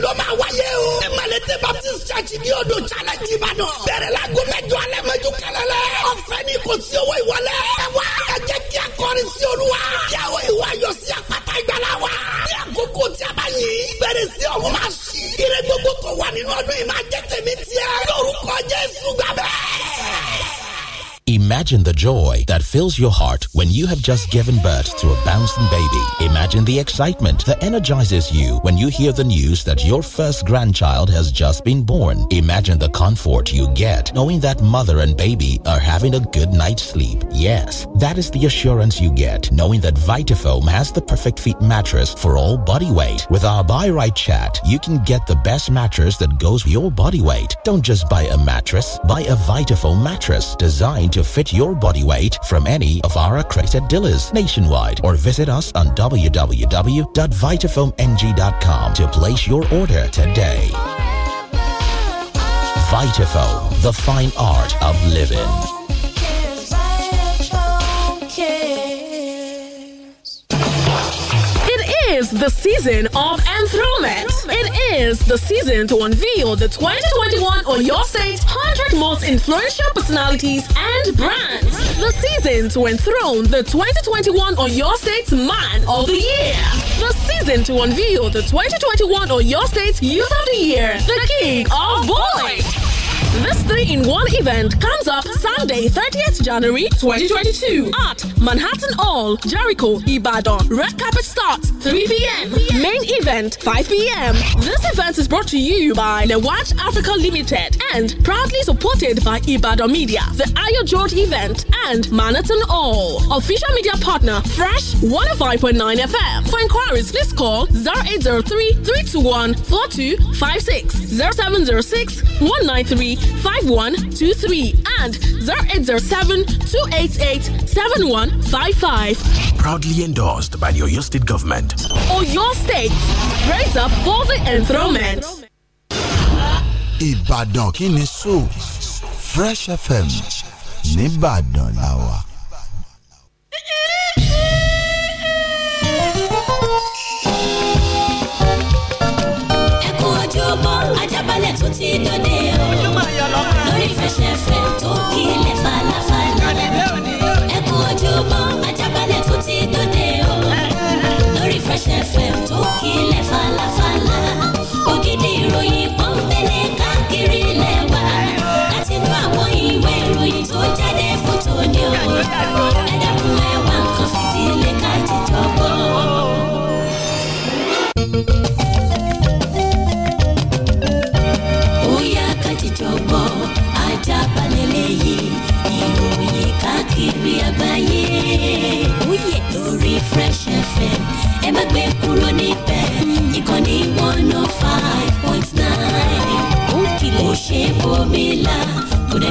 ló máa wáyé o. emalete baptist church ní odò challenge ìbàdàn. bẹ̀rẹ̀ la gomẹjọ alẹ́ mẹ́jọ kẹlẹ́lẹ́. ọ̀fẹ́ ni kò sí owó ìwọlé. ẹ wá ẹ jẹ́ kí a kọrin sí olúwa. yàwó ìwà yọ sí àpáta ìgbàlá wa. ní àkókò tí a bá yìí. bẹ̀rẹ̀ sí ọ̀hún máa ṣí. ire gbogbo tó wà nínú ọdún yìí máa jẹ́ tèmi tiẹ̀. lórúkọ Jésù Imagine the joy that fills your heart you have just given birth to a bouncing baby. Imagine the excitement that energizes you when you hear the news that your first grandchild has just been born. Imagine the comfort you get knowing that mother and baby are having a good night's sleep. Yes, that is the assurance you get knowing that Vitafoam has the perfect fit mattress for all body weight. With our Buy Right chat, you can get the best mattress that goes with your body weight. Don't just buy a mattress, buy a Vitafoam mattress designed to fit your body weight from any of our accredited at Dillers nationwide or visit us on www.vitafoamng.com to place your order today. Vitafoam, the fine art of living. is the season of enthronement. It is the season to unveil the 2021 Oyo your State 100 Most Influential Personalities and Brands. The season to enthrone the 2021 Oyo your State Man of the Year. The season to unveil the 2021 Oyo your State Youth of the Year. The King of Boys. This three in one event comes up Sunday, 30th January 2022 at Manhattan Hall, Jericho, Ibadan. Red carpet starts 3 p.m. Main event 5 p.m. This event is brought to you by The Watch Africa Limited and proudly supported by Ibadan Media, the George event, and Manhattan Hall. Official media partner Fresh 105.9 FM. For inquiries, please call 0803 321 4256 0706 193. 5123 and 0807 288 7155. Proudly endorsed by the Oyo State government. Oyo State, raise up for the enthronement. Ibadan kini so Fresh FM nìbàdàn làwà. ẹkún ojúbọ ajábalẹ̀ tó ti dòde. ṣẹ̀ṣẹ̀ fẹ̀ tó kílẹ̀.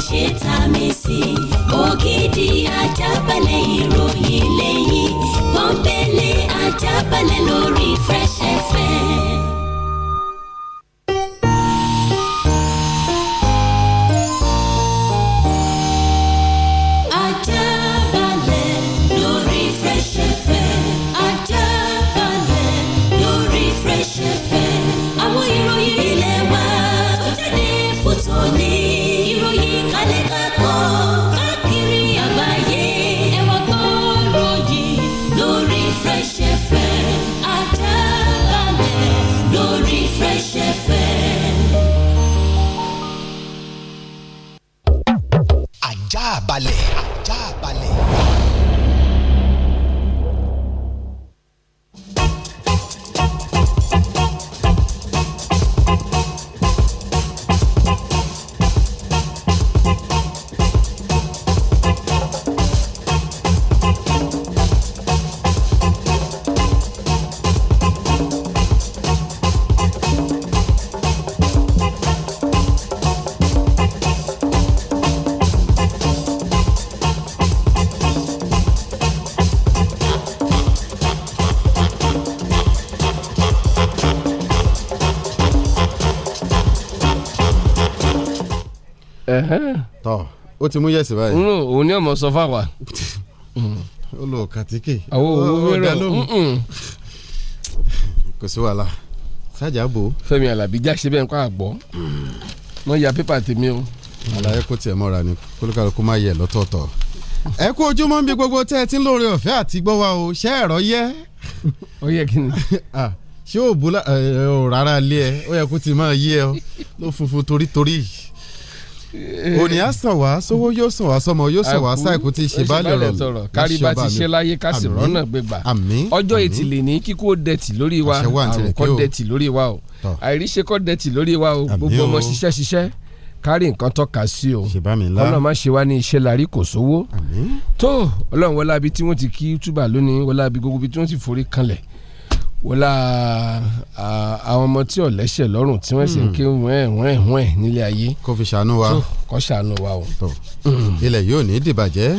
ṣe tá a mi sí. ògidì ajábalẹ̀ ìròyìn lẹ́yìn pọ́npẹ́lẹ́ ajábalẹ̀ lórí fresh ó ti mú yẹ̀sì báyìí. n lò òun ni ọmọ sọ fáwa. ó lọ kàtíkì. àwọn òwò wérò kò sí wàhálà sájà bò. Fẹ́mi Alábí jáṣe bẹ́ẹ̀ ń kọ́ àgbọ̀ wọ́n ya pépà tèmi o. àlàyé kò tiẹ̀ mọ́ra ni kólúkálukú máa yẹ lọ́tọ̀ọ̀tọ̀. ẹ kú ojúmọ́ níbi gbogbo tẹ́ ẹ ti ń lóore ọ̀fẹ́ àti gbọ́ wa o ṣé ẹ̀rọ yẹ. ó yẹ kí ni. ṣé òbú rárá lé ẹ ó yẹ kó ti máa yé ẹ ó funfun torítorí yìí Eh. òní á sàn wá sówó yóò sàn wá sọmọ yóò sàn wá sáìkú tí ṣe bá lè rọrùn kárí bá ti ṣe láyé ká sì rọ́nà gbégbà ọjọ́ etí lè ní kíkó dẹ̀tì lórí wa àrùn kọ́ dẹ̀tì lórí wa o àìríṣe kọ́ dẹ̀tì lórí wa o gbogbo ọmọ ṣiṣẹ́ ṣiṣẹ́ kárí nǹkan tọ́ka sí o ọlọ́run má ṣe wá ní iṣẹ́ larí kò sówó tó ọlọ́run wọlé abi tí wọ́n ti kí túbà lónìí wọlé abi gbogbo ibi tí wọ́n ti forí kanlẹ̀ wọlá àwọn ọmọ tí ò lẹ́sẹ̀ lọ́rùn tí wọ́n sì ń hmm. ké wẹ́ẹ̀ wẹ́ẹ̀ wẹ́ẹ̀ nílé ayé. kó fi ṣàánú wa kó ṣàánú wa o. ilẹ̀ yóò ní dìbàjẹ́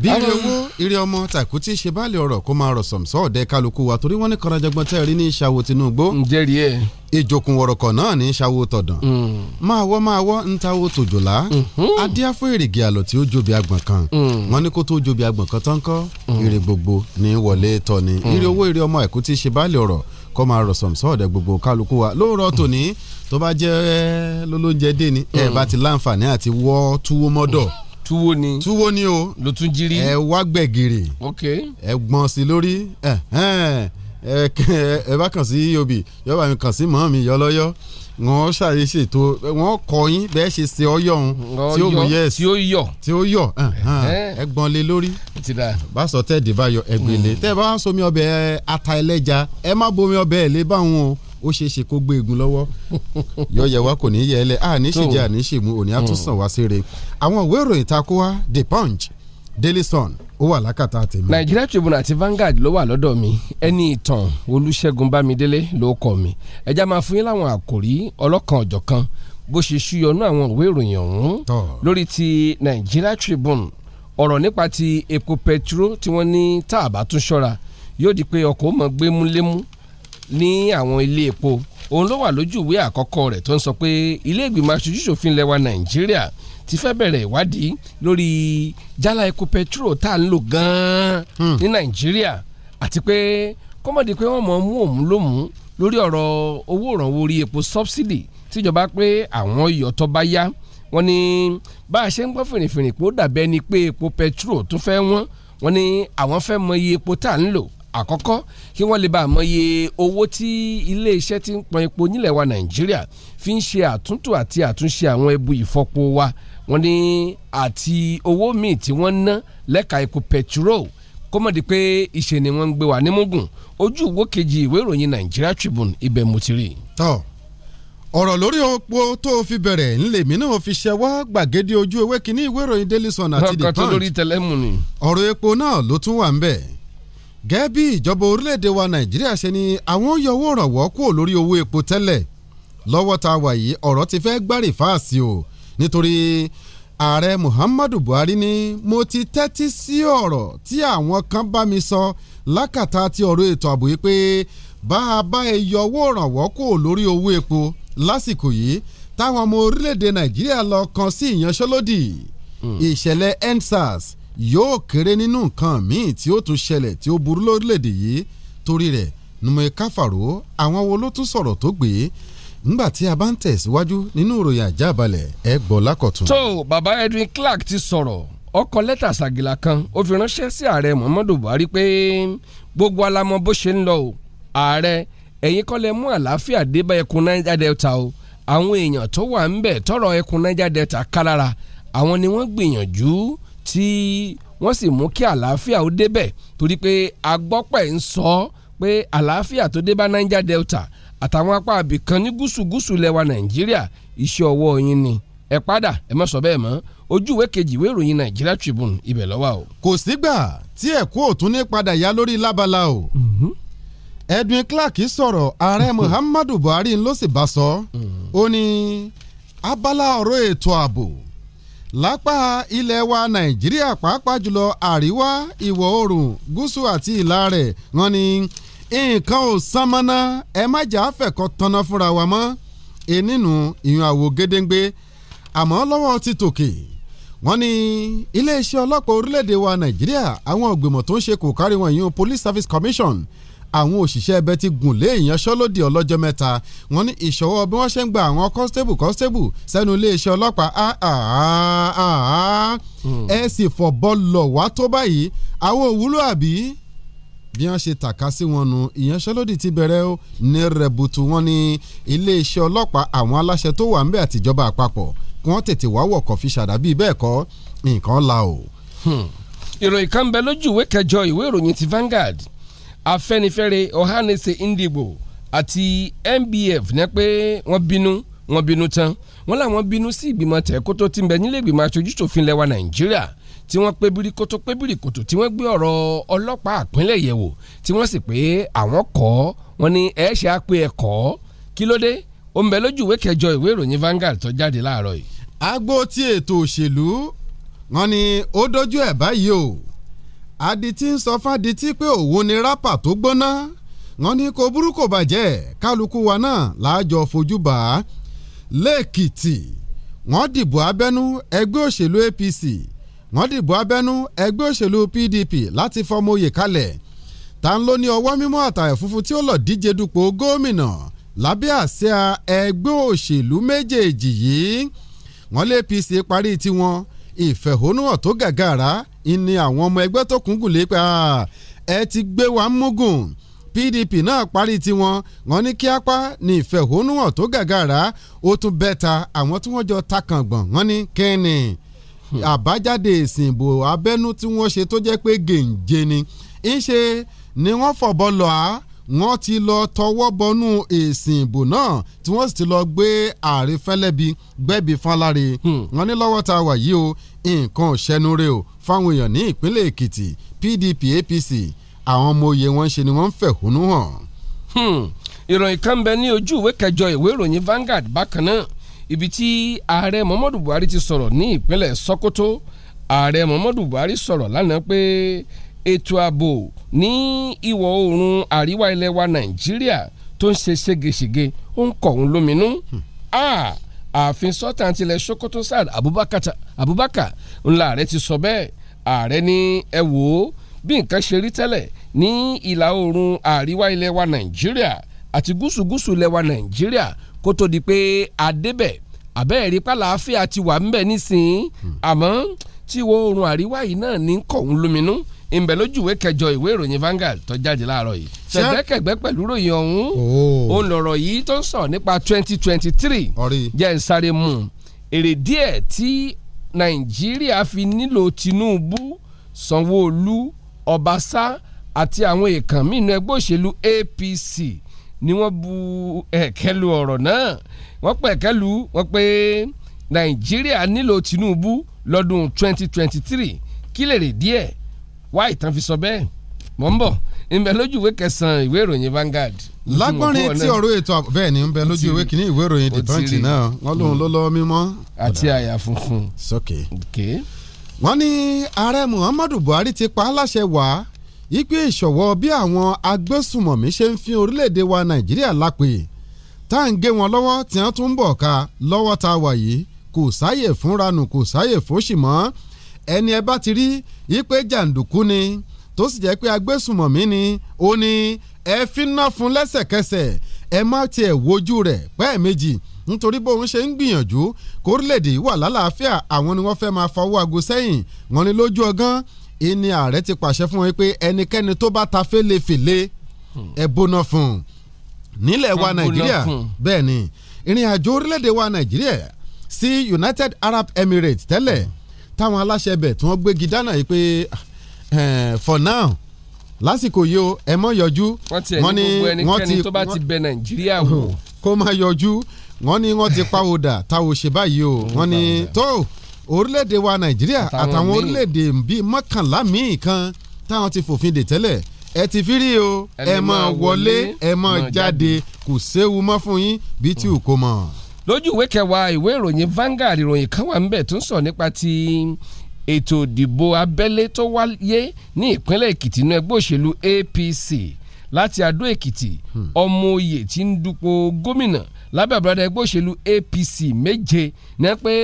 bíbí owó ire ọmọ tàkútì ṣe bá lè ọ̀rọ̀ kó máa rọ̀ sọ̀mùsọ̀ ọ̀dẹ kálukú wa torí wọ́n ní kọ́nàjọgbọ́n tẹ́ rí ní ìṣàwò Tinubu. ǹjẹ́ rí ẹ. ìjòkùn wọ̀rọ̀kọ̀ náà ní ìṣàwò tọ̀dàn. Mm. máa wọ́ máa wọ́ ń ta owó tòjòlá. Mm-hmm. adíá fún èrìgì àlọ́ tí ó jobi àgbọ̀n kan. Mm. wọ́n ní kó tó jobi àgbọ̀n kan tán kọ́ mm. ire gbogbo ní wọlé tọ́ni. ire owó ire ọmọ ẹ̀kútì ṣe bá lè ọ̀rọ̀ kó máa rọ̀ sọ̀mùsọ̀ ọ̀dẹ gbogbo kálukú wa lóòrọ̀ tòní tó bá jẹ́ lólóúnjẹ dé ni ẹ bá ti láǹfààní àti wọ́ túwó mọ́dọ̀ túwó ni. túwó ni o. ló tún jírí. ẹ wá gbẹ̀gìrì. ok. ẹ gbọ̀n sí lórí ẹ ẹ bá kàn sí obì yọba mi kàn sí mọ́ mi yọlọ́yọ́ wọ́n ṣàyè ṣètò wọ́n kọ́ yín bẹ́ẹ̀ ṣe ṣe ọyọ̀ ọ̀hún tí ó mú yẹ tí ó yọ̀ tí ó yọ̀ ẹgbọ́n lé lórí bá sọ tẹ́ẹ̀dì bá yọ ẹgbẹ́lé mm. tẹ́ẹ̀ bá wá somi ọbẹ̀ ata ẹlẹ́ja ẹ má bomi ọbẹ̀ ẹ̀ lé báwọn o ó ṣeé ṣe kó gbé egun lọ́wọ́ yọ̀yẹ̀ wa kò ní yẹ ẹlẹ́ a ní ṣèjẹ́ àní ṣèmú òní á mm. wá síre àwọn ìwé ìròyìn ta kó The Punch Daily Sun ó wà lákàtà tèmi. Nigeria Tribune àti Vanguard ló wà lọ́dọ̀ mi ẹni ìtàn Olúṣẹ́gun Bámidélé ló kọ mi ẹja máa fún yín láwọn àkòrí ọlọ́kan ọ̀jọ̀kan bó ṣe ṣúyọnú àwọn ìwé ìròyìn ọ̀hún lórí ti Nigeria Tribune ọ̀rọ̀ nípa ti epo petro tí wọ́n ní tá a bá tún ṣọ́ra yóò di pé ọkọ̀ ó mọ̀ gbémúlémú ní àwọn ilé epo òun ló wà lójú ìwé àkọ́kọ́ rẹ̀ tó ń sọ pé ilé ìgbìmọ̀ aṣojúṣòfin lẹwa nàìjíríà ti fẹ́ bẹ̀rẹ̀ ìwádìí lórí jálá epo petrol tá a ń lò gan-an hmm. ní nàìjíríà àti pé kọ́mọ̀dé pé wọ́n mọ̀ mú òun lómùú lórí ọ̀rọ̀ owó ìrànwọ́ orí epo subsidy tíjọba pé àwọn iyọ̀ tó bá yá wọ́n ní bá a ṣe ń gbọ́ fìrìfìrì pé ó dàbẹ́ ni pé epo petrol tó fẹ́ wọ́n wọ́n ní àwọn fẹ́ mọ iye epo tá à ń lò àkọ́kọ́ kí wọ́n lè bá àmọye owó tí iléeṣẹ́ tí ń pọn epo nílẹ̀ wa nàìjíríà fi ń ṣe àtúntò àti àtúnṣe àwọn ẹbu ìfọpo wa wọ́n ní àti owó míì tí wọ́n ná lẹ́ka epo petrol kó mọ̀ di pé ìṣe ni wọ́n ń gbé wa ní mugun ojú ìwó kejì ìwé ìròyìn Nigeria Tribune ibẹ̀ mo ti rí. tọ́ ọ̀rọ̀ lórí opó tó o fi bẹ̀rẹ̀ ńlẹ̀mí náà fi ṣẹwọ́ gbàgede ojú ewé kínní ìwé ìròyìn Daily Sun àti The Punch ọ̀rọ̀ epo náà ló tún wà ń bẹ̀ gẹ́gẹ́ bí ìjọba orílẹ̀-èdè wa nàìjíríà ṣe ni àwọn yọ owó ìrànwọ́ kúrò lórí owó epo tẹ́lẹ̀ lọ́wọ́ tá wà yìí ọ̀rọ̀ ti fẹ́ gbárì fáàsì o nítorí ààrẹ muhammadu buhari ni mo ti tẹ́tí sí ọ̀rọ̀ tí àwọn kan bá mi sọ lákàtà ti ọ̀rọ̀ ètò ààbò yìí pé bá a bá ẹ e yọ owó ìrànwọ́ kúrò lórí owó epo lásìkò yìí táwọn ọmọ orílẹ̀-èdè nàìjíríà lọ kan sí ìyanṣẹ́lódì hmm. ìṣẹ̀lẹ̀ endsars yóò kéré nínú nǹkan míì tí ó tún ṣẹlẹ̀ tí ó burú lórílẹ̀‐èdè yìí torí rẹ̀ numu káfàró àwọn wo ló tún sọ̀rọ̀ tó gbé ngbà tí a bá ń tẹ̀síwájú nínú ìròyìn àjábalẹ̀ ẹ gbọ́ lákọ̀tún. tó baba Edwin Clark ti sọ̀rọ̀ ó kọ lẹ́tà ṣàgìlà kan ó fi ránṣẹ́ sí ààrẹ Muhammadu Buhari pé gbogbo alamọ bó ṣe ń lọ o ààrẹ ẹ̀yin kọ́ lẹ mú àlàáfíà dé bá ẹkùn Niger Delta o àwọn èèyàn tó wà ń bẹ̀ tọrọ ẹkùn Niger Delta kálára àwọn ni wọ́n gbìyànjú tí wọ́n sì mú kí àlàáfíà ó débẹ̀ torí pé agbọ́pẹ̀ ń sọ pé àlàáfíà tó dé bá Niger Delta àtàwọn apá abìkan ní gúúsù-gúúsù lẹwa Nàìjíríà iṣẹ́ ọwọ́ yín ni ẹ padà ẹ má sọ bẹ́ẹ̀ mọ́ ojú ìwé kejì ìwé ìròyìn Nigeria Tribune ibẹ̀ ló o. kò sígbà tí ẹ̀kú òtún ní padà yá lórí lábala o. Mhm. Edwin Clark sọ̀rọ̀ ààrẹ Muhammadu Buhari ló sì bá sọ mhm. ó ní abala ọ̀rọ̀ ètò ààbò lápá ilẹ̀ wa nàìjíríà pàápàá jùlọ àríwá ìwọ̀ oòrùn gúúsù àti ìlà rẹ̀ wọ́n ní nǹkan ò sánmọ́ná ẹ má jà á fẹ̀kọ́ tanná fúnra wa mọ́ ẹnìnú ìyún àwò gédéǹgbé àmọ́ lọ́wọ́ ti tòkè wọ́n ní iléeṣẹ́ ọlọ́pàá orílẹ̀-èdè wa nàìjíríà àwọn ògbìmọ̀ tó ń ṣe kò kárí wọn ìyún police service commission àwọn òṣìṣẹ́ ẹbẹ ti gùn lé ìyanṣẹ́lódì ọlọ́jọ́ mẹ́ta wọ́n ní ìṣọwọ́ bí wọ́n ṣe ń gba àwọn constable constable sẹ́nu iléeṣẹ́ ọlọ́pàá ah, ah, ah, hmm. ẹ sì fọ̀bọ́ lọ̀ wá tó báyìí àwọn òwúlò àbí bí wọ́n ṣe tàka sí wọn nu ìyanṣẹ́lódì ti bẹ̀rẹ̀ ó ní rẹ̀bùtù wọn ní iléeṣẹ́ ọlọ́pàá àwọn aláṣẹ tó wà ń bẹ̀ àpapọ̀ kí wọ́n tètè wá wọ̀kọ̀ fi ṣàdàbí bẹ́ẹ̀ kọ́ nǹkan la o. Hmm. ìròyìn kan bẹ lójú ìwé kẹjọ ìwé ìròyìn ti Vanguard afẹ́nifẹ́re ọ̀hánẹsẹ̀ Ndigbo àti MBF ní pé wọ́n bínú wọ́n bínú tán wọ́n làwọn bínú sí ìgbìmọ̀ tẹ̀kótó tí ń bẹ nílé ìgbìmọ̀ aṣojúṣòfin lẹwa Nàìjíríà tí wọ́n pé bíríkótó pé bíríkótó tí wọ́n gbé ọ̀rọ̀ ọlọ́pàá àpínlẹ̀ yẹ̀wò tí wọ́n sì pé àwọn kọ́ wọn ni ẹ̀ ṣe àpè ẹ̀kọ́ kí ló dé ó ń bẹ lójú ìwé kẹjọ ìwé ìròyìn Vanguard tó jáde láàárọ̀ yìí. agbo ti ètò òṣèlú wọn ni ó dojú ẹ̀ báyìí o adití ń sọ fádití pé òun ni rápà tó gbóná wọn ní kò burú kò bàjẹ́ kálukú wa náà láàjọ fojú bá a lẹ́ẹ̀kìtì wọ́n dìbò abẹ́nú ẹgbẹ́ òṣèlú APC wọ́n dìbò abẹ́nú ẹgbẹ́ òṣèlú PDP láti fọmọ oyè kalẹ̀ ta ń ló ní ọwọ́ mímọ́ àtàyè funfun tí ó lọ díje dupò gómìnà lábẹ́ àsíá ẹgbẹ́ òṣèlú méjèèjì yìí wọ́n lé APC parí tiwọn ìfẹ̀hónúhàn tó gàgàrà ní àwọn ọmọ ẹgbẹ́ tó kúngùn lé pé ẹ ti gbé wa múgùn PDP náà parí tiwọn wọn ní kí apá ní ìfẹ̀hónúhàn tó gàgàrà ó tún bẹ́ta àwọn tí wọ́n jọ takàngbọ̀n wọn ní kẹ́ni hmm. àbájáde ìsìn ìbò abẹ́nú tí wọ́n ṣe tó jẹ́ pé gèǹje ni ńṣe ni wọ́n fọ̀bọ̀ lọ á wọ́n ti lọ tọwọ́ bọnú ìsìn náà tí wọ́n sì ti lọ gbé ààrẹ gbẹ́bí fáláre hmm. wọ́n ní lọ́wọ́ tá wà yìí o nǹkan ṣẹnure o fáwọn èèyàn ní ìpínlẹ̀ èkìtì pdp apc àwọn ọmọ oyè wọn ṣe ni wọ́n ń fẹ̀hónú hàn. Hmm, ìròyìn kan bẹ ní ojú ìwé kẹjọ ìwé ìròyìn Vanguard bákan náà ibi tí ààrẹ Muhammadu Buhari ti sọ̀rọ̀ ní ìpínlẹ̀ Sokoto ààrẹ Muhammadu Buhari sọ̀rọ̀ lánàá pé ètò ààbò ní ìwọ̀ oòrùn àríwá ilẹ̀ wa Nàìjíríà tó ń ṣe ségesège ó ń kọ̀ ń lóminú. Hmm. Ah, ààfin sọ́tàn tilẹ̀ Sokoto Saad Abubakar ńlá ààrẹ ti sọ bẹ́ẹ̀ ààrẹ ní ẹ wò ó bí nǹkan ṣe rí tẹ́lẹ̀ ní ìlà oòrùn àríwá ilẹ̀ wa Nàìjíríà àti gúúsù gúúsù ilẹ̀ wa Nàìjíríà kó tó di pé adébẹ̀ àbẹ́ẹ̀rí pàlàáfíà ti wà ńbẹ̀ nísìnyí hmm. àmọ́ tí ìwọ̀ oòrùn àríwá yìí náà ní kọ̀ọ̀hún lóminú ìbẹ̀ lójú ìwé kẹjọ ìwé ìròyìn Vanguard tó jáde láàárọ̀ yìí ṣẹ̀gbẹ́kẹ̀gbẹ́ pẹ̀lú ròyìn ọ̀hún oh. òun lọ̀rọ̀ yìí tó ń sọ̀rọ̀ nípa twenty twenty three jẹ́ ń sáré mu èrè díẹ̀ tí Nàìjíríà fi nílò Tinubu Sanwó-Olú Ọbaṣá àti àwọn èèkàn míì nínú ẹgbẹ́ òṣèlú APC ni wọ́n bu ẹ̀kẹ́lu ọ̀rọ̀ náà wọ́n pẹ̀ kẹ́lu wọ́n pé Nàìjíríà nílò Tinubu lọ́dún twenty twenty three kí lèrè díẹ̀ wá ìtàn fi sọ bẹ́ẹ̀ mọ̀ ń bọ̀ ìbẹ̀ lójú ìwé kẹsàn-án ìwé ìròyìn Vanguard. lágbọ́nrin tí ọ̀rọ̀ ètò bẹ́ẹ̀ ni ń bẹ lójú ìwé kìíní ìwé ìròyìn The Punch náà wọ́n lóun ló mm. lọ́ mímọ́. àti àyà funfun. sókè. wọ́n ní ààrẹ Muhammadu Buhari ti pa á láṣẹ wá ipe ìṣọ̀wọ́ bí àwọn agbésùmọ̀mí ṣe ń fi orílẹ̀-èdè wa Nàìjíríà lápè tá à ń gé wọn lọ́wọ́ tí wọ́n tún ń bọ̀ ká lọ́wọ́ tá wà yìí kò sáyè fúnranù kò sáyè fóṣì mọ́ ẹni ẹ bá ti rí yí pé jàǹdùkú ni tó sì jẹ́ pé agbésùmọ̀mí ni ó ní ẹ fi ná fún lẹ́sẹ̀kẹsẹ̀ ẹ má tiẹ̀ wojú rẹ̀ pẹ́ẹ̀mejì nítorí bóun ṣe ń gbìyànjú kórílẹ̀-èdè wà lálàáfíà àwọn ni wọ́n fẹ́ máa fọwọ́ aago sẹ́yìn wọ́n ní lójú ọgán ìní ààrẹ ti pàṣẹ fún wọn pé ẹnikẹ́ni tó bá ta fẹ́lẹ́fẹ́lẹ́ ẹ bóná fún un nílẹ̀ wa nàìjíríà bẹ́ẹ̀ ni ìrìn àjò orílẹ̀-èdè wa nàìjíríà sí United Arab Emirates tẹ́lẹ̀ mm táwọn aláṣẹ bẹ̀ tí wọ́n gbégi dáná yìí pé ah, eh, for now lásìkò yìí o ẹ mọ yọjú wọ́n ní wọ́n ti tó bá ti bẹ nàìjíríà wò kó má yọjú wọ́n ní wọ́n ti pawòdà táwọn ṣe báyìí o wọ́n ní tó orílẹ̀-èdè wa nàìjíríà àtàwọn orílẹ̀-èdè bíi mọ́kànlá míì kan táwọn ti fòfin dè tẹ́lẹ̀ ẹ ti fi rí o ẹ máa wọlé ẹ máa jáde kò séwu mọ́ fún yín bí tí ò kó mọ́ lójú ìwé kẹwàá ìwé ìròyìn Vanguard ìròyìn kan wà ńbẹ̀ tó ń sọ nípa ti ètò ìdìbò abẹ́lé tó wáyé ní ìpínlẹ̀ Èkìtì inú ẹgbẹ́ òṣèlú APC láti Adó Èkìtì hmm. ọmọ oyè tí ń dupò gómìnà lábẹ́ àbúradà ẹgbẹ́ òṣèlú APC méje ní pé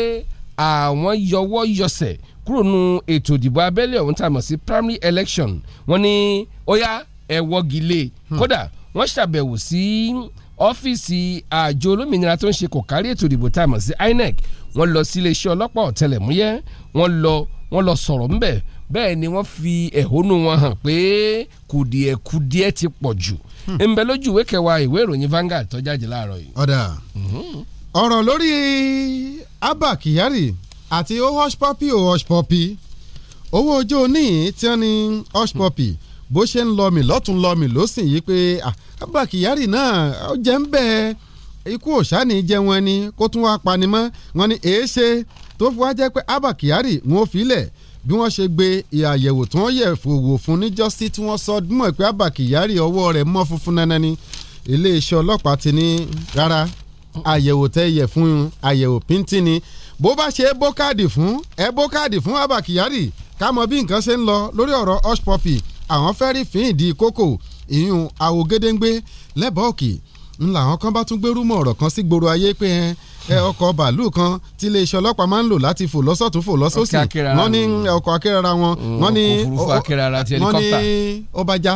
àwọn yọwọ́ yọsẹ̀ kúrò nu ètò ìdìbò abẹ́lé ọ̀hún tá mọ̀ sí primary election wọ́n ní ó yá ẹ wọ́gi lé hmm. kódà wọ́n ṣàbẹ̀wò sí. Si, ọ́fíìsì àjọ olómìnira tó ń ṣe kò ètò ìdìbò tá a mọ̀ sí INEC wọ́n lọ sí iléeṣẹ́ ọlọ́pàá ọ̀tẹlẹ̀múyẹ́ wọ́n lọ wọ́n lọ sọ̀rọ̀ ńbẹ̀ bẹ́ẹ̀ ni wọ́n fi ẹ̀hónú wọn hàn pé kùdìẹ̀kùdìẹ̀ ti pọ̀ jù hmm. ńbẹ lójú ìwé kẹwàá ìwé ìròyìn Vanguard tó jáde láàárọ̀ yìí. ọ̀dà mhm. ọ̀rọ̀ lórí Abba Kyari àti ó hush puppy ó hush puppy owó ọjọ́ òní tí wọ́n ní hush bó ṣe ń lọ mí lọ́tún lọ mí lọ́sìn yìí pé Abba Kyari náà ó jẹ́ ń bẹ́ẹ̀ ikú òṣàní jẹ́ wọn ni kó tún wáá pani mọ́ wọn ni èé ṣe tó fi wá jẹ́ pé Abba Kyari wọn ò filẹ̀ bí wọ́n ṣe gbé àyẹ̀wò tí wọ́n yẹ̀ wò fún níjọ́sí tí wọ́n sọ dúnmọ̀ pé Abba Kyari ọwọ́ rẹ̀ mọ́ funfun nana ni iléeṣẹ́ ọlọ́pàá ti ní rárá àyẹ̀wò tẹ́ yẹ̀ fún àyẹ̀wò píntì ni bó bá ṣe bó káàdì fún ẹ bó káàdì fún Abba Kyari ká mọ bí nǹkan ṣe ń lọ lórí ọ̀rọ̀ hush puppy àwọn fẹ́ rí fín ìdí kókò ìyún àwògedengbe lẹ́bàá òkè ń làwọn kan bá tún gbérú mọ́ ọ̀rọ̀ kan sí gbòòrò ayé pé ẹ ọkọ̀ bàálù kan tí iléeṣẹ́ ọlọ́pàá máa ń lò láti fò lọ́sọ̀tún fò lọ́sọ̀sì mm, wọ́n ní ọkọ̀ akérara wọn wọ́n ní ọbàjá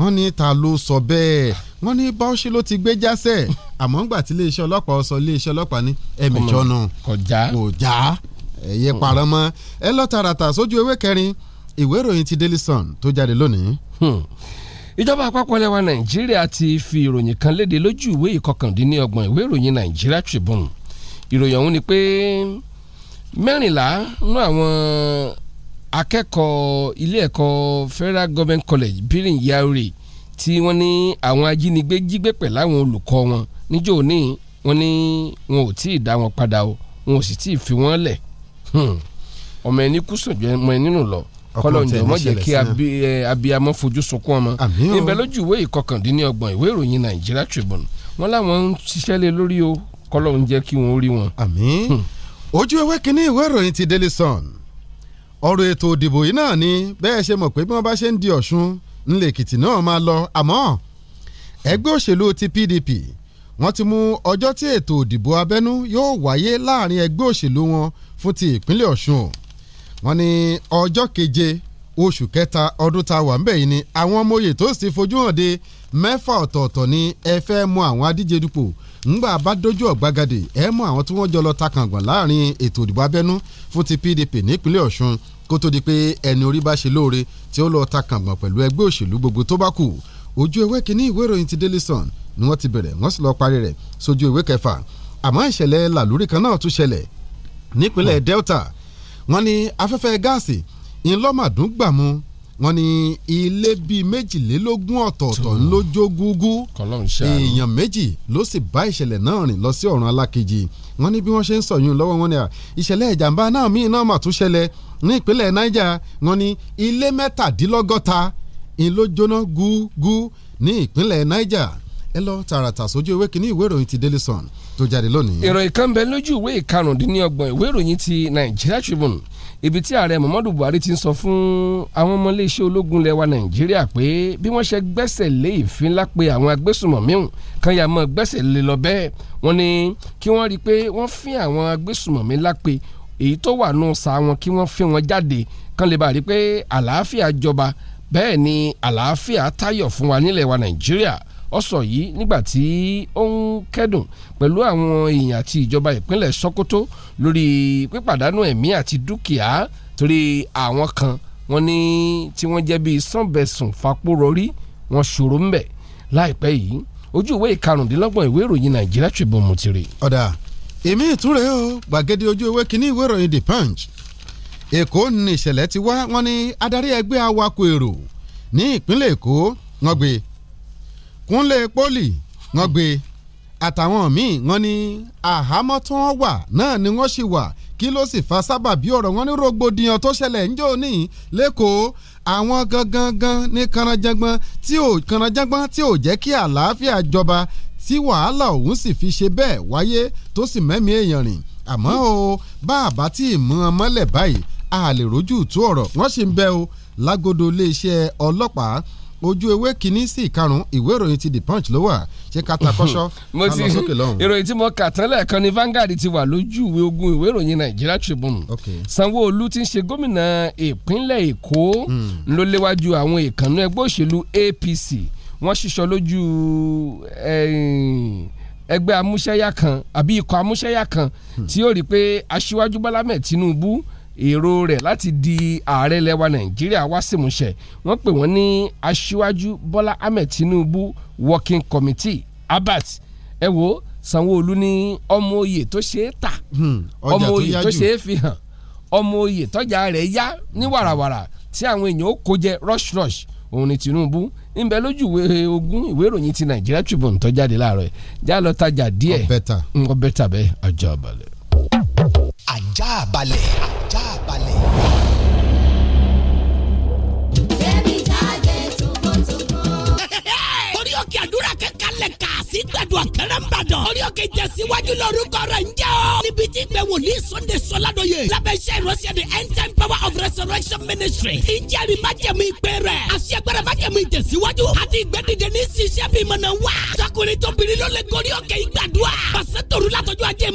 wọ́n ní ta ló sọ bẹ́ẹ̀ wọ́n ní báwọ́sí ló ti gbé jásẹ̀ àmọ́ ńgbà tí iléeṣẹ́ ọlọ́pàá sọ iléeṣẹ́ ọlọ́pàá ní ẹ̀mẹ̀jọ náà kò já ẹ̀yẹ parọ́ mọ́ ẹ lọ tààràtà sójú ewé kẹrin ìwé ìròyìn ti Daily Sun tó jáde lónìí. Hmm. ìjọba àpapọ̀ lẹwa nàìjíríà ti fi ìròyìn kan léde lójú ìwé ìkọkàndínlọ́gbọ̀n ìwé ìròyìn Nigeria Tribune ìròyìn ọ̀hún ni pé mẹ́rìnlá nú àwọn akẹ́kọ̀ọ́ ilé ẹ̀kọ́ Federal Government College Birin Yari tí wọ́n ní àwọn ajínigbé jígbé pẹ̀lú àwọn olùkọ́ wọn níjọ́ òní wọ́n ní wọn ò tí ì dá wọn padà o wọn ò sì tí ì fi wọ́n lẹ̀ hmm. ọmọ ẹni kú sùn jẹ́ ọmọ ẹni nù lọ kọlọ́njọ́ mọ̀ jẹ́ kí eh, abiyamọ fojú sunkún ọmọ ibẹ̀ lójú ìwé ìkọkàndínlọ́gbọ̀n ìwé ìròyìn Nigeria Tribune wọn làwọn ń ṣiṣẹ́ lé lórí o kọlọ́n jẹ́ kí wọ́n rí wọn. àmín hmm. ojú ewé kínní ìwé ìròyìn ti Daily Sun ọ̀rọ̀ ètò òdìbò yìí náà ni bẹ́ẹ̀ ṣe mọ̀ pé bí wọ́n bá ṣe ń di Ọ̀ṣun ńlẹ̀ Èkìtì náà máa lọ àmọ́ ẹgbẹ́ òṣèlú ti PDP wọ́n ti mú ọjọ́ tí ètò òdìbò abẹ́nú yóò wáyé láàrin ẹgbẹ́ òṣèlú wọn fún ti ìpínlẹ̀ Ọ̀ṣun o wọ́n ní ọjọ́ keje oṣù kẹta ọdún tá a wà ńbẹ̀ yìí ni àwọn ọmọ oyè tó sì fojú hàn de mẹ́fà ọ̀tọ̀ọ̀tọ̀ ni ẹ fẹ́ mọ àwọn adíje dupò ńgbà bá dojú ọ̀gbagadè ẹ mọ àwọn tí wọ́n jọ lọ takàngbọ̀n láàrin ètò ìdìbò abẹ́nú fún ti PDP nípínlẹ̀ Ọ̀ṣun kó tó di pé ẹni orí bá ṣe lóore tí ó lọ takàngbọ̀n pẹ̀lú ẹgbẹ́ òṣèlú gbogbo tó bá kù ojú ewé kínní ìwé ìròyìn ti Daily Sun ni wọ́n ti bẹ̀rẹ̀ wọ́n sì lọ parí rẹ̀ sójú ìwé kẹfà àmọ́ ìṣẹ̀lẹ̀ làlúrí kan náà tún ṣẹlẹ̀ nípínlẹ̀ Delta wọ́n ní afẹ́fẹ́ gáàsì ńlọ́màdún gbàmú wọ́n ní ilé bíi méjìlélógún ọ̀tọ̀ọ̀tọ̀ ńlójó gúgú èèyàn méjì ló sì bá ìṣẹ̀lẹ̀ náà rìn lọ sí ọ̀run alákejì wọ́n ní bí wọ́n ṣe ń sọ̀yún lọ́wọ́ wọn ni ìṣẹ̀lẹ̀ ìjàmbá náà míì náà mà tún ṣẹlẹ̀ ní ìpínlẹ̀ Niger wọ́n ní ilé mẹ́tàdínlọ́gọ́ta ńlójóná gúgú ní ìpínlẹ̀ Niger ẹ lọ tààràtà sójú ewé kínní ìwé ìròyìn ti Daily Sun tó jáde lónìí. ìròyìn kan bẹ lójú ìwé ìkarùndínlọ́gbọ̀n ìwé ìròyìn ti Nigeria Tribune ibi tí ààrẹ Muhammadu Buhari ti ń sọ fún àwọn ọmọ iléeṣẹ́ ológun lẹwa Nàìjíríà pé bí wọ́n ṣe gbẹ́sẹ̀ lé ìfín ńlá pé àwọn agbésùmọ̀míhùn kan yà mọ́ gbẹ́sẹ̀ lé lọ bẹ́ẹ̀ wọ́n ní kí wọ́n rí i pé wọ́n fín àwọn agbésùmọ̀mí lápè èyí tó wà nù sa wọn kí wọ́n fín wọn jáde kan lè bá rí i pé àlàáfíà jọba bẹ́ẹ̀ ni àlàáfíà táyọ̀ fún wa nílẹ̀ wa Nàìjíríà ó sọ yìí nígbà tí ó ń kẹ́dùn pẹ̀lú àwọn èèyàn àti ìjọba ìpínlẹ̀ Sokoto lórí pípàdánù ẹ̀mí àti dúkìá torí àwọn kan wọ́n ní tí wọ́n jẹ́ bíi sànbẹ̀sùn fapórọrí wọ́n ṣòro ńbẹ̀ láìpẹ́ yìí ojú ìwé ìkarùndínlọ́gbọ̀n ìwé ìròyìn Nàìjíríà Tribune mo ti rí. ọ̀dà èmi ìtúrẹ́ o gbàgede ojú ewé kínní ìwé ìròyìn The Punch Èkó ní ìṣẹ̀lẹ̀ ti wá wọ́n ní adarí ẹgbẹ́ awakọ̀ èrò ní ìpínlẹ̀ Èkó wọ́n gbé kúnlé pólì wọ́n gbé àtàwọn míì wọ́n ní àhámọ́ tí wọ́n wà náà ni wọ́n sì wà kí ló sì fa sábàbí ọ̀rọ̀ wọn ní rògbòdìyàn tó ṣẹlẹ̀ ń jò ní lẹ́kọ̀ọ́ àwọn gangan gan ní kanajẹ́gbọ́n tí ò kanajẹ́gbọ́n tí ò jẹ́ kí àlàáfíà jọba tí wàhálà òun sì fi ṣe bẹ́ẹ̀ wáyé tó sì mẹ́mí èèyàn rìn àmọ́ o bá tí ì mú wọn báyìí a lè rójú tú ọ̀rọ̀ wọ́n sì ń bẹ o lágodo iléeṣẹ́ ọlọ́pàá ojú ewé kínní sí ìkarùn ìwé ìròyìn ti the punch ló wà ṣé kata kọ́ṣọ́ ká lọ sókè lọ́hùn. ìròyìn tí mo kà tán lẹ́ẹ̀kan ni Vanguard ti wà lójú ìwé ogun ìwé ìròyìn Nigeria Tribune Sanwó-Olú ti ń ṣe gómìnà ìpínlẹ̀ Èkó hmm. ló léwájú àwọn ìkànnì ẹgbẹ́ òṣèlú APC wọ́n ṣiṣọ́ lójú eh, ẹgbẹ́ amúṣẹ́yà kan àbí ikọ̀ amúṣẹ́yà kan hmm. tí ó rí pé aṣíwájú Bọ́lá mẹ́ Tinubu èrò rẹ̀ láti di ààrẹ lẹwa nàìjíríà wá símúṣẹ wọ́n pè wọ́n ní aṣíwájú bọ́lá ahmed tinubu working committee abat ẹ wo sanwóolu ní ọmọ oyè tó ṣe é tà hmm, ọmọ oyè tó ṣe é fi hàn ọmọ oyè tọ́jà rẹ̀ yá ní wàràwàrà tí àwọn èèyàn ó kó jẹ rush rush òun ni tinubu ńbẹ lójú ìwé ogún ìwé ìròyìn ti nàìjíríà tribune tó jáde láàárọ̀ ẹ já lọ tajà díẹ̀ ọbẹ ta hmm, bẹ́ẹ̀ ajá balẹ̀ ajá balẹ̀ ajá balẹ̀. bẹ́ẹ̀ mi jáde tòbótòbó. orí òkè àdúrà kẹ́kẹ́ lẹ̀ka sí gbàdúrà kẹrẹ ń orí òkè tẹ̀síwájú lórúkọ rẹ̀ ń jẹ́ o. níbi tí ìgbẹ́ wòlíì sunday sọládọ́yè lábẹ́ iṣẹ́ ìrọsẹ́ the end time power of resurrection ministry. ìjẹ́rì májẹ̀mú ìpè rẹ̀. àṣegbẹ́rẹ́ májẹ̀mú ìtẹ̀síwájú. àti ìgbẹ́dìde ní ṣiṣẹ́ bí mọ̀nà wá. tọkùnrin tóbìnrin ló lè gorí òkè ìgbàdúrà. pàṣẹ tòru látọjú ajé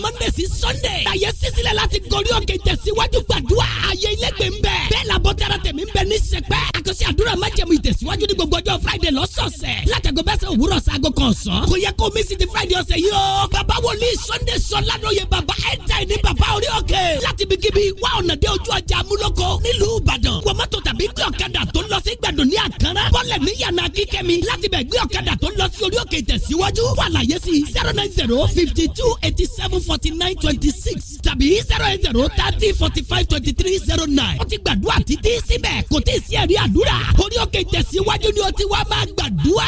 kó mi sì ti friday ọ̀sẹ̀ yìí o. bàbá wòlíì sunday sọlá lóye bàbá ẹ̀ta ẹ̀ ní bàbá orí òkè. láti bí kíbi wá ọ̀nà dé ojú ọjà amúlòkọ nílùú ìbàdàn. wọ́n mọ́tò tàbí gbé ọ̀kadà tó lọ sí gbàdùn ní àkàrà. bọ́lẹ̀ ní yànnà kíkẹ́mi láti bẹ̀ gbé ọ̀kadà tó lọ sí orí òkè tẹ̀síwájú. fún àlàyé sí zero nine zero fifty two eighty seven forty nine twenty six tàbí zero nine zero thirty forty five twenty three zero nine. ó ti gbàdúrà títí síbẹ̀ kò tí ì sí ẹ̀rí àdúrà. orí òkè tẹ̀síwájú ni ó ti wá máa gbàdúrà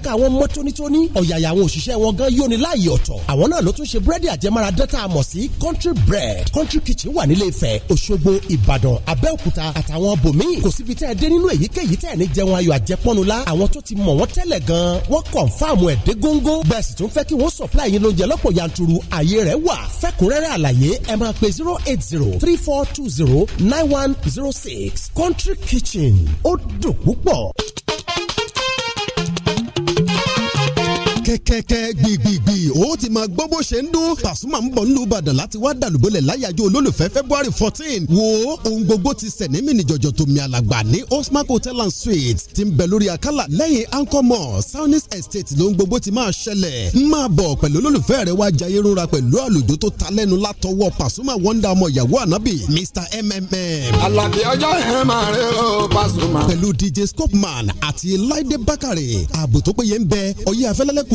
àyíká wọn mọ́ tónítóní ọ̀yàyà àwọn òṣìṣẹ́ wọn gan yóni láàyè ọ̀tọ̀ àwọn náà ló tún ṣe búrẹ́dì àjẹmára dán tá a mọ̀ sí country bread country kitchen wà nílé Ifẹ̀ Òṣogbo Ìbàdàn Abẹ́òkúta àtàwọn bòmíì kò síbi tẹ́ ẹ dé nínú èyíkéyìí tẹ́ ẹ ní jẹun ayọ̀ àjẹpọ́nula àwọn tó ti mọ̀ wọ́n tẹ́lẹ̀ gan wọ́n kọ̀ǹfàmù ẹ̀ dé góńgó bẹ́ẹ̀ sì tún fẹ́ kí wọ́n supply yín lóúnjẹ lọ́pọ̀ yanturu ààyè rẹ̀ wà fẹ́kúnrẹ́rẹ́ àlàyé ẹ máa pe zero eight zero three four two zero nine one zero six country kitchen ó kẹ́kẹ́kẹ́ gbìgbìgbì ó ti máa gbọ́ bó ṣe ń dún Pasuma ń bọ̀ nílùú Ìbàdàn láti wá dàlúbọ̀lẹ̀ láyàjọ́ olólùfẹ́ February fourteen wo ohun gbogbo ti sẹ̀ ní mìnìjọ̀jọ̀ tó mi àlàgbà ní Osmark Hotel and Suites ti ń bẹ̀ lórí àkàlà lẹ́yìn Anchor Mall Saunis Estate lóhun gbogbo ti máa ṣẹlẹ̀ máa bọ̀ pẹ̀lú olólùfẹ́ rẹ̀ wá jayé rúra pẹ̀lú àlùjọ tó ta lẹ́nu látọwọ́ Pasuma wonder ọmọ ìyàwó Mr MMM. Àlàbí ọjọ́ ẹ̀ máa rẹ̀ ó Pasuma. pẹ̀lú DJ Scopeman àti Láìdé Bákàrẹ̀ ààbò tó péye ń bẹ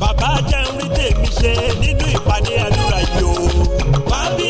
bàbá jẹun tèmi ṣe nínú ìpàdé àdúrà yìí o. wábí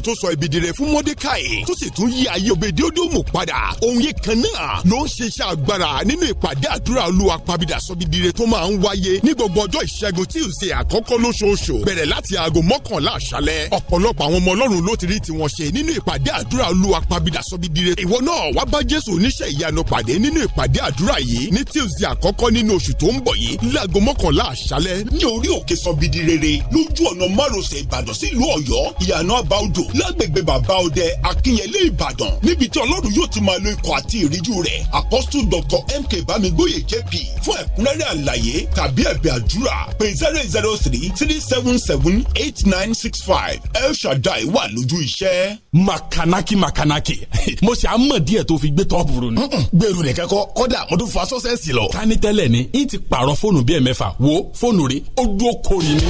ọlọ́run tó sọ ibi di rẹ̀ fún mọ́dékàì tó sì tún yí ayé òbèdéódómù padà òun yìí kan náà ló ń ṣe agbára nínú ìpàdé àdúrà olúwa pàbídà sọ́bìdire tó máa ń wáyé ní gbogbo ọjọ́ ìṣẹ́gun tí ò ṣe lóṣooṣù bẹ̀rẹ̀ láti aago mọ́kànlá àṣálẹ́ ọ̀pọ̀lọpọ̀ àwọn ọmọ ọlọ́run ló ti rí tiwọn ṣe nínú ìpàdé àdúrà olúwa pàbídà sọ́bìdire ìwọ náà wá bá jésù oníṣẹ́ ìyanu pàdé nínú ìpàdé àdúrà yìí ní tí ò ṣe nínú oṣù tó ń bọ̀ yìí láago mọ́kànlá àṣálẹ́ ní orí òkè sọ́bìdire lójú ọ̀nà márosẹ̀ ìbàdàn sílùú ọ̀yọ́ ìyànà àbáwòdò lágbègbè bàbá ọdẹ akínyẹlé ìbàdàn níbi tí ọlọ́run yóò ti máa lo ikọ̀ àti ìríjú rẹ̀ apostle dr mk bámigbóyè jp fún ẹ̀kúnrẹ́rẹ́ àlàyé tàbí ẹ̀bẹ̀ àdúrà pé zero zero three three seven seven eight nine six five el shaddai wà lójú iṣẹ́. makanaki makanaki mo ṣe àmọ̀ díẹ̀ tó fi gbé tọ́pù rò ni. gbèrú nìkan kọ kọ́dà mo tún fa sọ́sẹ́sì lọ. ká ní tẹ́lẹ̀ ni n ti pààrọ̀ fóònù bíi ẹ̀mẹ́fà wo fóònù rẹ̀ ó dúró ni.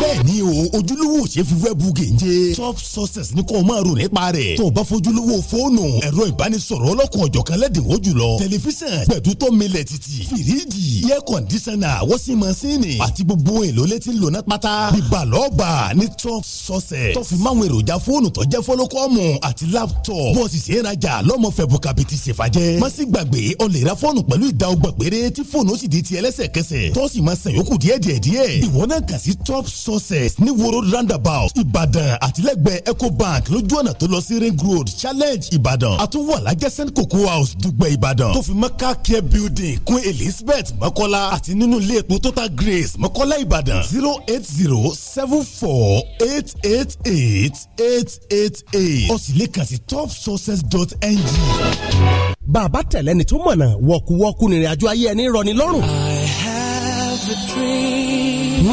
bẹ́ẹ̀ni o ojúlówó ṣe fi wẹ́ẹ̀bù gèje. top sọ success ní kò máa rò nípa rẹ̀ tó o bá fojúlówó fóònù ẹ̀rọ ìbánisọ̀rọ̀ ọlọ́kùn ọ̀jọ̀kan lẹ́dínwó jùlọ tẹlifíṣàn pẹ̀dútọ́ milẹ̀ títì fìríjì air conditioner wọ́sí masínì àti gbogbo èlò létí lónà pátá ìbàlọ́ọ̀bà ní top success tó fi máwọn èròjà fóònù tó jẹ́ fọ́lọ́kọ́mù àti laptop bọ́ọ̀sì sí ìrajà lọ́mọ fẹ̀bù kàbìtì ṣèfàjẹ́ má sì gbàgbé o lè ra fóònù pẹ̀lú ìdá ọgbọ̀n péré tí fóònù ó sì di tiẹ̀ lẹ́sẹ̀kẹsẹ̀ tó sì máa ṣàn yòókù díẹ̀díẹ̀díẹ̀ ìwọ náà kà sí top sources ní woro roundabout ìbàdàn àtìlẹ́gbẹ̀ẹ́ ecobank lójú ọ̀nà tó lọ sí ring road challenge ìbàdàn àtúwọ̀ lájẹsẹ́n cocoa house dùgbẹ̀ ìbàdàn tó fi mọ́ care building kún elizabeth mọ́kọ́lá àti nínú ilé epo total grace mọ́kọ́lá ìbàdàn zero eight zero seven four eight eight eight eight eight eight ó sí topsources.ng. bàbá tẹ̀lẹ́ni tó mọ̀nà wọ̀kúwọ́kú nírìn àjò ayé ẹni rọ̀ ní lọ́rùn. I have a dream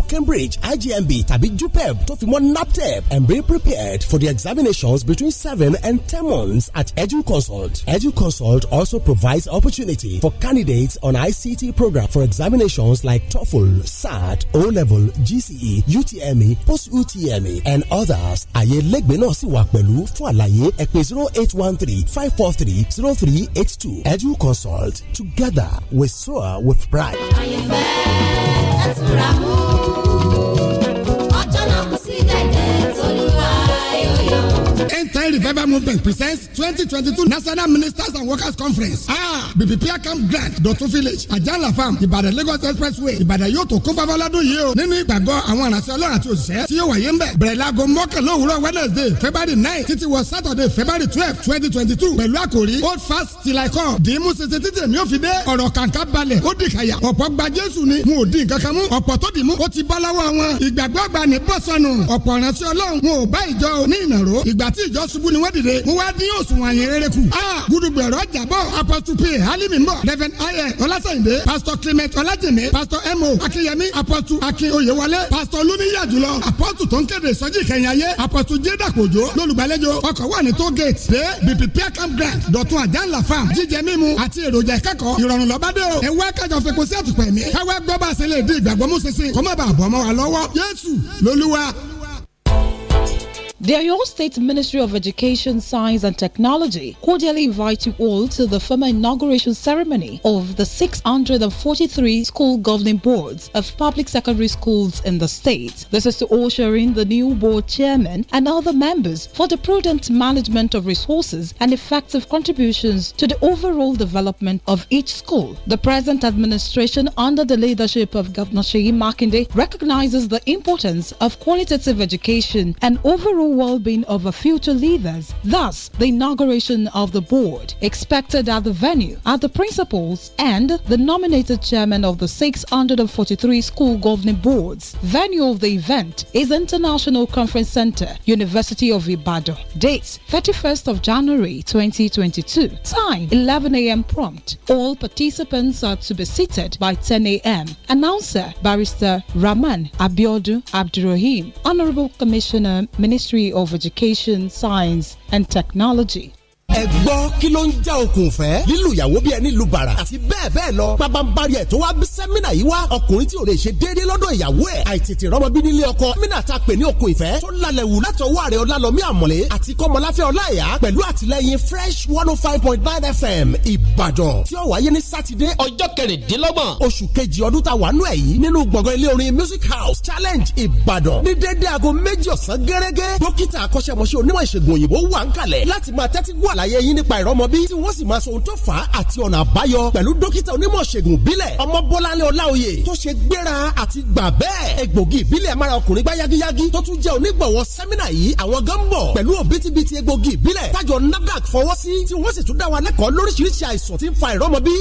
gbogbo cambridge igmb tàbí jupeb tó fi naptep and be prepared for the examinations between seven and ten months at educonsult. educonsult also provides opportunity for candidates on ict program for examinations like toefl sat o-level gce utme post-utme and others. àyè lẹ́gbẹ̀ẹ́ legbeno wà pẹ̀lú fún àlàyé ẹ̀pẹ́ zero eight one three five four three eight two educonsult together we soar with pride. àyẹ̀fẹ́ ẹ̀ tún ra mú. Música Christ Time Revival Movement presents twenty twenty two National Ministers and Workers Conference. Ah, BBPA Camp Grant, Dotu Village, Ajala Farm, Ìbàdàn Lagos Expressway, Ìbàdàn yóò tó kún fáfá lọ́dún yìí o. Nínú ìgbàgbọ́ àwọn àràṣẹ Ọlọ́run àti òṣìṣẹ́ tí yóò wáyé ń bẹ̀. Bẹ̀rẹ̀ láago mọ́kànlá òwúrọ̀ Wednesday February nine títí wọ Saturday February twelve twenty twenty two pẹ̀lú àkòrí hold fast till I come. Dìímú ṣinṣin títì èmi ò fi dé ọ̀rọ̀ kàǹkà balẹ̀ ó dì kàyà. Ọ̀pọ̀ gba Jésù ni wọn ò dín kankan mú. Ọ̀pọ̀ tó dì mú ó ti bọ́ lọ́wọ́ wọn. Ìgbàgbọ́ gbani bọ́sọ̀nù. Ọ̀pọ̀ ìránṣẹ́ Ọlọ́run wọn ò bá ìjọ ní ìnàró. Ìgbà tí ìj àjọ ni wọ́n dìde mo wá dín òṣùwọ̀n àyè kù. a gudugbẹ ọ̀rọ̀ jàbọ̀ apọ́sù p halimi mbọ̀ ayẹ ọlásẹ̀yìndé pastor clement ọlájẹmẹ pastor Emo, akínyẹmí apọ́sù akin pastor lumiya jùlọ apọ́sù tó ń kéde sọ́jí kẹyìn ayé apọ́sù jẹ́dàkọ̀jọ́ lólùgbàlejò ọkọ̀ wà ní toll gate dé bp pia campground dọ̀tun àjànlá farm jíjẹ mímu àti èròjà ìkẹ́kọ̀ọ́ ìrọ̀rùn lọ́bàdé o ẹ wá kájọ fipò sí àtùpà ẹ̀mí káwá gbọ́ bá a ṣe lè di ìgbàgbọ́ mú sísìn kọ́mọ́ bá a bọ́ ọmọ wa lọ́wọ́ jésù lolúwa The Oyo State Ministry of Education, Science and Technology cordially invite you all to the formal inauguration ceremony of the 643 school governing boards of public secondary schools in the state. This is to usher in the new board chairman and other members for the prudent management of resources and effective contributions to the overall development of each school. The present administration, under the leadership of Governor Sheyi Makinde, recognizes the importance of qualitative education and overall well-being of our future leaders. Thus, the inauguration of the board expected at the venue are the principals and the nominated chairman of the 643 school governing boards. Venue of the event is International Conference Center, University of Ibadan. Dates: 31st of January 2022. Time 11 a.m. prompt. All participants are to be seated by 10 a.m. Announcer Barrister Raman Abiodu Abdurrahim, Honorable Commissioner Ministry Ministry of Education, Science and Technology. ẹ gbọ́ kí ló ń já okùn fẹ́ lílu ìyàwó bí ẹni lu bàrà àti bẹ́ẹ̀ bẹ́ẹ̀ lọ pabambari ẹ̀ tó wá bí sẹ́mínà yìí wá ọkùnrin tí ò lè ṣe déédéé lọ́dọ̀ ìyàwó ẹ̀ àìtètè rọ́mọ bí nílé ọkọ sẹ́mínà ta pè ní okùn ìfẹ́ tó lalẹ̀ wù látọwọ́ àrẹ ọlálọ́mí àmọ̀lé àti kọ́mọláfẹ́ ọláìyá pẹ̀lú àtìlẹ́yìn fresh one oh five point nine fm ìbàdàn tí ó wáyé ní sátidé ọjọ́ kẹrìndínlọ́gbọ̀n oṣù kejì ọdún ta wà music house challenge ìbàdàn ní déédéé aago méjì ọ̀sán gẹ́gẹ́ dókítà akọ́ṣẹ́mọṣẹ́ onímọ̀ ìṣègùn òyìnbó wà ń kalẹ̀ láti máa tẹ́tí wà ṣàlàyé yín nípa ìrọmọbí tí wọ́n sì máa sọ ohun tó fà á àti ọ̀nà àbáyọ pẹ̀lú dókítà onímọ̀ ṣègùn ìbílẹ̀ ọmọbọ́láńlé ọláoyè tó ṣe gbéra àti gbà bẹ́ẹ̀ egbògi ìbílẹ̀ amára ọkùnrin gbá yágíyágí tó tún jẹ́ onígbọ̀wọ́ sẹ́mínà yìí àwọn gan bọ̀ pẹ̀lú òbítíbitì egbògi ìbílẹ̀ tájọ NAFDAC fọwọ́ sí tí wọ́n sì tún dá wa lẹ́kọ̀ọ́ lóríṣiríṣi àìsàn tí ń fa ìrọmọbí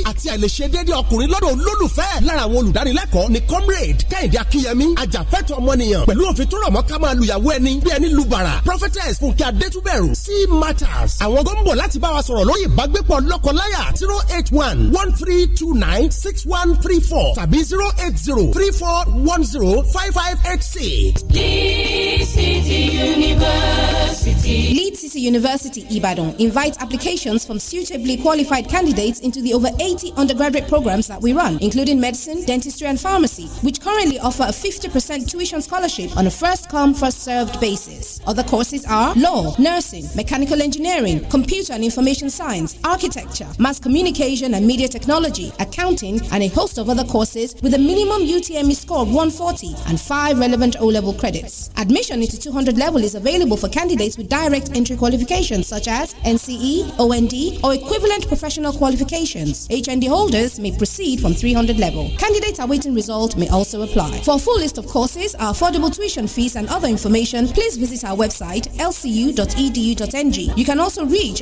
b bọ̀ láti bá wa sọ̀rọ̀ lórí ìbágbépọ̀ lọ́kọláya zero eight one one three two nine six one three four tàbí zero eight zero three four one zero five five eight six. Lead City University. Lead City University Ibadan invites applications from suitably qualified candidates into the over 80 undergraduate programs that we run, including medicine, dentistry, and pharmacy, which currently offer a 50% tuition scholarship on a first come, first served basis. Other courses are law, nursing, mechanical engineering, computer computer and information science, architecture, mass communication and media technology, accounting, and a host of other courses with a minimum UTME score of 140 and five relevant O level credits. Admission into 200 level is available for candidates with direct entry qualifications such as NCE, OND, or equivalent professional qualifications. HND holders may proceed from 300 level. Candidates awaiting result may also apply. For a full list of courses, our affordable tuition fees, and other information, please visit our website lcu.edu.ng. You can also reach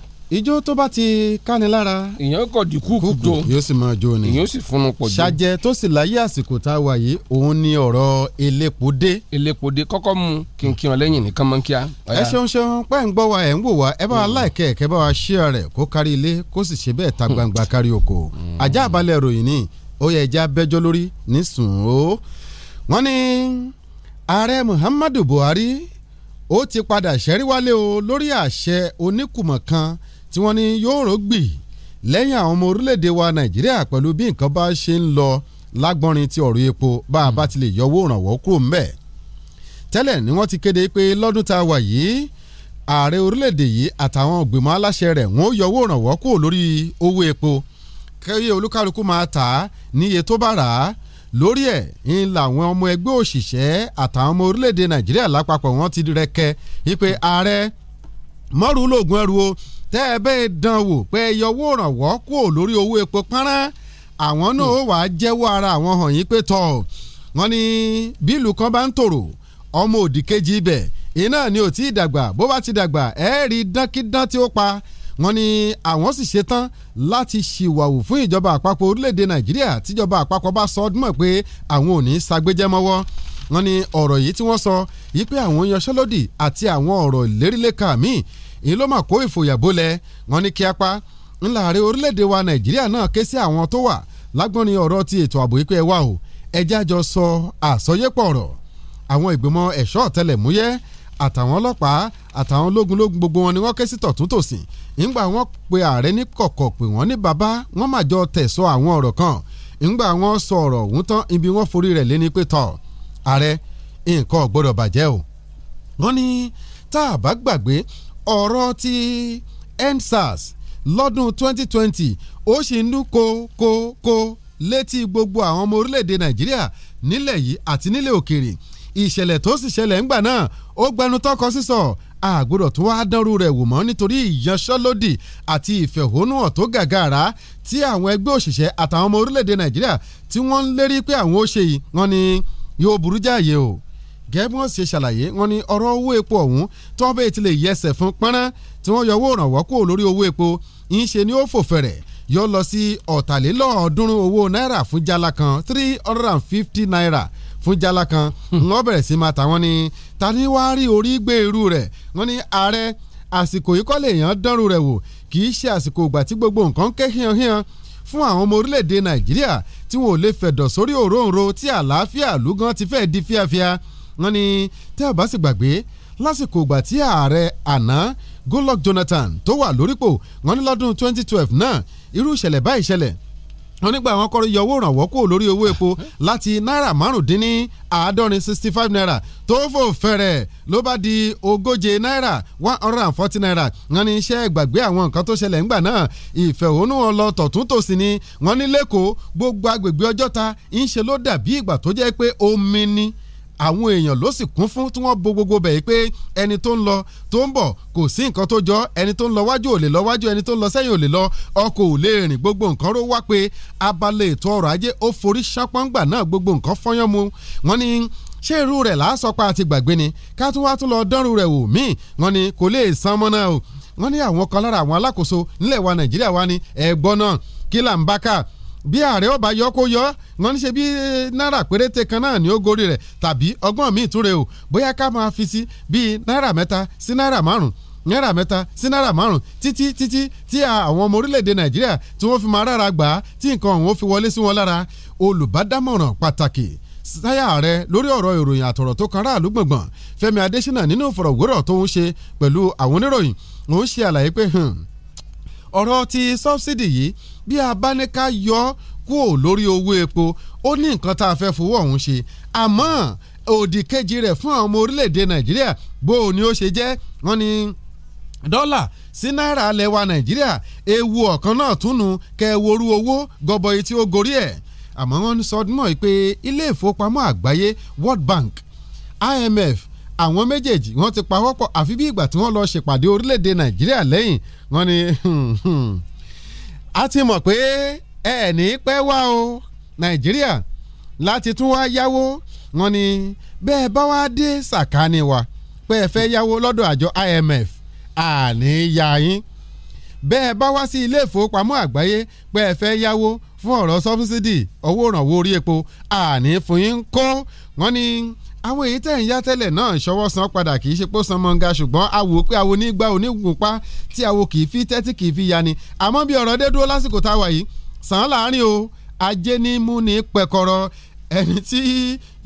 ijó tó bá ti káni lára. ìyẹn kò di kúùkù tó yóò sì máa jó ni ìyẹn ó sì funu pọ̀ jù. ṣàjẹ́ tó sì láyé àsìkò tá a wà yìí òun ni ọ̀rọ̀ elépo dé. elépo dé kọ́kọ́ mu kínkín ọlẹ́yìn nìkan mọ́ kíá. ẹ ṣeun ṣeun pẹ́ ń gbọ́ wa ẹ̀ ń wò wá ẹ bá wa mm. láìkẹ́ ẹ̀ kẹ́ bá wa ṣíà rẹ̀ kó kárí ilé kó sì ṣe bẹ́ẹ̀ ta mm. gbangba kárí oko. Mm. ajá àbálẹ̀ ròyìn ni ó yẹ ẹja bẹ́jọ́ lórí nísùn o. wọ́n Muhammadu Buhari ó ti padà ṣẹ́rí wálé o tí wọ́n ní yóò rógbì lẹ́yìn àwọn ọmọ orílẹ̀-èdè wa nàìjíríà pẹ̀lú bí nǹkan bá ṣe ń lọ lágbọ́nrin ti ọ̀rọ̀ epo bá a bá ti lè yọwọ́ òrànwọ́ kúrò ńbẹ̀ tẹ́lẹ̀ ni wọ́n ti kéde pé lọ́dún tá a wà yìí ààrẹ orílẹ̀-èdè yìí àtàwọn ògbìmọ̀ aláṣẹ rẹ̀ wọ́n ó yọwọ́ òrànwọ́ kúrò lórí owó epo kẹ́yẹ olúkálukú máa tà á níye tó bá rà á lórí ẹ̀ ń làwọn ọmọ ẹgbẹ́ òṣìṣẹ́ àtàwọn ọmọ orílẹ̀-èdè nàìjíríà lápapọ̀ wọ́n ti rẹkẹ wípé ààrẹ mọ́rùú lóògùn ẹrù o tẹ́ ẹ bẹ́ẹ̀ dán wò pé yọwọ́ ìrànwọ́ kù lórí owó epo pọ́nrán àwọn náà ó wàá jẹ́wọ́ ara àwọn hàn yín pé tọ̀ wọ́n ní bílù kan bá ń tòrò ọmọ òdì kejì ibẹ̀ iná ni ò tí ì dàgbà bó bá ti dàgbà ẹ̀ rí dánkídán tí ó pa wọ́n ní àwọn sì ṣetán láti ṣìwàwù fún ìjọba àpapọ̀ orílẹ̀-èdè nàìjíríà tíjọba àpapọ̀ bá sọ ọdún mọ̀ pé àwọn ò ní sagbẹ́jẹ́ mọ́wọ́ wọ́n ní ọ̀rọ̀ yìí tí wọ́n sọ yìí pé àwọn yanṣẹ́lódì àti àwọn ọ̀rọ̀ lérílẹ̀ka míì èyí ló mà kó ìfòyà bólẹ̀ wọ́n ní kí apá ńlá ààrẹ orílẹ̀-èdè wa nàìjíríà náà ké sí àwọn tó wà lágbọ́nrin ọ̀rọ̀ ti ètò ààbò ìpẹ́ wa o ẹjẹ́ àjọ sọ àsọyépọ̀ ọ̀rọ̀ àwọn ìgbìmọ̀ ẹ̀ṣọ́ ọ̀tẹlẹ̀múyẹ́ àtàwọn ọlọ́pàá àtàwọn ológun lógun gbogbo wọn ni wọ́n ké sí tọ̀tún tòsì ńgbà wọ́n pe ààrẹ ní kọ̀kọ̀ pé wọ́n ní bàbá wọ́n mà jọ tẹ̀sọ àwọn ọ̀rọ̀ kan ńgbà wọ́n sọ ọ̀rọ̀ ọ̀hún tán ibi wọ́n forí rẹ̀ lé ní pé tọ̀ ààrẹ nǹkan ò bàjẹ́ o wọ́n ní tá a bá gbàgbé ọ̀rọ̀ ti endsars lọ́dún 2020 ó sì ń dún kókókó létí gbogbo àwọn ọmọ orílẹ̀-èdè nàìjíríà nílẹ̀ yìí àti nílẹ̀ òkèèrè ìṣẹ̀lẹ̀ tó sì ṣẹlẹ̀ ńgbà náà ó gbẹnu tọkọ sísọ àgbọ̀dọ̀ tó wá dánrú rẹ̀ wò mọ́ nítorí ìyanṣẹ́lódì àti ìfẹ̀hónúhàn tó gàgàrà tí àwọn ẹgbẹ́ òṣìṣẹ́ àtàwọn ọmọ orílẹ̀ nàìjíríà tí wọ́n ń lérí pé àwọn ó ṣe yìí wọ́n ní yóò burú jáàyè o gẹ́gẹ́ bí wọ́n ṣe ṣàlàyé wọ́n ní ọ̀rọ̀ owó epo ọ̀hún tí wọ́n bẹ́ẹ̀ ti lè yẹsẹ̀ fún pọ́nrán tí wọ́n yọ owó ìrànwọ́ kúrò lórí owó epo ń ṣe ni ó fò fẹ̀rẹ̀ yọ lọ sí ọ̀tàlélọ́ọ̀ọ́dúnrún owó náírà fún jala kan three hundred and fifty naira fún jala kan hmm. wọ́n bẹ̀rẹ̀ sí máa ta wọ́n ní ta ni wàá rí orí gbé irú rẹ̀ wọ́n ní ààrẹ àsìkò yìí kọ́ lè yàn dánrù rẹ̀ wò kì í ṣe àsìkò ìgbà tí gbogbo nǹkan ké hìyànhìyàn fún àwọn ọmọ orílẹ̀-èdè nàìjíríà tí wọn ò lè fẹ̀dọ̀ sórí òróǹro tí àlàáfíà lúgán ti fẹ́ di fíafíà wọ́n ní tẹ́ ẹ̀ bá sì gbàgbé lásìkò ìgbà tí ààrẹ àná Goodluck Jonathan tó wà lórípò wọ́n ní lọ́dún 2012 náà irú ìṣẹ̀lẹ̀ báyìí ṣẹlẹ̀ wọ́n nígbà àwọn kọ́rọ́ yọ owó ìrànwọ́ kúrò lórí owó epo láti náírà márùndínní sixty five naira tó fò fẹ̀rẹ̀ ló bá di ogóje náírà one hundred and forty naira wọ́n ní iṣẹ́ gbàgbé àwọn nǹkan tó ṣẹlẹ̀ ńgbà náà ìfẹ̀hónú ọlọ tọ̀tún tòsì ni wọ́n ní lẹ́kọ̀ọ́ gbogbo agbègbè ọjọ́ta ń ṣe ló dàbí ìgbà tó jẹ́ pé omi ni àwọn èèyàn ló sì kún fún tí wọ́n bo gbogbo bẹ̀ pé ẹni tó ń lọ tó ń bọ̀ kò sí nǹkan tó jọ ẹni tó ń lọ wájú ò lè lọ wájú ẹni tó ń lọ sẹ́yìn ò lè lọ ọkọ̀ ò lè rìn gbogbo nǹkan ró wá pé abalẹ̀ ètò ọrọ̀ ajé ó forí sápọ́ngbà náà gbogbo nǹkan fọ́yán mu wọ́n ní ṣé irú rẹ̀ làásọ̀pá àti gbàgbé ni ká tún wá tún lọ dánrù rẹ̀ wò míì wọ́n ní kò lè san mọ́ náà o wọ́n ní àwọn kan lára àwọn alákòóso nílẹ̀ wa Nàìjíríà wa ni ẹ̀gbọ́n náà kí là ń bá káà bí ààrẹ ọba yọ kó yọ wọn ní ṣe bí eh, náírà péréte kan náà ní ó gorí rẹ̀ tàbí ọgbọ́n míì túre o bóyá ká máa fi sí bíi náírà mẹ́ta sí náírà márùn-ún náírà mẹ́ta sí náírà márùn títí títí tí àwọn ọmọ orílẹ̀-èdè nàìjíríà tí wọ́n fi máa rárá gbà á tí nǹkan ọ̀hún ó fi wọlé sí wọn lára olùbádámọ̀ràn pàtàkì sáyà ààrẹ lórí ọ̀rọ̀ ìròyìn àtọ̀rọ̀ tó kan ráàlú gbọ̀ngbọ̀n fẹ́mi adésínà nínú ìfọ̀rọ̀wérọ̀ tó ń ṣe pẹ̀lú àwọn oníròyìn òun ṣe àlàyé pé hmm, ọ̀rọ̀ ti sọ́bsidì yìí bí a bá ní ká yọ ọ́ kúò lórí owó epo ó ní nǹkan tá a fẹ́ fowó ọ̀hún ṣe àmọ́ òdì kejì rẹ̀ fún àwọn ọmọ orílẹ̀-èdè nàìjíríà bó o ní ó ṣe jẹ́ wọ́n ní dọ́là sí náírà alẹ́ wa nàìjíríà ewu ọ̀kan náà túnú kẹworú owó gọbọi tí ó gorí ẹ̀ àmọ́ wọ́n sọ mọ́ pé ilé ìfowópamọ́ àgbáyé World Bank IMF àwọn méjèèjì wọ́n ti pawọ́pọ̀ àfi bí ìgbà tí wọ́n lọ ṣèpàdé orílẹ̀-èdè nàìjíríà lẹ́yìn wọ́n ní hmm, hmm. a ti mọ̀ pé ẹ ní pẹ́ wá o nàìjíríà láti tún wá yáwó wọn ni bẹ́ẹ̀ bá wá dé sàkání wa pé ẹ fẹ́ yáwó lọ́dọ̀ àjọ IMF àní ya yín bẹ́ẹ̀ bá wá sí ilé ìfowópamọ́ àgbáyé pé ẹ fẹ́ yáwó fún ọ̀rọ̀ sọ́búsídì owó ìrànwọ́ orí epo àní fún yín kó wọn ni. àwọn èyí tẹ̀ ń yá tẹ́lẹ̀ náà ṣọwọ́ san padà kì í ṣe pé ó san mọ́ngà ṣùgbọ́n awo pé awo ní gbá onígunpá tí awo kì í fi tẹ́tí kì í fi yani àmọ́ bí ọ̀rọ̀ dé dúró lásìkò tá a wà yìí sàn án láàárín o ajé ní mú ní pẹ̀kọ̀rọ̀ ẹni tí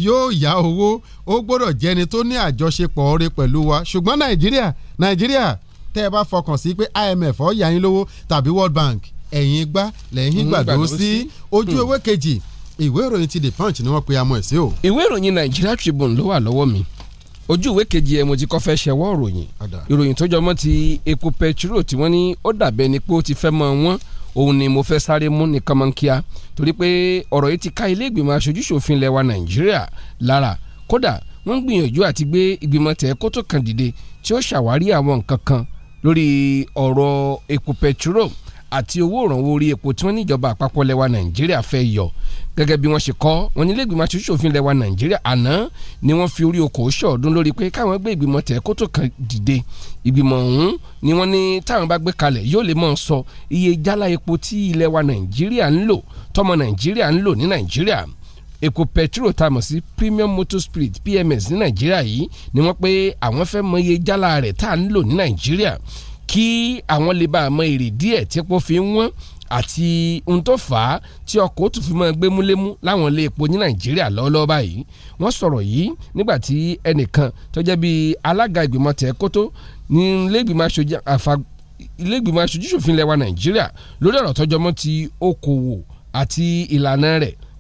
yóò yá owó ó gbọ́dọ̀ jẹni tó ní àjọṣepọ̀ ọ̀rẹ́ pẹ̀lú wa ṣùgbọ́n nàìjíríà nàìjíríà tẹ́ ẹ bá fọkàn sí pé IMF ó yá yín lówó tàbí World Bank ẹ̀yin gbá lẹ́yìn gbàdúró sí ojú ewé kejì ìwé ìròyìn ti the punch ni wọ́n pe amọ̀ ẹ̀ sí o. ìwé ìròyìn Nigeria Tribune ló wà lọ́wọ́ mi ojú ìwé kejì ẹ mo ti kọ́ fẹ́ ṣẹwọ́ ìròyìn ìròyìn tó jọmọ́ ti epo petro tí wọ́n ní ó dàbẹ́ ni pé ó ti fẹ́ mọ wọ́n òun ni mo fẹ́ sáré mú ní kọ́mọ́nkíá torí pé ọ̀rọ̀ yìí ti ká ilé ìgbìmọ̀ aṣojúṣòfin lẹwa Nàìjíríà lára kódà wọ́n gbìyànjú àti gbé ìgbìmọ̀ tẹ̀ kótó kan dìde tí ó ṣàwárí àwọn nǹkan kan lórí ọ̀rọ̀ epo petro àti owó òrànwó orí epo tí wọ́n níjọba àpapọ̀ lẹ́wà nàìjíríà fẹ́ yọ gẹ́gẹ́ bí wọ́n ṣe kọ́ wọn nílé ìgbìmọ̀ àti ṣòfin lẹ́wà nàìjíríà àná ni wọ́n fi orí okòó ṣọ̀ọ́dún lórí pé káwọn gbé ìgbìmọ̀ tẹ̀ kó tó kan dìde ìgbìmọ̀ ọ̀hún ni wọ́n ní táwọn bá gbé kalẹ̀ yóò lè mọ̀ sọ iye jálá epo tí ilẹ̀ wa nàìjíríà ń lò tọmọ nàìjíríà ń lò ní nàìjíríà epo petro tá mọ̀ sí premium motor spirit pms ní nàìjíríà yìí ni wọ́n pé àwọn fẹ́ mọ iye jálá rẹ̀ tá a ń lò ní nàìjíríà kí àwọn lè bá a mọ èrè díẹ̀ tí epo fi ń wọ́n àti ohun tó fà á tí ọkọ̀ ó tún fi máa gbémúlémú láwọn ilé epo ní nàìjíríà lọ́wọ́lọ́wọ́ báyìí wọ́n sọ̀rọ̀ yìí nígbà tí ẹnìkan tó jẹ́ bíi alága ìgbìmọ̀ tẹ̀kótó ní ilé ìgbìmọ̀ aṣojú ilé ìgbìmọ̀ aṣojú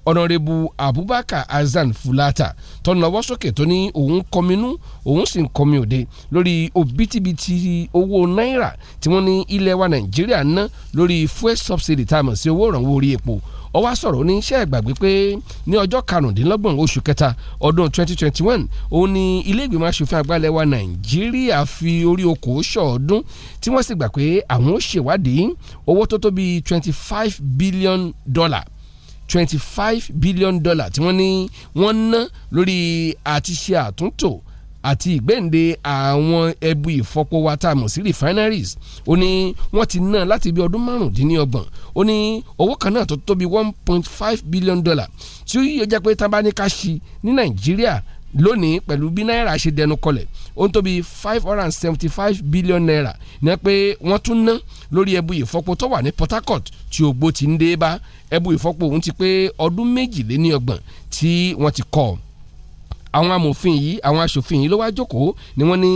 ọ̀nàrẹ́bù Abubakar Azan Fulata tó nawọ́ sókè tó ní òun kọminú òun sì ń kọmi òde lórí òbítíbitì owó náírà tí wọ́n ní ilẹ̀ wa Nàìjíríà ná lórí fuel subsidy tá a mọ̀ sí owó ìrànwọ́ orí epo ó wá sọ̀rọ̀ ní iṣẹ́ ìgbàgbé pé ní ọjọ́ karùndínlọ́gbọ̀n oṣù kẹta ọdún 2021 òun ni ilé ìgbìmọ̀ asòfin àgbàlẹ̀ wa nàìjíríà fi orí oko ṣọ̀ọ́dún tí wọ́n sì gbà pé àwọn ó ṣèwádìí owó tó tó bíi 25 billion dollar twenty five billion dollar tí wọ́n ní wọ́n ná lórí àti ṣe àtúntò àti ìgbẹ́ǹde àwọn ẹbu ìfọpo wa tá a mọ̀ sí refineries ó ní wọ́n ti ná láti bí ọdún márùndínlọ́gbọ̀n ó ní owó kan náà tó tóbi one point five billion dollar tí ó yíyọ jẹ́ pé tá a bá ní nàìjíríà lónìí pẹ̀lú bí náírà ṣe dẹnu kọlẹ̀ ó ń tó five hundred and seventy five billion naira ní pé wọ́n tún ná lórí ẹbu ìfọ́po tó wà ní Port Harcourt tí ògbó ti ń dé bá ẹbu ìfọ́po òun ti pé ọdún méjìléní tí wọ́n ti kọ́ ọ àwọn amòfin yìí àwọn aṣòfin yìí ló wá jókòó ni wọ́n ní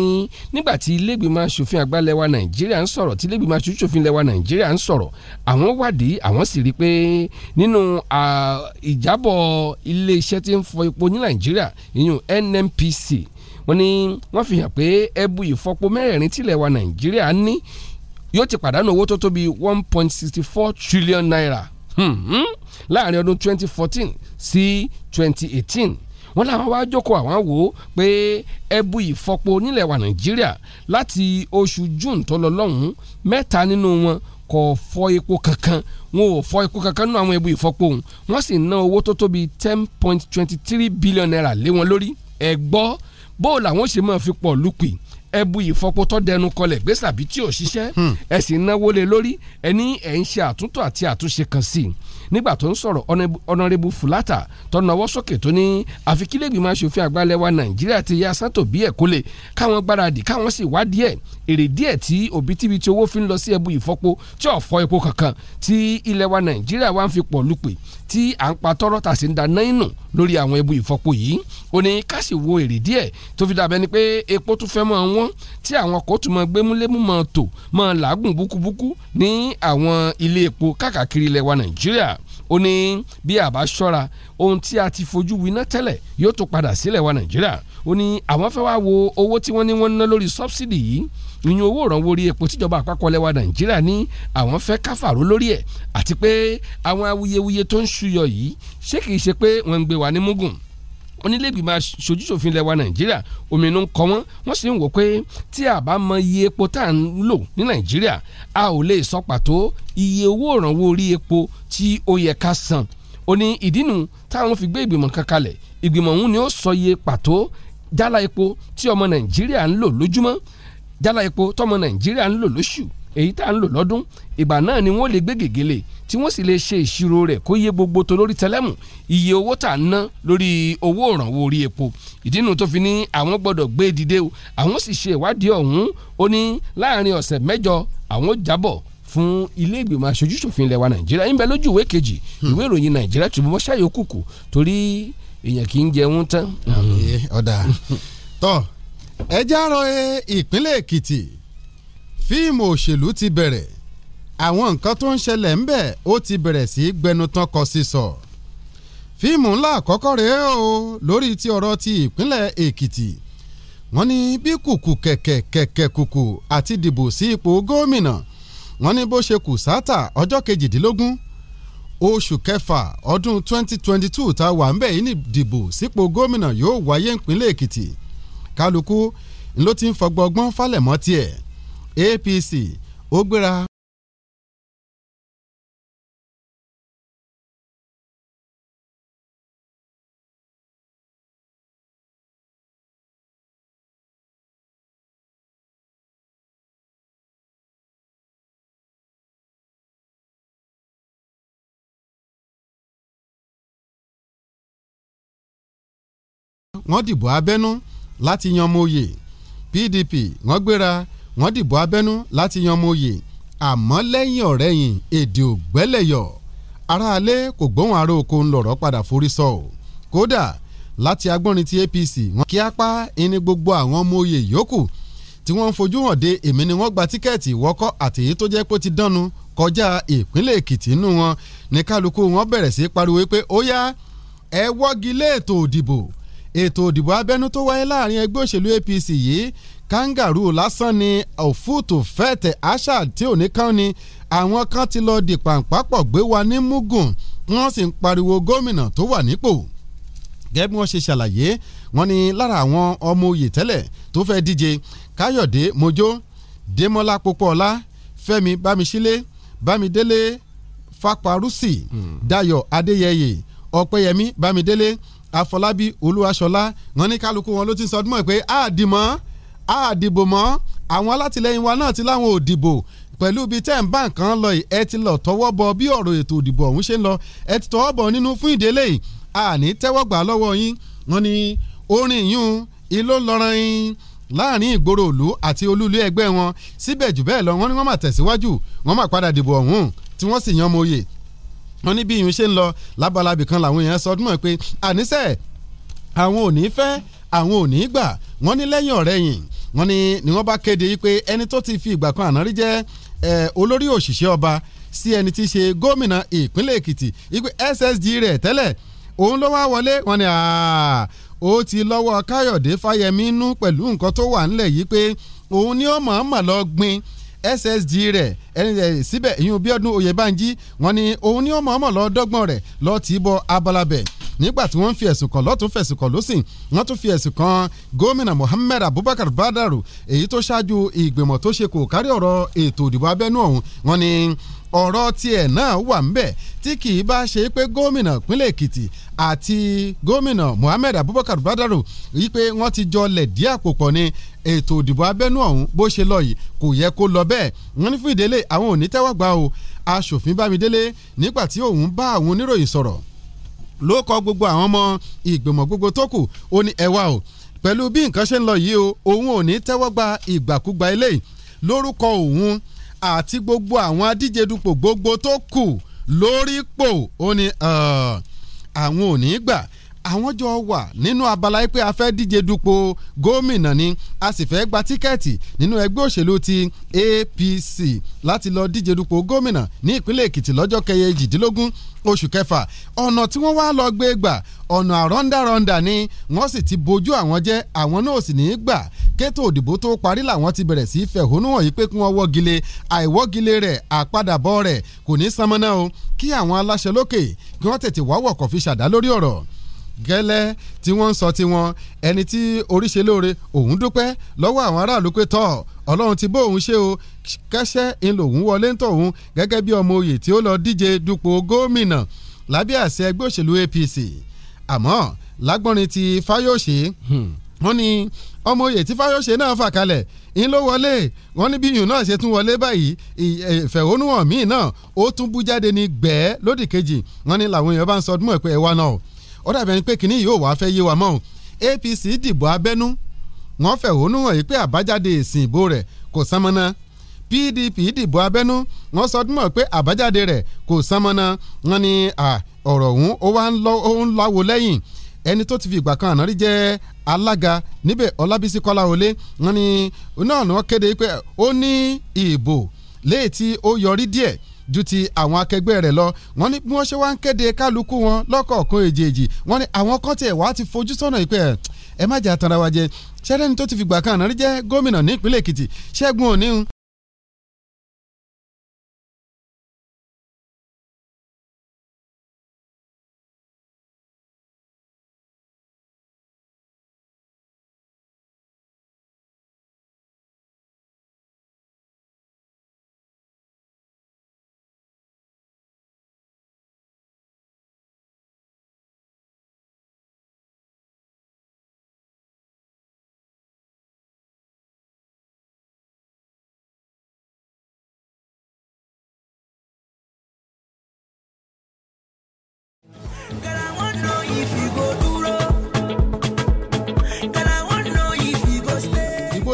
nígbà tí ilégbèmọ̀ aṣòfin àgbà lẹwa nàìjíríà ń sọ̀rọ̀ tí ilégbèmọ̀ aṣòfin lẹwa nàìjíríà ń sọ̀rọ̀ àwọn wádìí àwọn sì rí i pé nínú ìjábọ̀ iléeṣẹ́ tí ń fọ epo ní nàìjíríà ìyún NNPC wọ́n ní wọ́n fi hàn pé ẹbu ìfọpo mẹ́rẹ̀ẹ̀rin tilẹ̀ wa nàìjíríà ní yóò ti pàdánù owó tó tó one point sixty four trillion naira hmm, hmm. láàrin ọdún twenty fourteen sí twenty eighteen wọ́n làwọn wá jókòó àwọn wò ó pé ẹbu ìfọpo nílẹ̀ wa nàìjíríà láti oṣù june tó lọ lọ́hùn-ún mẹ́ta nínú wọn kò fọ epo kankan wọn ò fọ epo kankan nínú àwọn ẹbu ìfọpo òun wọ́n sì ná owó tó tóbi ten point twenty three billion naira lé wọn lórí ẹ gbọ́ bó làwọn ṣe máa fi pọ̀ lùpì ẹbu ìfọpo tó dẹnu kọlẹ̀ gbèsè àbí tí ò ṣiṣẹ́ hmm. ẹ sì náwó lé lórí ẹ ní ẹ̀ ń ṣe àtúntò àti àtúnṣe kan sí i nígbà tó ń sọ̀rọ̀ ọ̀nàrẹ́bù fúlàtà tó nawọ́ sókè tó ní àfi kí lẹ́gbìmọ̀ aṣòfin àgbàlẹ̀ wa nàìjíríà ti ya sátò bí ẹ̀ kólé káwọn gbáradì káwọn sì wá díẹ̀ èrè díẹ̀ tí òbítíbitì owó fi ń lọ sí ẹbu ìfọpo tí ọ̀fọ́ epo kankan tí ilẹ̀ wa nàìjíríà wa ń fi pọ̀ lùpè tí à ń pa tọ́rọ́ tà sí ń da náínù lórí àwọn ẹbu ìfọpo yìí ó ní ká sì wo èrè díẹ̀ tó fi dàbẹ́ ni pé epo tún fẹ́ mọ́ wọn tí àwọn kò tún mọ́ gbémúlémú mọ́ tò mọ́ làágùn búkúbúkú ní àwọn ilé epo káàkiri ilẹ̀ wa nàìjíríà ó ní bí àbá ṣọ́ra ohun tí a ti fojú winá tẹ́lẹ̀ yóò tún padà sílẹ̀ wa nàìjíríà ó ní àwọn fẹ́ wá wo owó tí wọ́n ní wọ́n ná lórí sọ́bsidì yìí ìyún owó ìrànwọ́ orí epo tíjọba àpapọ̀ lẹ́wà nàìjíríà ní àwọn fẹ́ káfàró lórí ẹ̀ àti pé àwọn awuyewuye tó ń ṣúyọ yìí ṣé kìí ṣe pé wọ́n ń gbé wa ní múgùn onílẹ̀gbìmọ̀ aṣojúṣòfin lẹwa nàìjíríà òmìnira ń kọ wọ́n wọ́n sì ń wò pé tí a bá mọ iye epo tá à ń lò ní nàìjíríà a ò lè sọ pàtó iye owó ìrànwọ́ orí epo tí ó yẹ ká san ó ní ìdínú táwọn fi gbé ìgbìmọ̀ kan kalẹ̀ ìgbìmọ̀ ọ̀hún ni ó sọ iye pàtó jálá epo tí ọmọ nàìjíríà ń lò lójúmọ́ jálá epo tọmọ nàìjíríà ń lò lóṣù èyí tá à ń lò lọ́dún ìgbà náà ni wọ́n lè gbé gègélè tí wọ́n sì lè ṣe ìṣirò rẹ̀ kó yé gbogbo tó lórí tẹlẹ́mù iye owó tà ń ná lórí owó òrànwó orí epo ìdínú tó fi ní àwọn gbọ́dọ̀ gbé e dìde o àwọn sì ṣe ìwádìí ọ̀hún ó ní láàrin ọ̀sẹ̀ mẹ́jọ àwọn jábọ̀ fún ilé ìgbìmọ̀ aṣojúṣòfin ilẹ̀ wa nàìjíríà ń bẹ lójú ìwé kejì hmm. ìwé ìròyìn nàìjíríà Tribune tó ẹ já rọ ìpínlẹ̀ èkìtì fíìmù òṣèlú ti bẹ̀rẹ̀ àwọn nǹkan tó ń ṣẹlẹ̀ ń bẹ̀ ó ti bẹ̀rẹ̀ sí í gbẹnutan kọ sísọ fíìmù ńlá àkọ́kọ́ rèé o lórí ti ọ̀rọ̀ ti ìpínlẹ̀ Èkìtì wọ́n ní bí kùkù kẹ̀kẹ̀ kẹ̀kẹ̀ kùkù àti dìbò sí ipò gómìnà wọ́n ní bó ṣe kù sátà ọjọ́ kejìdínlógún oṣù kẹfà ọdún 2022 tá a wà ń bẹ̀ yìí ní dìbò sípò gómìnà yóò wáyé ìpínlẹ̀ Èkìtì kálukú ló ti ń fọgbọ́gbọ́n falẹ̀mọ́ tiẹ̀ APC ó gbéra wọ́n dìbò abẹ́nú láti yan mọ́yè PDP wọ́n gbéra wọ́n dìbò abẹ́nú láti yan mọ́yè àmọ́ lẹ́yìn ọ̀rẹ́yìn èdè ògbẹ́lẹ̀yọ̀ aráalé kò gbóhùn ará oko ń lọ̀rọ̀ padà forí sọ ọ́ kódà láti agbọ́nrin ti APC wọn kí apá ẹni gbogbo àwọn ọmọ oyè yòókù tí wọ́n ń fojú hàn dé èmi ni wọ́n gba tíkẹ́ẹ̀tì wọ́kọ́ àti èyí tó jẹ́ pé ó ti dánu kọjá ìpínlẹ̀ Èkìtì nù wọn ní kálukú wọn bẹ̀rẹ̀ sí pariwo pé ó yá ẹ wọ́gi lé ètò òdìbò ètò òdìbò abẹ́nú tó wáyé láàrin ẹgbẹ́ òṣèlú APC yìí kangaroo lásán ni òfúùtù fẹ́ẹ̀tẹ̀ àṣà tí ò ní kán ni àwọn kan ti lọ di pàǹpápọ̀ gbé wa ní mugun wọ́n sì ń pariwo gómìnà tó wà nípò gẹ́gẹ́ bí wọ́n ṣe ṣàlàyé wọ́n ní lára àwọn ọmọ oyè tẹ́lẹ̀ tó fẹ́ díje káyọ̀dé mojó démọ́lá pópóọlá fẹ́mi bámiṣílé bámidélé faparusi mm. dayọ̀ adéyẹyè ọpẹ́yẹmí bámidélé afọlábí olúwaṣọlá wọ́n ní kálukú wọn ló ti sọdúnmọ́ pé àdìmọ́ a dìbò mọ́ àwọn alátìlẹyìn wa náà ti láwọn ò dìbò pẹ̀lú ibi tẹ́ ń bá nǹkan lọ yìí ẹ ti lọ tọwọ́ bọ bí ọ̀rọ̀ ètò ìdìbò ọ̀hún ṣe ń lọ ẹ ti tọwọ́ bọ nínú fún ìdílé yìí àní tẹ́wọ́ gbà lọ́wọ́ yín wọ́n ní orin yún ilé ńlọrọ̀ yín láàrin ìgboro òlu àti olúlu ẹgbẹ́ wọn síbẹ̀ jù bẹ́ẹ̀ lọ wọ́n ní wọ́n máa tẹ̀síwájú wọ́n máa padà dìbò ọ̀hún tí wọ́n sì yan mọ́yè wọ́n ní bí ìyún ṣe ń lọ lábalábì kan làwọn èèyàn sọdún mọ́ pé àníṣe àwọn ò ní fẹ́ àwọn ò ní gbà wọ́n ní lẹ́yìn ọ̀rẹ́yìn wọ́n ní ni wọ́n bá kéde yìí pé ẹni tó ti fi ìgbà kan àná rí jẹ́ olórí òṣìṣẹ́ ọba sí ẹni tí í ṣe gómìnà ìpínlẹ̀ Èkìtì ipe SSG rẹ̀ tẹ́lẹ̀ òun ló wá wọlé wọ́n ní ó ti lọ́wọ́ Káyọ̀dé Fáyẹmí nú pẹ̀lú nǹkan tó wà ńlẹ̀ yìí pé òun ni ó mọ̀ọ́mọ̀ lọ gbin ssg rẹ ẹni síbẹ̀ ìyún Bíọ́dún Oyèbánjí wọ́n ní òun ni ó mọ̀ọ́mọ̀ lọ dọ́gbọ́n rẹ̀ lọ́ọ́ tì í abalabẹ̀ nígbà tí wọ́n ń fi ẹ̀sùn kàn lọ́tún fẹ̀sùn kàn lọ́sìn wọ́n tún fi ẹ̀sùn kàn gómìnà Mohammed Abubakar Badaru èyí tó ṣáájú ìgbìmọ̀ tó ṣe kò kárí ọ̀rọ̀ ètò ìdìbò abẹ́nú ọ̀hún wọn ni ọ̀rọ̀ tiẹ̀ náà wà ńbẹ̀ tí kì í bá ṣe pé gómìnà ìpínlẹ̀ Èkìtì àti gómìnà Mohammed Abubakar Badaru wípé wọ́n ti jọ lẹ̀ díẹ̀ àpò pọ̀ ni ètò ìdìbò abẹ́nú ọ̀hún bó ṣe lọ yìí kò yẹ kó lọ bẹ́ẹ̀ wọ́n ní fún ìdélé àwọn ò ní tẹ́wọ́ gbà o aṣòfin Bámidélé nígbà tí òun bá àwọn oníròyìn sọ̀rọ̀ ló kọ gbogbo àwọn ọmọ ìgbìmọ̀ gbogbo tó kù ó ní ẹwà o pẹ̀lú bí nǹkan ṣe ń lọ yìí o òun ò ní tẹ́wọ́ gba ìgbàkúgba eléyìí lórúkọ òun àti gbogbo àwọn adíje dupò gbogbo tó kù lórí pò ó ní àwọn ò ní gbà àwọn jọ wà nínú abala pé a fẹ́ díje dupò gómìnà ni a sì fẹ́ gba tíkẹ́ẹ̀tì nínú ẹgbẹ́ òṣèlú ti APC láti lọ díje dupò gómìnà ní ìpínlẹ̀ Èkìtì lọ́jọ́ kẹyẹjìdínlógún oṣù kẹfà ọ̀nà tí wọ́n wá lọ gbé gbà ọ̀nà àrọ́ndàrọ́ndà ni wọ́n sì ti bójú àwọn jẹ́ àwọn náà sì ní í gbà kétò òdìbò tó parí làwọn ti bẹ̀rẹ̀ sí í fẹ̀hónú hàn yí pé kí wọ́n wọ́gilé àìwọ́gilé rẹ̀ àpadàbọ̀ rẹ̀ kò ní sanmọ́ná o kí àwọn aláṣẹ lókè kí wọ́n tètè wá wọ̀kọ̀ fi ṣàdá lórí ọ̀rọ̀ gẹ́lẹ́ tí wọ́n ń sọ tiwọn ẹni tí oríṣi lóore òun dúpẹ́ lọ́wọ́ àwọn aráàlú pé tọ́ ọlọ́run ti bó òun ṣe o kẹ́sẹ́ ń lòun wọlé ń tọ̀ òun gẹ́gẹ́ bí ọmọ oyè tí ó lọ díje dupò gómìnà lábẹ́ àṣẹ ẹgbẹ́ òṣèlú APC àmọ́ lágbọ́nrin ti Fáyọ̀ṣe hmm. wọ́n ní ọmọ oyè tí Fáyọ̀ṣe náà fà kalẹ̀ ń ló wọlé wọ́n ní bí yùn náà ṣe tún wọlé báyìí ìfẹ̀hónúhàn míì náà ó tún bú jáde ní gbẹ́ẹ́ lódì kejì wọ́n ní làwọn èèyàn bá ń sọdún ẹ̀pẹ́ ẹ̀ wá náà ó dàbí ẹni pé kínní yìí ò wá fẹ́ yé wa mọ́ APC dìbò abẹ́nú wọ́n fẹ̀hónú hàn yìí pé àbájáde ìsìn ìbò rẹ̀ kò sánmọ́ná PDP dìbò abẹ́nú wọ́n sọdún mọ̀ pé àbájáde rẹ̀ kò sánmọ́ná wọn ọ̀rọ̀ ọ̀hún ó wá kan jẹ́ alága níbẹ̀ Ọlábísí náà ni wọ́n kéde pé ó ní ju ti àwọn akẹgbẹ́ rẹ̀ lọ wọ́n ní bí wọ́n ṣe wá ń kéde kálukú wọn lọ́kọ̀ọ̀kan èjèèjì wọ́n ní àwọn kan tiẹ̀ wá ti fojú sọ́nà yìí pé ẹ má jà tanra wa jẹ sẹ́rẹ́ni tó ti fìgbà kan àná rí jẹ́ gómìnà ní ìpínlẹ̀ Èkìtì Ṣẹ́gun Òní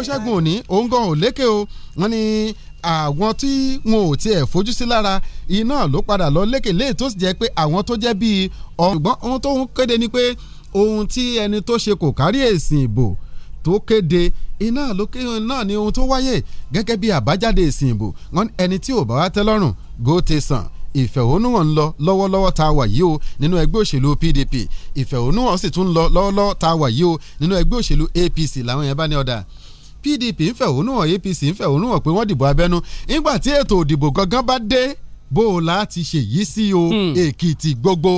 ṣẹ́gun òní òun gan ò lékè o wọ́n ní àwọn tí wọn ò tiẹ̀ fojú sí lára iná ló padà lọ lékè léè tó sì jẹ́ pé àwọn tó jẹ́ bíi ọ̀gbọ́n ohun tó ń kéde ni pé ohun tí ẹni tó ṣe kò kárí èsìn ìbò tó kéde iná lókè náà ni ohun tó wáyé gẹ́gẹ́ bí àbájáde èsìn ìbò wọn ẹni tí ò bá wá tẹ́ lọ́rùn gò tẹ̀sán ìfẹ̀hónúhàn ń lọ lọ́wọ́lọ́wọ́ tá a wà yìí o nínú ẹgbẹ́ òṣèlú PDP ìfẹ̀hónúhàn sì tún ń lọ lọ́wọ́lọ́wọ́ tá a wà yìí o nínú ẹgbẹ́ òṣèlú APC làwọn yẹn bá ní ọ̀dà PDP ń fẹ̀hónú hàn APC ń fẹ̀hónú hàn pé wọ́n dìbò abẹ́nú nígbà tí ètò òdìbò gangan bá dé bó o láti ṣèyí sí o hmm. Èkìtì gbogbo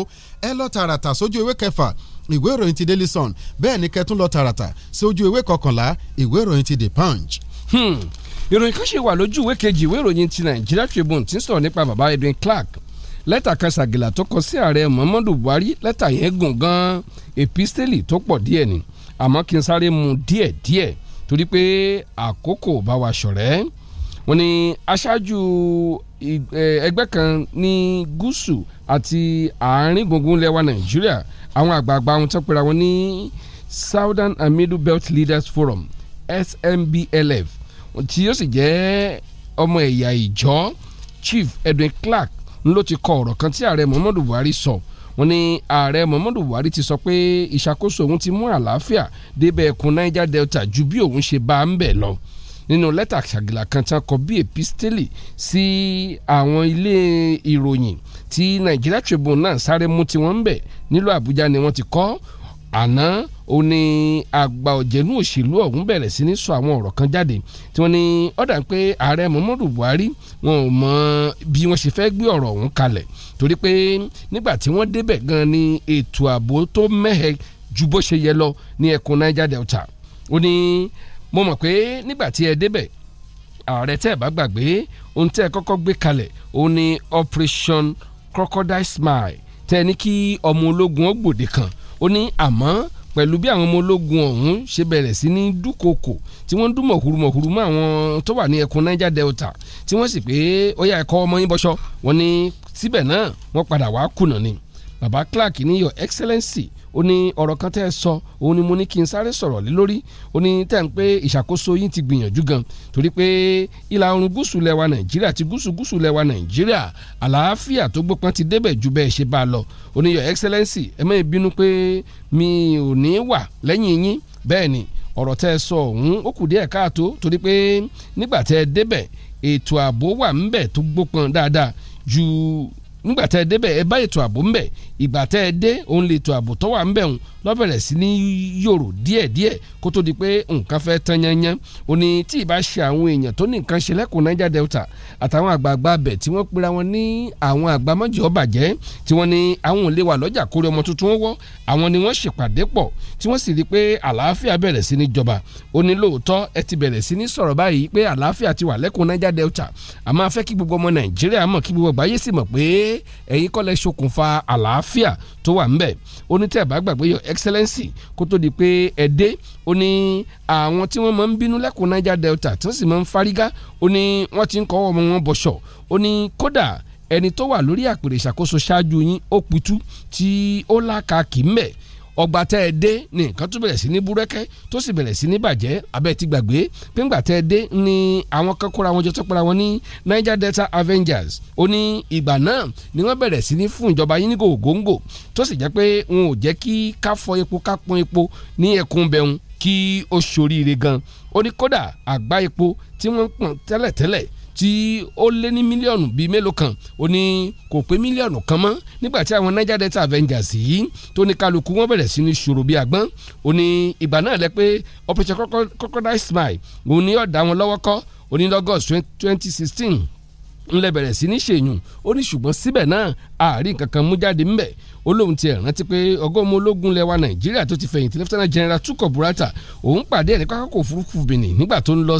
ẹ lọ tààràtà sójú ewé kẹfà ìwé ìròyìn ti Daily Sun bẹ́ẹ̀ ni kẹtún lọ tààràtà sí ojú ìwé kọkànlá ìwé ìròyìn ti The Punch. Hmm. ìròyìn kan ṣe wà lójú ìwé kejì ìwé ìròyìn ti Nigeria Tribune ti ń sọ̀rọ̀ nípa bàbá Edwin Clark lẹ́tà kan ṣàgìlà tó kọ sí ààrẹ Muhammadu Buhari lẹ́tà yẹn gùn gan-an epistele tó pọ̀ díẹ̀ ni àmọ́ kí n sáré mu díẹ̀ torí pé àkókò bá wa ṣọ̀rẹ́ wọ́n ní aṣáájú ẹgbẹ́ kan ní gúúsù àti àárín gbùngbùn lẹwa nàìjíríà àwọn àgbààgbà wọn tó pera wọn ní southern and middle belt leaders forum SMBLF tí yóò sì jẹ́ ọmọ ẹ̀yà ìjọ chief edwin clark ló ti kọ ọ̀rọ̀ kan tí ààrẹ muhammadu buhari sọ so wọ́n ní ààrẹ muhammadu buhari ti sọ pé ìṣàkóso òun ti mú àlàáfíà débẹ̀ ẹkùn niger delta ju bí òun ṣe bá ń bẹ̀ lọ nínú lẹ́tà ṣàgìlà kan tán kọ bí èpísítélì sí àwọn ilé ìròyìn tí Nigeria Tribune náà sáré mú tiwọn ń bẹ̀ nílùú Àbújá ni wọ́n ti kọ àná ó ní àgbà ọ̀jẹ̀nú òṣèlú ọ̀hún bẹ̀rẹ̀ sí ní sọ àwọn ọ̀rọ̀ kan jáde tí wọ́n ní ọ̀dà ń pé ààrẹ Muhammadu Buhari wọn ò mọ bí wọ́n ṣe fẹ́ gbé ọ̀rọ̀ ọ̀hún kalẹ̀ torí pé nígbà tí wọ́n débẹ̀ gan ni ètò ààbò tó mẹ́hẹ ju bó ṣe yẹ lọ ní ẹkùn Niger Delta ó ní mo mọ̀ pé nígbà tí ẹ débẹ̀ ààrẹ tẹ́ ẹ̀ bá gbàgbé ohun tẹ́ ẹ kọ́kọ́ gbé kalẹ̀ ó ní Operation Crocodile Smile tẹ́ ẹ ní kí ọmọ ológun ó kan ó ní àmọ́ pẹ̀lú bí àwọn ọmọ ológun ọ̀hún ṣe bẹ̀rẹ̀ sí ní dúkokò tí wọ́n ń dún mọ̀húrú mọ̀húrú mọ́ àwọn tó wà ní ẹkùn Niger Delta tí wọ́n sì pé ó yá ẹ̀kọ́ ọmọ yín bọ́ṣọ́ wọn ni síbẹ̀ náà wọ́n padà wá kùnà ni baba Clark ní your excellency ó ní ọ̀rọ̀ kan tẹ́ ẹ sọ òun ni mo ní kí n sáré sọ̀rọ̀ lé lórí ó ní tẹ́ ń pé ìṣàkóso yín ti gbìyànjú gan torí pé ìlà oòrùn gúúsù lẹwa nàìjíríà ti gúúsù gúúsù lẹwa nàìjíríà àlàáfíà tó gbópọn ti débẹ̀ ju bẹ́ẹ̀ ṣe bá a lọ ó ní your excellency ẹ má pé mi ò ní wà lẹ́yìn yín bẹ́ẹ̀ ni ọ̀rọ̀ tẹ́ ẹ sọ ọ̀hún ó kù díẹ̀ káàtó torí pé nígbà tẹ́ ẹ débẹ̀ ètò ààbò wà ńbẹ̀ tó gbópọn dáadáa ju nígbà tẹ́ ẹ débẹ̀ ẹ bá ètò ààbò ńbẹ̀ ìgbà tẹ́ ẹ dé òun lè tó ààbò tọ́wà ń bẹ̀rùn lọ́bẹ̀rẹ̀ sí ní yòrò díẹ̀díẹ̀ kó tó di pé nǹkan fẹ́ tán yanyan ó ní tí ìbá ṣe àwọn èèyàn tó ní nǹkan ṣe lẹ́kùn Niger Delta àtàwọn àgbààgbà abẹ̀ tí wọ́n pera wọn ní àwọn àgbà mọ́jọ́ bàjẹ́ tí wọ́n ní àwọn ò lè wà lọ́jà kórè ọmọ tuntun wọ́ àwọn ni wọ́n ṣèpàdé pọ̀ tí wọ́n sì rí pé àlàáfíà bẹ̀rẹ̀ sí ní jọba ó ní lóòótọ́ ẹ ti bẹ̀rẹ̀ sí ní sọ̀rọ̀ báyìí pé àlàáfíà ti wà lẹ́kùn Niger Delta àmọ́ afẹ́ kí gbogbo ọmọ Nàìjíríà mọ̀ kí gbogbo àgbáyé sì mọ̀ pé ẹ̀yin kọ́ ṣokùnfà àlàáfíà àlàáfíà tó wà ńbẹ̀ ó ní tẹ́ bá gbàgbé your excellency kó tó di pé ẹ dé ó ní àwọn tí wọ́n máa ń bínú lẹ́kùn Niger Delta tí wọ́n sì máa ń fárígá ó ní wọ́n ti ń kọ́ ọmọ wọn bọ̀ṣọ̀ ó ní kódà ẹni tó wà lórí àpèrè ìṣàkóso ṣáájú yín ó pitú tí ó lákàkì ńbẹ̀ ọgbà tẹ́ ẹ dé ní nǹkan tó bẹ̀rẹ̀ sí ní búrẹ́kẹ́ tó sì bẹ̀rẹ̀ sí ní bàjẹ́ abẹ́ ti gbàgbé pé ńgbà tẹ́ ẹ dé ní àwọn kan wọn jọ tó para wọn ní Niger Delta Avengers ó ní ìgbà náà ni wọ́n bẹ̀rẹ̀ sí ní fún ìjọba yín ní gògóńgò tó sì jẹ́ pé wọn ò jẹ́ kí ká fọ epo ká pọn epo ní ẹkùn bẹ̀hùn kí ó ṣoríire gan ó ní kódà àgbá epo tí wọ́n pọ̀n tẹ́lẹ̀tẹ́lẹ̀ tí ó lé ní mílíọ̀nù bíi mélòó kan ó ní kò pé mílíọ̀nù kan mọ́ nígbà tí àwọn Niger Delta Avengers yìí tó ní kálukú wọn bẹ̀rẹ̀ sí ní ṣòro bíi àgbọ́n ó ní ìgbà náà lẹ pé operation crocodile smile òun ni ọ̀dà wọn lọ́wọ́ kọ́ ó ní lọ́gọ́sì twenty sixteen ńlẹ̀ bẹ̀rẹ̀ sí ní ṣèyùn ó ní ṣùgbọ́n síbẹ̀ náà àárín kankan mú jáde ńbẹ̀ ó lóun ti ẹ̀ rántí pé ọgọ́mọ ológun lẹwa nàìjíríà tó ti fẹ̀yìntì lẹ́fítẹ́nà general Tukur Burata òun pàdé ẹ̀ ní pápákọ̀ òfurufú Benin nígbà tó ń lọ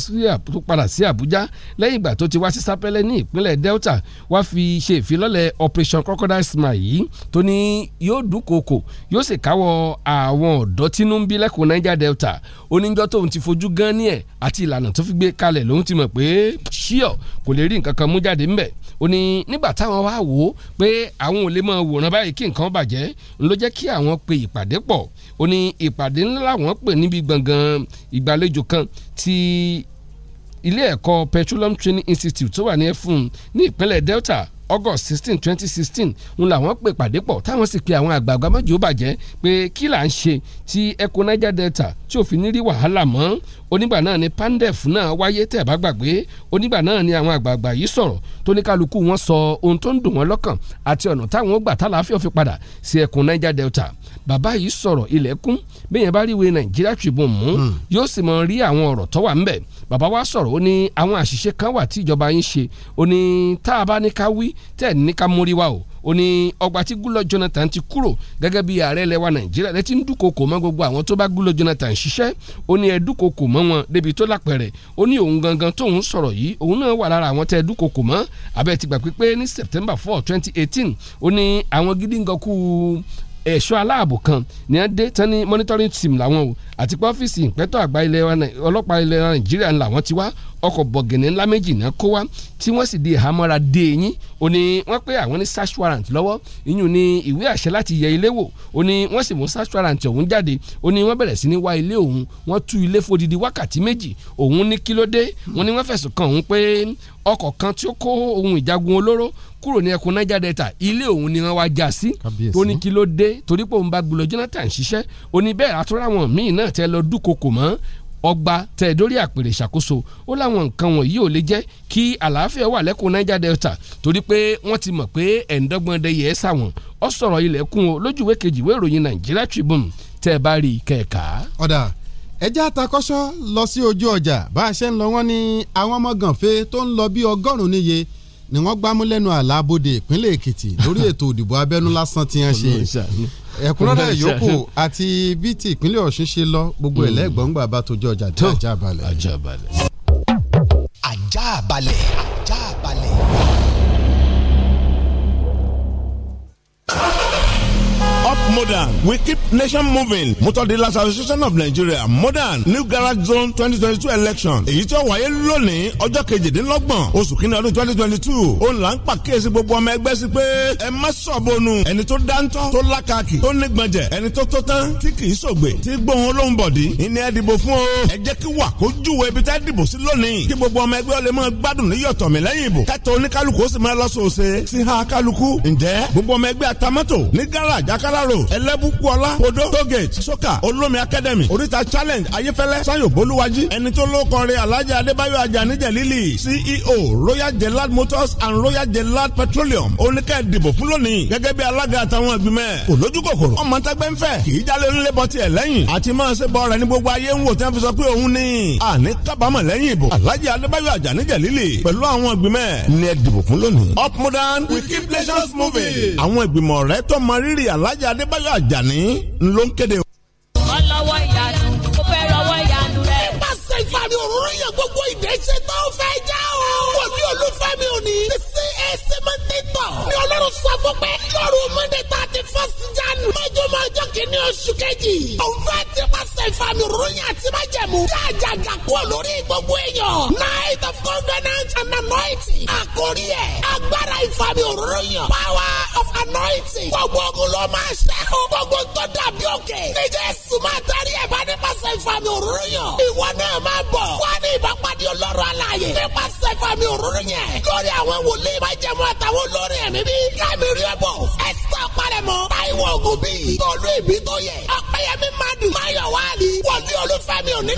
tó padà sí Àbújá lẹ́yìn ìgbà tó ti wá sí Sapẹ́lẹ́ ní ìpínlẹ̀ Delta wá fi ṣe ìfilọ́lẹ̀ Operation Crocodile Smile yìí tó ní yóò dúnkokò yóò sì káwọ́ àwọn ọ̀dọ́ tínú ń bí lẹ́kùn Niger Delta oníjọ́ tóun ti fojú gan ní ẹ̀ àti ìlànà tó fi gbé kalẹ̀ lòun ti mọ̀ pé ṣíọ̀ kò lè rí nǹkan kan mú jáde ńbẹ̀ ó ní nígbà táwọn wá wò ó pé àwọn ò lè mọ wòran báyìí kí nǹkan bàjẹ́ ló jẹ́ kí àwọn pe ìpàdé pọ̀ ó ní ìpàdé ńlá làwọn pè níbi gbọ̀ngàn ìgbàlejò kan ti ilé ẹ̀kọ́ petroleum training institute tó wà ní ẹ̀fún ní ìpínlẹ̀ delta August sixteen twenty sixteen ń làwọn pè pàdé pọ̀ táwọn sì pe àwọn àgbààgbà mọ́jì ó bàjẹ́ pé kí là ń ṣe tí ẹkùn Niger Delta tí ò ní rí wàhálà mọ́ onígbà náà ni pandef náà wáyé tẹ̀ bá gbàgbé onígbà náà ni àwọn àgbààgbà yìí sọ̀rọ̀ tó ní kálukú wọn sọ ohun tó ń dùn wọn lọ́kàn àti ọ̀nà táwọn ó gbà tálàáfíà fi padà sí ẹkùn Niger Delta bàbá yìí sọ̀rọ̀ ilẹ̀kùn bẹ́ẹ̀ yẹn bá ríwe Nigeria Tribune mú hmm. yóò sì mọ rí àwọn ọ̀rọ̀ tó ńbẹ̀ bàbá wa sọ̀rọ̀ ó ní àwọn àṣìṣe kan wà tí ìjọba yín ṣe ó ní tá a bá ní ká wí tẹ̀ ní ká mórí wa o ó ní ọgbà tí gúlọ Jonathan ti kúrò gẹ́gẹ́ bí ààrẹ lẹwa Nàìjíríà lẹ́tí ń dúnkokò mọ́ gbogbo àwọn tó bá gúlọ Jonathan ṣiṣẹ́ ó ní ẹ mọ́ wọn débi tó lápẹ̀rẹ̀ ó ní òun gangan tóun sọ̀rọ̀ yìí òun náà wà lára àwọn tẹ́ ẹ mọ́ abẹ́ ti gbà pípé ní September four twenty eighteen ó ní àwọn gidi ń gọkú ẹ̀ṣọ́ aláàbò kan ní wọ́n dé monitoring team làwọn o àti pé ọ́fíìsì ìpẹ́tọ̀ àgbà ilẹ̀ ọlọ́pàá ilẹ̀ nàìjíríà ni làwọn ti wá ọkọ̀ bọ̀gìnì ńlá méjì náà kó wá tí wọ́n sì di ìhámọ́ra dé eyín ó ní wọ́n pé àwọn ní search warrant lọ́wọ́ ìyún ní ìwé àṣẹ láti yẹ ilé wò ó ní wọ́n sì mú search warrant ọ̀hún jáde ó ní wọ́n bẹ̀rẹ̀ sí ní wá ilé òun wọ́n tú ilé fódidi wákàtí méjì òun ní kílódé wọ́n ní wọ́n fẹ̀sùn kàn òun pé ọkọ̀ kan tí ó kó ohun ìjagun olóró kúrò ní ẹkùn Niger Delta ilé òun ni wọ́n wá já sí tó ní kí ló dé torí pé òun bá gbúlọ Jonathan ṣiṣẹ́ òní bẹ́ẹ̀ àtúráwọn míì náà tẹ lọ dúnkokò mọ́ ọgbà tẹ̀dórí àpèrè ìṣàkóso ó láwọn nǹkan wọ̀nyí ò lè jẹ́ kí àlàáfíà wà lẹ́kùn Niger Delta torí pé wọ́n ti mọ̀ pé ẹ̀ńdọ́gbọ̀n dẹyẹ ẹ̀ sàwọn ọ sọ̀rọ̀ ilẹ̀kùn o lójúwé kejì ìwé ìròyìn Nigeria Tribune tẹ́ bá rí kẹ̀ẹ̀ka. ọ̀dà ẹjẹ́ àtakọ́ṣọ́ lọ sí ojú ọjà bá a ṣe ń lọ wọ́n ní àwọn ọmọ gànfẹ́ tó ń lọ bí ọgọ́rùn-ún níye ni wọ́n gbámú lẹ́nu àlà abodè ìpínlẹ̀ Èkìtì lórí ètò òdìbò abẹ́nú lásán tí wọ́n ṣe ẹ̀kúnrọ́rẹ́ yòókù àti bí ti ìpínlẹ̀ Ọ̀ṣun ṣe lọ gbogbo ẹ̀ lẹ́gbọ̀ngbà bá tojú ọjà dé ajá balẹ̀. ajá balẹ̀ modern we keep nation moving motor dealers association of nigeria modern new garage zone 2022 election èyí tí ó wáyé lónìí ọjọ́ kejìdínlọ́gbọ̀n oṣù kínní ọdún 2022 twenty two ó là ń pàkíyèsí gbogbo ọmọ ẹgbẹ́ sí pé ẹ má sọ̀bọnù ẹni tó dáńtọ́ tó lákàkì tó nígbọ̀njẹ̀ ẹni tó tó tán tí kì í ṣògbè tí gbóhùn olóhùn bọ̀dí ìní ẹ dìbò fún o ẹ jẹ́ kí wà kó júwe ibi tẹ́ dìbò sí lónìí kí gbogbo ọmọ ẹgbẹ́ ọlẹ́mọ gbádùn níyọ̀tọ̀ mi lẹ́yìn ìbò kẹ́tọ̀ oníkálukú ó sì máa lọ́sọ̀ọ́sẹ̀ sí ha kálukú ǹjẹ́ gbogbo ọmọ ẹgbẹ́ atamátò ní road ẹlẹ́bùkúọlá Odo tógate sọ́kà olómi academy oríta challenge ayéfẹ́lẹ́ sanyo bolúwájí ẹni tó ló kọrin alhaji adébáyọ̀ ajani jẹ̀lílì ceo royal gelad motors and royal gelad petroleum oníkẹ́ ìdìbò fún lónìí gẹ́gẹ́ bí alága àtàwọn ìgbìmọ̀ kò lójú kòkòrò ọmọ tẹgbẹ́ ń fẹ́ kì í jalè ńlẹ̀ bọ́ tiẹ̀ lẹ́yìn àti máa ṣe bọ́ rẹ̀ ní gbogbo ayé ń wò tẹ́ fi sọ pé òun ni àní kábàámọ̀ lẹ́yìn ìbò alhaji adébáyọ̀ ajani jẹ̀lílì pẹ̀lú àwọn ìgbìmọ̀ ni up modern we keep nations moving. àwọn ìgbìmọ̀ rẹ̀ tọ́ mọ rírì Adébáyọ̀ Àjàní ló ń kéde. ọlọ́wọ́ ìyanu mo fẹ́ rọwọ́ ìyanu rẹ. nípasẹ̀ ìfàmì òróró yẹn gbogbo ìdẹ́sẹ̀ tó fẹ́ já o. wòlíì Olúfẹ́mi òní. ti CAC mọ́tẹ́tọ̀ ni Ọlọ́run sọ fún pé lọ́rùn mọ́ndé thirty first jan. mọ́jọ́ mọ́jọ́ kìíní oṣù kejì. òun fẹ́ ti pàṣẹ ìfàmì òróró yẹn àti májẹ̀mú. jájà gàkú olórí gbogbo èèyàn. night of covenant and anointing. àkórí ẹ̀ agbára ìfàmì òróró yẹn. power authority. gbogbo ogun ló máa ṣẹ́kù. gbogbo tó dàbí òkè. níjẹ́ èsù tari ẹ̀ bá nípasẹ̀ ìfàmì òróró yàn. ìwọ náà máa bọ̀. wá ní ìbápadì ọlọ́run aláàyè. nípasẹ̀ ìfàmì òróró yẹn. lórí àwọn wòlíì máa jẹ́ àtàwọn olórin ẹ̀mí bí. kámi rí ẹ bọ̀. ẹ̀sítọ́ parẹ́mọ́. táìwọ ogun bíi. tọ́lú ìbí tó yẹ. ọ̀pẹ̀yẹmí madu. máyọ̀ wá wọ́n olùfẹ́mi òní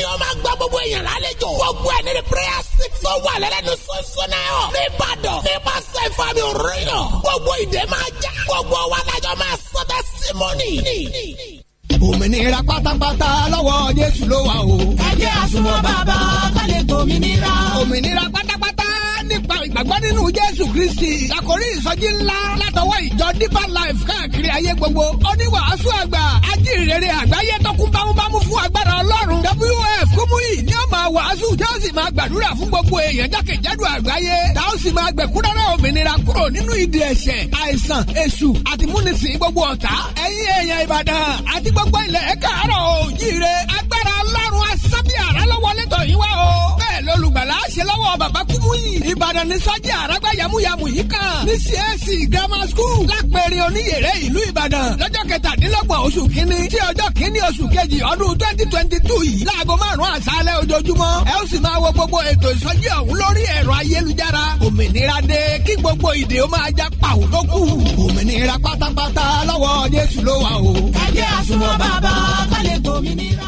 gbogbo wa lájọ máa sọ testimony. òmìnira pátápátá lọ́wọ́ Jésù ló wà o. ẹ jẹ́ àsùnwọ̀n bàbá ká lè gbòmìnira. òmìnira pátápátá nípa ìgbàgbọ́ nínú Jésù Kristi àkórí ìsọjí ńlá látọwọ́ ìjọ Deeper Life káàkiri ayé gbogbo oníwàásù àgbà ajínrere àgbáyé tọkún bámúbámú fún agbára Ọlọ́run WF Kúmúyì ni ó máa wàásù tí ó sì máa gbàdúrà fún gbogbo èèyàn jákèjádò àgbáyé tá ó sì máa gbẹ̀kúrẹ́rẹ́ òmìnira kúrò nínú ìdè ẹ̀ṣẹ̀ àìsàn èṣù àti gbogbo ọ̀tá ẹ̀yin èèyàn Ìbàdàn àti gbogbo ilẹ̀ lọ́lùgbàlà ṣe lọ́wọ́ bàbá kúmú yìí ìbàdàn ní sọ́jà àràgbà yamuyamu yìí kan ní csc grammar school lápẹ̀rẹ̀ oníyèrè ìlú ìbàdàn lọ́jọ́ kẹtàdínlọ́gbọ̀n oṣù kínní tí ọjọ́ kínní oṣù kejì ọdún twenty twenty two yìí láago márùn-ún àṣálẹ́ ojoojúmọ́ ẹ ó sì máa wo gbogbo ètò ìsọjí ọ̀hún lórí ẹ̀rọ ayélujára òmìnira dé kí gbogbo ìdè ó máa já pàwó ló kù òmìnira pátápátá lọ́wọ́ jésù ló wà o. ẹ jẹ́ àsùnwọ̀n bàbá kálẹ̀ gbòmìnira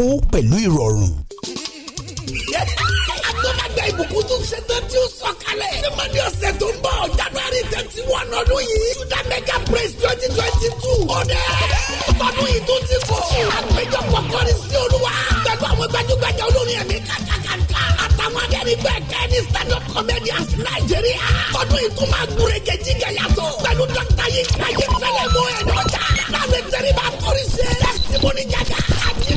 owó pẹ̀lú ìrọ̀rùn agbẹ́mọ̀gbẹ́ ìbùkún tún ṣe tán tí ó sọ kalẹ̀. ní mọ́ni ọ̀sẹ̀ tó ń bọ̀ january thirty one ọdún yìí juda mega praise twenty twenty two ọ̀dẹ́ ọdún yìí tún ti kọ̀. àpéjọpọ̀ kọrin sí olúwa pẹ̀lú àwọn gbajúgbajà olórin ẹ̀mí kàkàkàkà àtàwọn adẹ́rìn bẹ́ẹ̀ kẹ́ ní stand up comedians nàìjíríà ọdún yìí tún máa gbúrégé jíjẹ yàtọ̀ pẹ̀lú dr yinka yìí fẹ́lẹ́ mú ẹ̀ lọ́jà láti tẹ́rí bá kọrin ṣe testimony jàjà àti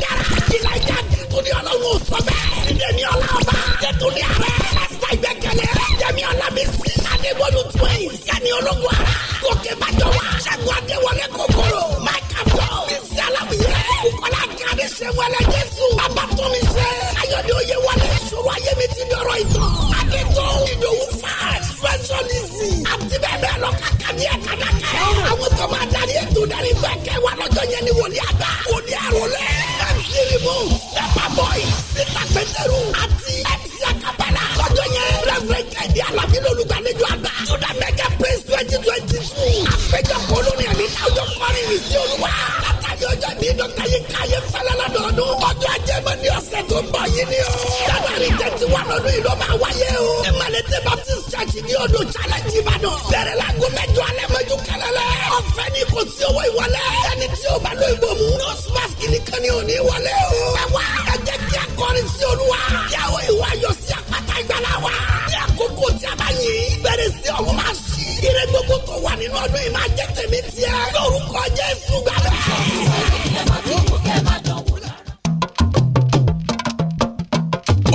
yẹtuni ọlọ́run sọ bẹ́ẹ̀. nílé ní ọlọ́ba yẹtuni ààrẹ. ẹsẹ̀ ìgbẹ́kẹ̀lé yẹmi ọlámi sí. adébólú tún ẹ̀yìn sẹ́ni ológun ara. gòkè bàjọ́ wa. ṣẹ́gun adéwọlé kòkòrò. máa kà bọ́. bísí alábìyẹ. Bukọ́lá Kari ṣe wọlé Jésù. Bàbá tó mi ṣe. Ayọ̀dẹ̀ oyè wọlé. Ìṣòro ayé mi ti dọ̀rọ̀ ìtàn. Adétò Ìdòwú Fáàs. Fẹ́sọ̀lìsì. Àti bẹ́ẹ̀ bẹ́ẹ̀ lọ kàkà ní ẹ̀ka dàkẹ́. Àwọn tó máa darí ètò darí bẹ́ẹ̀kẹ́ wa lọ́jọ́ yẹn ni wòlíì àgbà. Wòlíì àròlé. MC Remote. Pepper Boy. Sita Pétérù. Àti MC Akaba lọ́jọ́ yẹn rẹ́fẹ̀rẹ́ kẹ́hìndé alábí lolùgbàlejò àgbà juda mega praise twenty twenty two àpéjọpọ̀ olórin ẹ̀mí táwọn kọrin ní sí olúwa látàrí ọjọ́ ní dọ́kítà yìí káyé fẹ́lẹ́ lọ́dọọdún ọjọ́ ajé mọ́ ní ọ̀sẹ̀ tó ń bọ̀ yìí ni o january thirty one ọdún yìí ló máa wáyé o emalete baptist church ní ọdún challenge ìbàdàn bẹ̀rẹ̀ láago mẹ́jọ alẹ́ mẹ́jọ kẹlẹ́lẹ́ ọ̀fẹ́ ni kò sí owó ìwọlé ẹni tí ó bá lóyún bò mú nọ́ọ̀sì mask jẹ́ kí a kọrin sí olúwa. Yàwó ìwà yọ sí àpáta ìgbàlá wa. Ní àkókò tí a bá yìn, bẹ̀rẹ̀ sí ọ̀hún máa ṣí. Ire gbogbo tó wà nínú ọdún yìí máa jẹ́ tèmi tiẹ̀. Lórúkọ Jésù gbàgbẹ́. Ẹ má dúró, ẹ má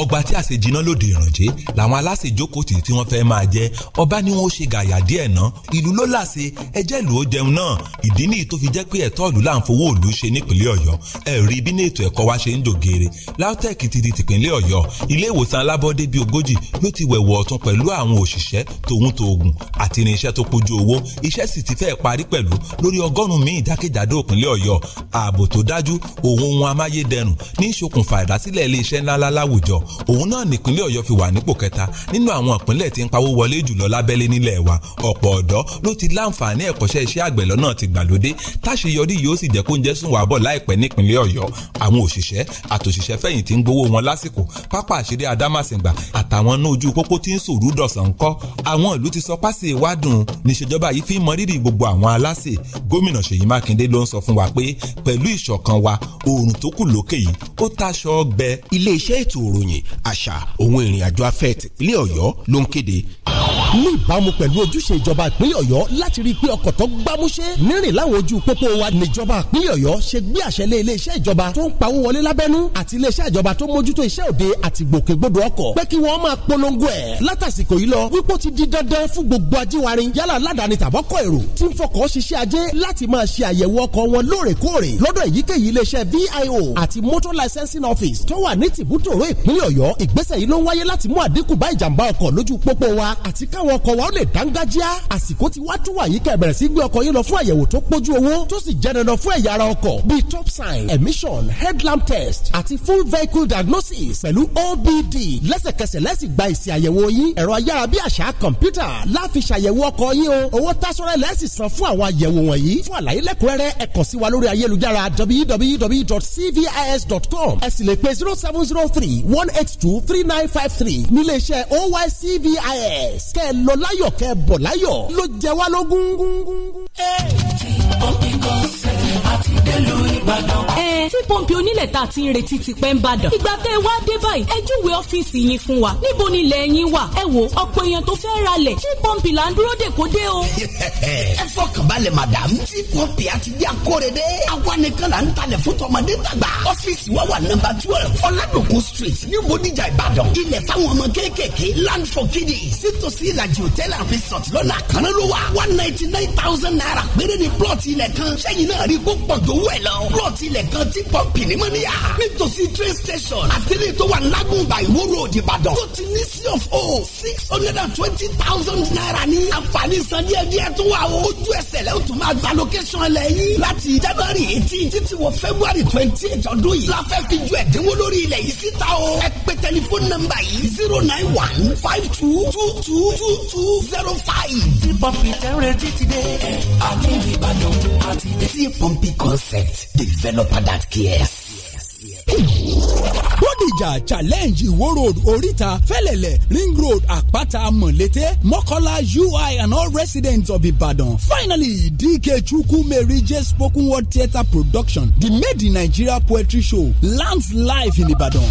ọgbà tí àṣejiná lòdì ìrànjẹ làwọn aláṣejókòó tì tí wọ́n fẹ́ máa jẹ ọba ni wọ́n ó ṣe gàyà díẹ̀ ná ìlú ló láṣe ẹjẹ́ ìlú ó jẹun náà ìdí nìyí tó fi jẹ́ pé ẹ̀tọ́ ìlú là ń fowó ìlú ṣe nípínlẹ̀ ọ̀yọ́ ẹ̀rí bí ní ètò ẹ̀kọ́ wa ṣe ń dògèrè LAUTECH ti di tìpínlẹ̀ ọ̀yọ́ ilé ìwòsàn alábọ́dé bíi ogójì yóò ti wẹ̀wù ọ̀tún pẹ̀lú àwọn òṣìṣẹ́ tòun tòògùn àti irinṣẹ́ tó kojú owó iṣẹ́ sì ti fẹ́ parí pẹ̀lú lórí ọgọ́rùn-ún míì jákèjádò òpínlẹ̀ ọ̀yọ́ ààbò tó dájú òun ohun amáyédẹrùn ní ìṣokùnfà ìdásílẹ̀ òun náà nípínlẹ̀ ọ̀yọ́ fi wà nípò kẹta nínú àwọn ìpínlẹ̀ tí ń pawó wọlé jùlọ lábẹ́lé nílẹ̀ wa ọ̀pọ̀ ọ̀dọ́ ló ti láǹfààní ẹ̀kọ́ṣẹ́ iṣẹ́ àgbẹ̀ lọ́nà ti gbàlódé táṣeyọrí yóò sì jẹ́ kó ń jẹ́ sùn wàbọ̀ láìpẹ́ nípínlẹ̀ ọ̀yọ́ àwọn òṣìṣẹ́ àtòṣìṣẹ́ fẹ̀yìntì ń gbowó wọn lásìkò pápá àṣírí adámàsìngbà àtàwọn inú ojú pópó tí ń sòrú dọ̀sán wa pé pẹ̀lú ìṣọ̀kan wa oòrùn tó kù lókè yìí àṣà òun ìrìn àjò afẹ́ tìpínlẹ̀ Ọ̀yọ́ ló ń kéde ní ìbámu pẹ̀lú ojúṣe ìjọba ìpínlẹ̀ ọ̀yọ́ láti rí i pé ọkọ̀ tó gbámúṣé nírìn láwọn ojú pópó wa níjọba ìpínlẹ̀ ọ̀yọ́ ṣe gbé àṣẹ lé iléeṣẹ́ ìjọba tó ń pawó wọlé lábẹ́nú àti iléeṣẹ́ ìjọba tó mójútó iṣẹ́ òde àti gbòkègbodò ọkọ̀ pé kí wọ́n máa polongo ẹ̀ látàsìkò yìí lọ wípé ti di dandan fún gbogbo ajíwari yálà aládàáni tàbọ́kọ̀ èrò tí ń fọkọ̀ ṣiṣẹ́ ajé láti máa ṣe àyẹ̀wò ọkọ̀ wọn lóòrèkóòrè lọ́dọ̀ èyíkéyìí iléeṣẹ́ VIO àti motor licensing office tó wà ní tìbútòrò ìpínlẹ̀ ọ̀yọ́ ìgbésẹ̀ yìí ló ń wáyé láti mú àdínkù bá ìjàmbá ọkọ̀ lójú pópó wa àti k káwọn ọkọ̀ wa ó lè dángájá àsìkò tí wàá wà yìí kẹ́ sí gbé ọkọ̀ yín lọ fún àyẹ̀wò tó pójú owó tó sì jẹ́ dandan fún ẹ̀yà ara ọkọ̀ bíi top sign emission headlamp test àti full vehicle diagnosis pẹ̀lú OBD lẹ́sẹ̀kẹsẹ̀ lẹ́sìn gba èsì àyẹ̀wò yín ẹ̀rọ ayárabíàṣá kọ̀ǹpútà láfi ṣàyẹ̀wò ọkọ̀ yín o owó tásọ̀rẹ́ lẹ́sìn san fún àwọn àyẹ̀wò wọ̀nyí fún àlàyé lẹ́kùnrẹ́rẹ́ ẹ kàn sí wa lórí ayélujára www.cvis.com ẹ sì lè pe zero seven zero three one eight two three nine five three nílé iṣẹ́ oycvis kẹ́ kẹ́ ẹ lọ láyọ̀ kẹ́ ẹ bọ̀ láyọ̀ ló jẹ wá lógún. ọ̀pẹ̀ kan sẹ́yìn láti délùú Ìbàdàn. ẹ tí pọ́ǹpì onílẹ̀ tá a ti ń retí ti pẹ́ ń bàdàn. ìgbà tẹ́ ẹ wá dé báyìí ẹ júwe ọ́fíìsì yín fún wa níbo ni ilẹ̀ yín wà. ẹ wo ọ̀pọ̀ èèyàn tó fẹ́ ra lẹ̀ tí pọ́ǹpì là ń dúró dè kó dé o. ẹ fọkàn balẹ̀ madam tí pọ́ǹpì àti bí akóredé. àwa nìkan là ń talẹ̀ fún tọmọdé tàgbà. ọ́fíìsì wa wà nọ́mbà twelve ọ̀làdòkun street ní bodijà ìbàdàn. ilẹ̀ fáwọn ọmọ kéékèèké land for one ninety nine thousand naira péré ni plọ̀tì ilẹ̀ kan. sẹ́yìn náà rí gbogbo pọ̀ jù owó ẹ̀ lọ. plọ̀tì ilẹ̀ kan tí pọ́ǹpì ní mọ́níyà nítòsí train station àtẹ̀lé tó wà lágùnbà ìwó road ìbàdàn tó ti ní sí of o six hundred and twenty thousand naira ní àǹfààní san díẹ̀ díẹ̀ tó wà o. ojú ẹsẹ̀ lẹ́yìn tó máa gba location ẹlẹ́ yìí láti january eighteen títí wọ february twenty eight ọdún yìí la fẹ́ fi ju ẹ̀dínwó lórí ilẹ̀ yìí síta o. ẹ pè tẹlifóònù nọ́mbà yìí zero nine one five two two two two two zero five. tí pọ́ǹpì tẹ́ ń retí ti dé. àti ìbàdàn àti ìdẹ́sí pọ́ǹpì P concept developer that cares. bódìjà challenge ìwó road oríta fẹlẹlẹ ring road àpáta mọ̀lété mọ́kọ́lá ui and all residents of ibadan finally dk chukwu mary j spoken word theatre production the made in nigeria poetry show lands live in ibadan.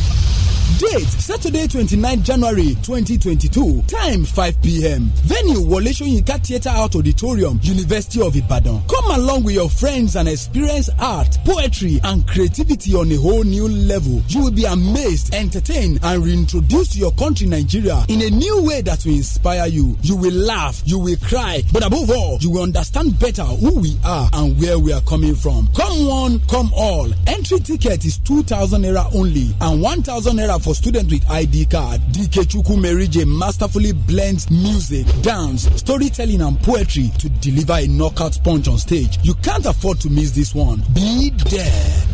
Date Saturday 29 January 2022. Time 5 p.m. Venue Wole Soyinka Theatre Art Auditorium, University of Ibadan. Come along with your friends and experience art, poetry, and creativity on a whole new level. You will be amazed, entertained, and reintroduced to your country, Nigeria, in a new way that will inspire you. You will laugh, you will cry, but above all, you will understand better who we are and where we are coming from. Come one, come all. Entry ticket is 2,000 naira only and 1,000 naira that for students with ID card, DK Chukwu Merije masterfully blends music, dance, storytelling, and poetry to deliver a knockout punch on stage. You can't afford to miss this one. Be there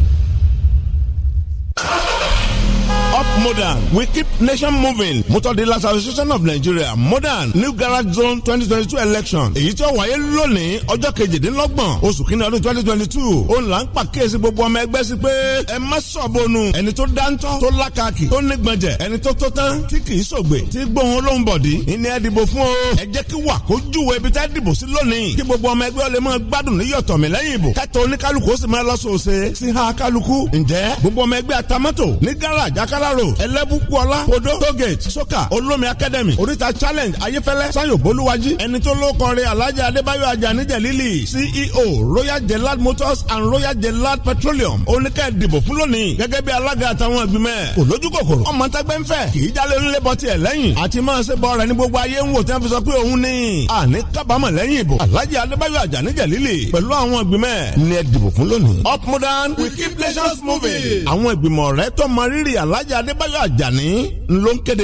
modern we keep nation moving motor dealers association of nigeria modern new garage zone 2022 election èyí tí ó wáyé lónìí ọjọ́ kejìdínlọ́gbọ̀n oṣù kínní ọdún twenty twenty two òun là ń pàkíyèsí gbogbo ọmọ ẹgbẹ́ sí pé ẹ má sọ̀bọnù ẹni tó dáńtọ́ tó lákàkì tó nígbọ̀njẹ̀ ẹni tó tó tán tí kì í ṣògbè tí gbóhùn olóhùn bọ̀dí ìní ẹ dìbò fún o ẹ jẹ́ kí wà kó júwe ibi tá dìbò sí lónìí kí gbogbo ọmọ ẹgbẹ́ ó máa gbádùn níyọ̀tọ̀ mi lẹ́yìn ìbò ha kálukú ǹjẹ́ gbogbo ọmọ ẹgbẹ́ atamọ́tò ní gáràjì road ẹlẹ́bùkúọlá kodo tógèt sọ́kà olómi academy oríta challenge ayéfẹ́lẹ́ sanyo bolúwájí ẹni tó ló kọrin alhaji adébáyọ̀ ajani jẹ̀lílì ceo royal jelad motors and royal jelad petroleum oníkẹ́ dìbò fún lónìí gẹ́gẹ́ bí alága àtàwọn ìgbìmọ̀ kò lójú kòkòrò ọmọ tágbẹ́ ń fẹ́ kì í jalè ńlẹ̀ bọ́ tiẹ̀ lẹ́yìn àti máa ṣe bọ́ rẹ̀ ní gbogbo ayé ń wò tí fi sọ pé òun ni àní kábàámọ̀ lẹ́yìn ìbò alhaji adébáyọ̀ ajani jẹ̀lílì pẹ̀lú àwọn ìgbìmọ̀ ni ẹ dìbò fún lónìí. up modern we keep nations moving. àwọn ìgbìmọ̀ rẹ̀ tọ́ mọ rírì alhaji adé adébáyọ̀ àjàní ló ń kéde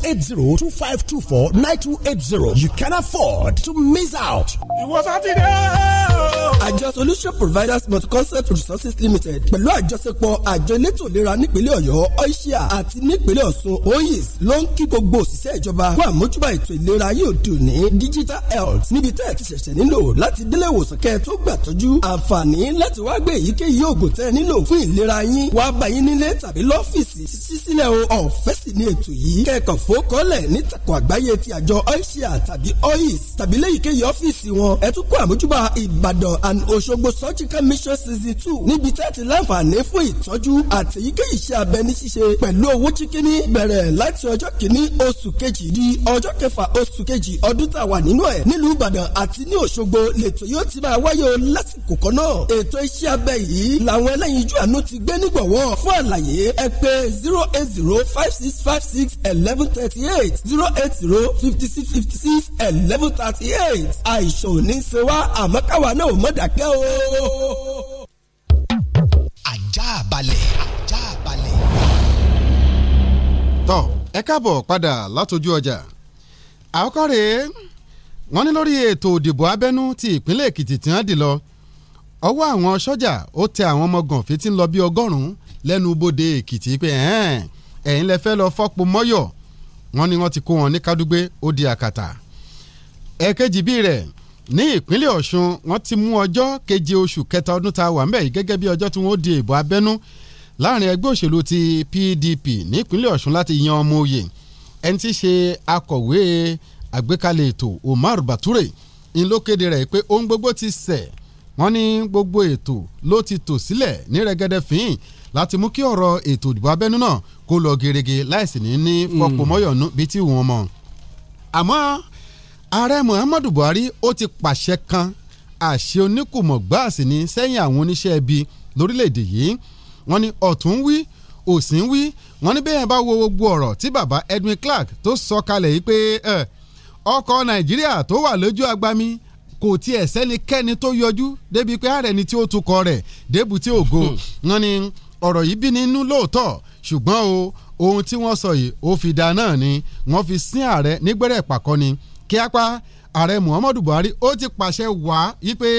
eight zero two five two four nine two eight zero. You can afford to miss out. Ìwọ Sátidé. Àjọ Solution Providers Multi-Concept Resources Limited pẹ̀lú àjọṣepọ̀ àjọ elétò ìlera nípínlẹ̀ Ọ̀yọ́ Oisia àti nípínlẹ̀ Ọ̀ṣun oyis ló ń kí gbogbo òṣìṣẹ́ ìjọba fún àmójúbà ètò ìlera yóò dùn ní digital health níbi tẹ́ ẹ̀ ti ṣẹ̀ṣẹ̀ nílò láti délé ìwòsàn kẹ́ ẹ tó gbà tọ́jú àǹfààní láti wá gbé èyíkéyìí òògùn tẹ́ ẹ nílò fún ìlera yín wá bá yín nílé tàbí lọ́fíìsì sí sísílẹ̀ o ọ̀fẹ́ sì ni ètò yìí kẹ́kọ̀ọ́ fòókọ́lẹ̀ nítàkùn àgbáyé ti àjọ oisia tàbí ois tàbí léyìíkéyìí ọ́fíìsì wọn ẹ̀túnkọ́ àmójúbà ìbàdàn and òṣogbo surgical mission season two níbi tẹ́tí láǹfààní fún ìtọ́jú àtẹ̀yíkéyìí iṣẹ́ abẹ ní ṣíṣe pẹ̀lú owó chíkíní bẹ̀rẹ̀ láti ọjọ́ kìíní oṣù kejì di ọjọ́ kẹfà oṣù kejì ọdún tá a wà nínú ẹ̀ nílùú ìbàdàn àti ní òṣogbo lẹ́tọ̀ yóò ti máa wáyé o lásìkò kan náà ètò iṣẹ́ abẹ yìí làwọn ẹlẹ́yinjú àánú ti gbé nígbọ̀wọ́ fún àlàyé ẹ pé zero eight zero five six five six eleven thirty eight zero eight zero fifty six fifty six eleven thirty eight àìsàn ò ní í ṣe wá àmọ́ káwa náà ò mọ̀ dákẹ́ o. ajá balẹ̀ ajá balẹ̀. tọ́ ẹ káàbọ̀ padà látọjú ọjà àkọ́kọ́ rèé wọ́n ní lórí ètò òdìbò abẹ́nú ti ìpínlẹ̀ Èkìtì tí wọ́n dì lọ ọwọ́ àwọn sọ́jà ó tẹ àwọn ọmọ gànfẹ́ tí ń lọ bí ọgọ́rùn-ún lẹ́nu bodè èkìtì pé ẹ̀yin lẹ fẹ́ lọ fọ́pọ̀ mọ́yọ̀ wọ́n ní wọ́n ti kó wọn ní kádúgbé ó di àkàtà ẹ̀kejì bíi rẹ̀ ní ìpínlẹ̀ ọ̀ṣun wọ́n ti mú ọjọ́ keje oṣù kẹta ọdún tá wà ń bẹ̀ yìí gẹ́gẹ́ bí ọjọ́ tí wọ́n di ìbò abẹ́nú láàrin ẹgbẹ́ òṣèlú ti PDP nípínlẹ̀ ọ̀ṣun láti yan ọmọ òye ẹni tí í ṣe akọ̀wé àgbékalẹ̀ ètò Omar Bature ń ló kéde rẹ̀ pé ohun gbogbo ti ṣẹ̀ wọ́n ní gbogbo ètò ló ti tò sílẹ̀ ní rẹ́gẹ́dẹ́ fín láti mú kí ọ̀rọ̀ ètò ìdìbò abẹ́nú náà kó lọ gerege láìsí ní ní hmm. fọpọ̀mọ́yọ̀nù bíi tí wọ́n mọ̀ àmọ́ ààrẹ Muhammadu Buhari ó ti pàṣẹ kan àṣẹ oníkùmọ̀ gbáàsì ní sẹ́yìn àwọn oníṣẹ́ ibi lórílẹ̀‐èdè yìí wọ́n ní ọ̀tún wí òsín wí wọ́n ní bẹ́ẹ̀ bá wo gbogbo ọ̀rọ̀ tí baba Edwin Clark tó sọ kalẹ̀ yìí pé ọkọ̀ Nàìjíríà tó wà lójú agbami kò tiẹ̀ sẹ́nikẹ́ni tó yọjú débi pé ààrẹ ni tí ó tukọ̀ rẹ̀ débùtì ògo hmm. wọn ni ọ̀rọ̀ yìí bí nínú lóòótọ́ ṣùgbọ́n o ohun tí wọ́n sọ yìí ó fi da náà ni wọ́n fi sín ààrẹ nígbẹ́rẹ́ pàkọ́ ni kíápá ààrẹ Muhammadu Buhari ó ti pàṣẹ wá yí pé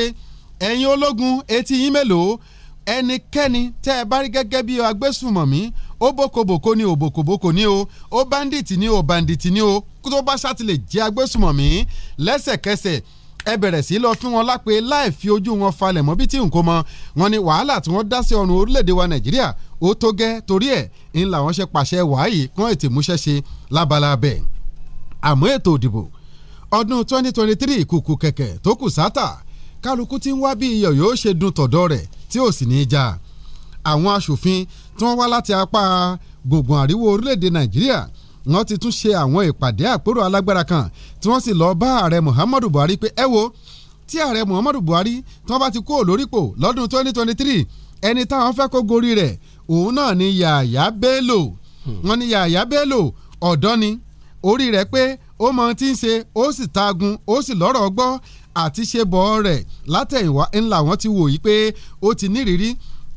ẹ̀yin ológun etí yín mélòó ẹnikẹ́ni tẹ́ ẹ bá rí gẹ́gẹ́ bí agbésùmọ̀mí ó bókobòko ni ò bòkobòko ni o ó bandit ni ò bandit ni o kó tó bá ṣàtìlẹ̀ jẹ́ agbésùmọ̀mí lẹ́sẹ̀kẹsẹ̀ ẹ bẹ̀rẹ̀ sí lọ fún wọn lápè láì fi ojú wọn falẹ̀ mọ́ bí tí nǹkan mọ́ wọn ni wàhálà tí wọ́n dá sí ọrùn orílẹ̀-èdè wa nàìjíríà ó tó gẹ́ torí ẹ̀ ń làwọn ṣe pàṣẹ wàáyé kán ètè múṣẹ́ lábala bẹ́ẹ̀ àmọ́ ètò òdìbò ọdún 2023 kùkù kẹ̀kẹ́ tó kù sátà kálukú tí ń wá bí iyọ̀ yóò ṣe dun tọ̀dọ̀ rẹ̀ tí ò sì ní í já àwọn aṣòfin tí wọ́n wá láti apá gbùngbùn àríwó orílẹ̀-èdè nàìjíríà wọ́n ti tún ṣe àwọn ìpàdé àpérò alágbára kan tí wọ́n sì lọ́ọ́ bá ààrẹ Muhammadu Buhari pé ẹ wo tí ààrẹ Muhammadu Buhari tí wọ́n bá ti kó lórípò lọ́dún 2023 ẹni táwọn fẹ́ kó gorí rẹ̀ òun náà ni Yàyà Bello hmm. wọ́n ní Yàyà Bello ọ̀dọ́ ni orí rẹ̀ pé ó mọ ti ń ṣe ó sì tagun ó sì lọ́rọ̀ gbọ́ àti ṣe bọ́ rẹ̀ látẹ̀yìnwá ńlá wọn ti wò yí pé ó ti nírírí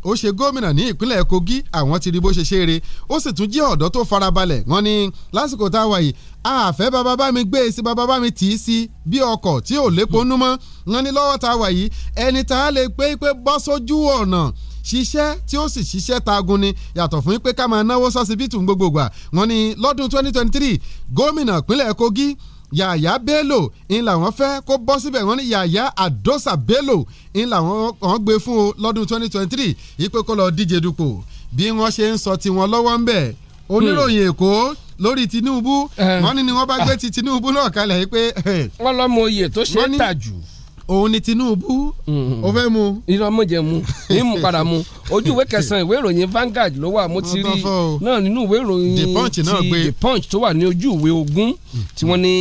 ó ṣe gómìnà ní ìpínlẹ̀ Kogi àwọn ti rí bó ṣe ṣe é re ó sì tún jẹ́ ọ̀dọ́ tó farabalẹ̀ wọ́n ní lásìkò tá a wà yìí àfẹ́ bàbá bá mi gbé e sí bàbá bá mi tì í sí bí ọkọ̀ tí ò lépo nú mọ́ wọ́n ní lọ́wọ́ tá a wà yìí ẹni tá a lè pé pé bọ́ sójú ọ̀nà ṣiṣẹ́ tí ó sì ṣiṣẹ́ tagun ni yàtọ̀ fún pé ká máa náwó sọ́sibítù gbogbogbà wọ́n ní lọ́dún 2023 gómìnà ìpínlẹ̀ Kogi yàyà bello ń làwọn fẹ́ kó bọ́ síbẹ̀ wọ́n ní yàyà àdọ́sà bello ń làwọn kàn gbé fún o lọ́dún 2023 ìpè kó lọ díje dupò bí wọ́n ṣe ń sọ tiwọn lọ́wọ́ ń bẹ̀ oníròyìn hmm. èkó lórí Tinubu eh. wọ́n ní ni wọ́n bá gbé ti Tinubu náà kalẹ̀ yìí pé. wọ́n lọ́mọ oyè tó ṣe é tà jù òun ni Tinubu mm-hmm. o fẹ́ mu. irọ́ mo jẹ mu ní mu padà mu ojú ìwé kẹsàn-án ìwé ìròyìn Vanguard ló wà mo ti rí náà nínú ìwé ìròyìn ti The Punch tó wà ní ojú ìwé ogún tí wọ́n ní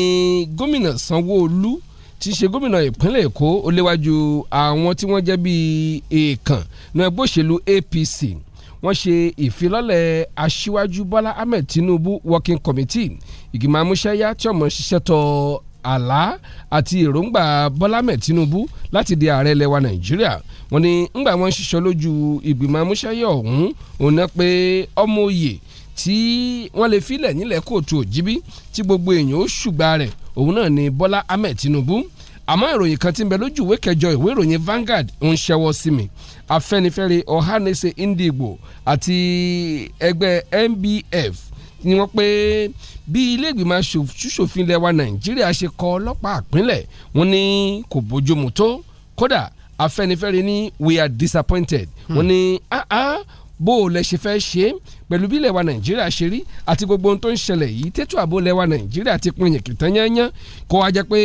gómìnà Sanwó-Olú ti ṣe gómìnà ìpínlẹ̀ Èkó ó léwájú àwọn tí wọ́n jẹ́ bíi èèkàn náà ẹgbẹ́ òṣèlú APC wọ́n ṣe ìfilọ́lẹ̀ aṣíwájú Bọ́lá Ahmed Tinubu working committee ìgbìmọ̀ amúṣẹ́yá tí ọmọ ṣiṣẹ́ tọ́ àlá àti èròǹgbà Bọ́lá mẹ́ Tinubu láti di ààrẹ ilẹ̀ wa Nàìjíríà wọ́n ní ńgbà wọ́n ṣiṣọ́ lójú ìgbìmọ̀ amúṣẹ́yẹ ọ̀hún òun náà pé ọmọ òye tí wọ́n lè filẹ̀ nílẹ̀ kóòtù òjìbí tí gbogbo èèyàn ó ṣùgbà rẹ̀ òun náà ni Bọ́lá Ahmed Tinubu àmọ́ ìròyìn kan ti ń bẹ lójú ìwé kẹjọ ìwé ìròyìn Vanguard ń ṣẹwọ́ sí mi Afẹ́nifẹ́re Ọ̀hánẹsẹ̀ Ndigbo àti ẹgbẹ́ NBF ni wọ́n pé bí ilé ìgbìmọ̀ aṣòfin ilẹ̀ nàìjíríà ṣe kọ ọlọ́pàá àpínlẹ̀ wọ́n ní kò bójúmu tó kódà afẹ́nifẹ́re ní we are disappointed wọ́n ní ah ah bó o lẹ ṣe fẹ́ ṣe é pẹ̀lú bí lẹ̀wà nàìjíríà ṣe rí àti gbogbo ohun tó ń ṣẹlẹ̀ yìí tètò ààbò lẹ̀wà nàìjíríà ti pin yìnkì tán yányán kó wá jẹ́ pé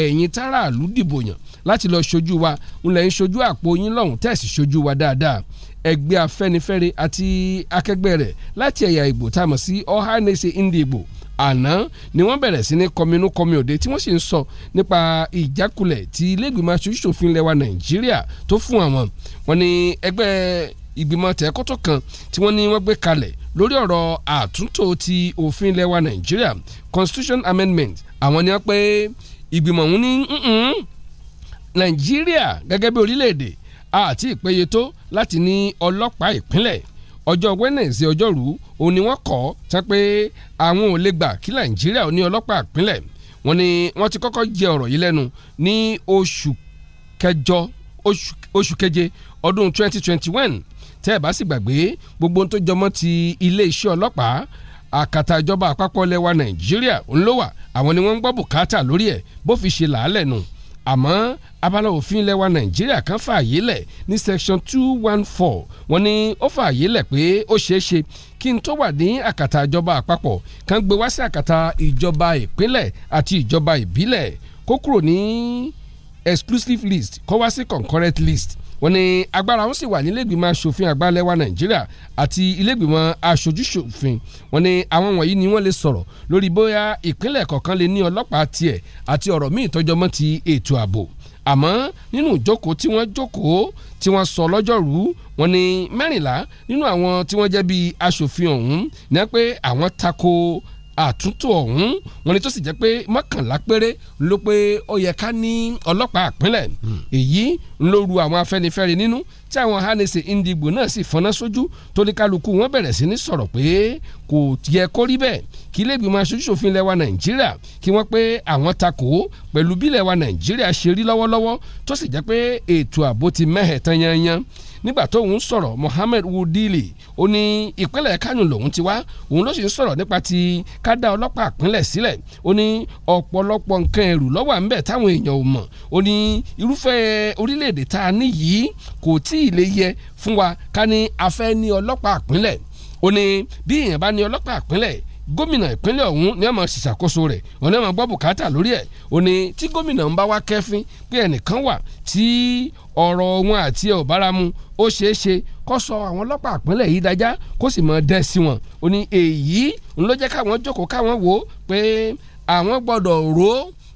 ẹ̀yin táráàlú dìbò yàn láti lọ ṣojú wa ń lẹ̀ ń ṣojú àpò yín lọ́hùn tẹ̀sí ṣojú wa dáadáa ẹgbẹ́ afẹ́nifẹ́re àti akẹgbẹ́ rẹ̀ láti ẹ̀yà ìgbò tá a mọ̀ sí ọ̀hánẹsẹ ìndìgbò àná ni wọ́n bẹ̀rẹ̀ sí ní kọminú kọmi òde tí wọ́n sì ń sọ nípa ìjákulẹ̀ tí ilégbìmọ̀ aṣojú ṣòfin nàìjíríà tó fún àwọn wọ́n ní ẹgbẹ́ ìgbìmọ̀ tẹ̀kọ́tọ̀ kan tí wọ́n ní wọ́n gbé kalẹ̀ lórí ọ̀rọ̀ àtúntò ti òfin ilẹ̀ wa nàìjíríà constitution amendment àwọn ni wọ́n pé ìgbìmọ̀ ọ̀hún ní nàìjíríà gẹ́gẹ́ bí orílẹ̀-èdè àti ìpéye tó láti ní ọlọ́pàá ìpínlẹ̀ ọjọ́ wednesday ọjọ́rú òun ni wọ́n kọ́ tán pé àwọn ò lè gbà kí nàìjíríà ò ní ọlọ́pàá ìpínlẹ̀ wọ́n ní wọ́n ti kọ́kọ́ jẹ ọ̀rọ̀ yìí lẹ́nu ní oṣù kẹjọ oṣù keje ọdún 2021 tẹ́ ẹ̀ bá sì gbàgbé gbogbo ohun tó jọmọ́ ti iléeṣẹ́ ọlọ́pàá àkàtà ìjọba àpapọ̀ lẹ́wà nàìjíríà ńlọ́wà àwọn ni wọ́n ń gbọ́ bùkátà lórí ẹ̀ bó fi ṣe làálẹ̀ nù àmọ́ abala òfin lẹ́wà nàìjíríà kan fààyè lẹ̀ ní section two one four wọ́n ní ó fààyè lẹ̀ pé ó ṣeé ṣe kí n tó wà ní àkàtà ìjọba àpapọ̀ kan gbé wá sí àkàtà ìjọba ìpínlẹ̀ àti ìjọba ìbílẹ̀ kó kúrò ní exclusive list kó wá sí concurrent list wọ́n ní agbára wọn sì wà nílẹ̀gbìmọ̀ asòfin àgbà lẹ́wà nàìjíríà àti ilẹ̀gbìmọ̀ asojúṣòfin wọ́n ní àwọn wọ̀nyí ni wọ́n lè sọ̀rọ̀ lórí bóyá ìpínlẹ̀ kọ̀ọ̀kan lè ní ọlọ́pàá tiẹ̀ àti ọ̀rọ̀ míì tọ́jọ́mọ́ ti ètò ààbò àmọ́ nínú ìjókòó tí wọ́n jókòó tí wọ́n sọ lọ́jọ́rú wọn ni mẹ́rìnlá nínú àwọn tí wọ́n jẹ́ bíi asòfin ọ̀hún ní pé àwọn tako àtúntò ọ̀hún wọn ni tó sì jẹ́ pé mọ́kànlá péré ló pé ó yẹ ká ní ọlọ́pàá àpínlẹ̀ èyí ló ru àwọn afẹ́nifẹ́re nínú tí àwọn hanese indigbo náà sì fọnà sójú tóníkálukú wọn bẹ̀rẹ̀ sí ní sọ̀rọ̀ pé kò yẹ kó rí bẹ́ẹ̀ kí ilé ìgbìmọ̀ aṣojúṣòfin lẹwa nàìjíríà kí wọ́n pé àwọn takò pẹ̀lú bí lẹwa nàìjíríà ṣe rí lọ́wọ́lọ́wọ́ tó sì jẹ́ pé ètò ààbò ti mẹ́hẹ̀ tán yanyan nígbà tóun sọ̀rọ̀ Mohammed Wudili ó ní ìpínlẹ̀ Kánò lòun ti wá òun ló sì ń sọ̀rọ̀ nípa ti kádà ọlọ́pàá ìpínlẹ̀ sílẹ̀ ó ní ọ̀pọ̀lọpọ̀ nǹkan ẹ̀rù ló wà ńbẹ̀ táwọn èèyàn ò mọ̀ ó ní irúfẹ́ orílẹ̀-èdè tá a ní yìí kò tí ì lè yẹ fún wa ká ní afẹ́ ní ọlọ́pàá ìpínlẹ̀ ó ní bí èèyàn bá ní ọlọ́pàá ìpínlẹ̀ gómìnà ìpínlẹ̀ ọ̀hún ní àmọ́ ṣìṣàkóso rẹ̀ òun ní àmọ́ gbọ́ bùkátà lórí ẹ̀ ò ní tí gómìnà ń bá wá kẹ́fín pé ẹnìkan wà tí ọ̀rọ̀ wọn àti ẹ̀ ò bára mu ó ṣeé ṣe kó sọ àwọn ọlọ́pàá ìpínlẹ̀ yìí dájá kó sì mọ̀ dẹ́ sí wọn ò ní èyí ń ló jẹ́ káwọn jókòó káwọn wò ó pé àwọn gbọ́dọ̀ rò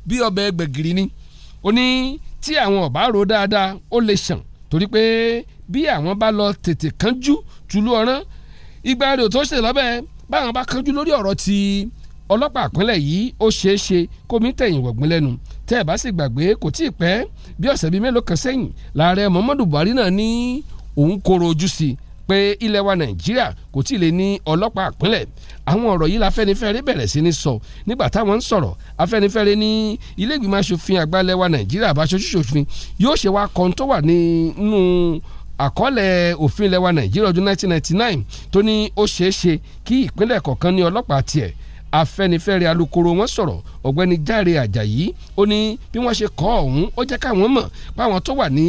bí ọbẹ̀ gbẹ̀gìrì ni ó tí àwọn ọ̀bá rò dáadáa ó lè ṣàn torí pé bí àwọn bá lọ tètè kánjú tùlú ọ̀rán ìgbà rẹ̀ tó ṣe lọ́bẹ̀ẹ́ báwọn bá kanjú lórí ọ̀rọ̀ ti ọlọ́pàá àpínlẹ̀ yìí ó ṣeé ṣe kó mi tẹ̀yìn wọ̀gbìn lẹ́nu tẹ́ ẹ̀ bá sì gbàgbé kò tí ì pẹ́ bí ọ̀sẹ̀ bíi mélòó kan sẹ́yìn láàrẹ Muhammadu Buhari náà ní òun koro ojú sí i pé ilẹ̀ wa Nàìjíríà kò tí ì lè ní ọlọ́pàá àpínlẹ̀ àwọn ọ̀rọ̀ yìí l'Afẹ́nifẹ́re bẹ̀rẹ̀ sí ní sọ nígbà táwọn ń sọ̀rọ̀ Afẹ́nifẹ́re ní ilé ìgbìmọ̀ asòfin àgbà ilẹ̀ Nàìjíríà àbáṣojú yóò ṣe wá kan tó wà nínú àkọọ́lẹ̀ òfin ilẹ̀ wa nàìjíríà ọdún 1999 tó ní ó ṣeé ṣe kí ìpínlẹ̀ kọ̀ọ̀kan ní ọlọ́pàá tiẹ̀ afẹ́nifẹ́re alukoro wọn sọ̀rọ̀ ọ̀gbẹ́ni járe àjàyí ó ní bí wọ́n ṣe kọ́ ọ̀hún ó jẹ́ káwọn mọ̀ páwọn tó wà ní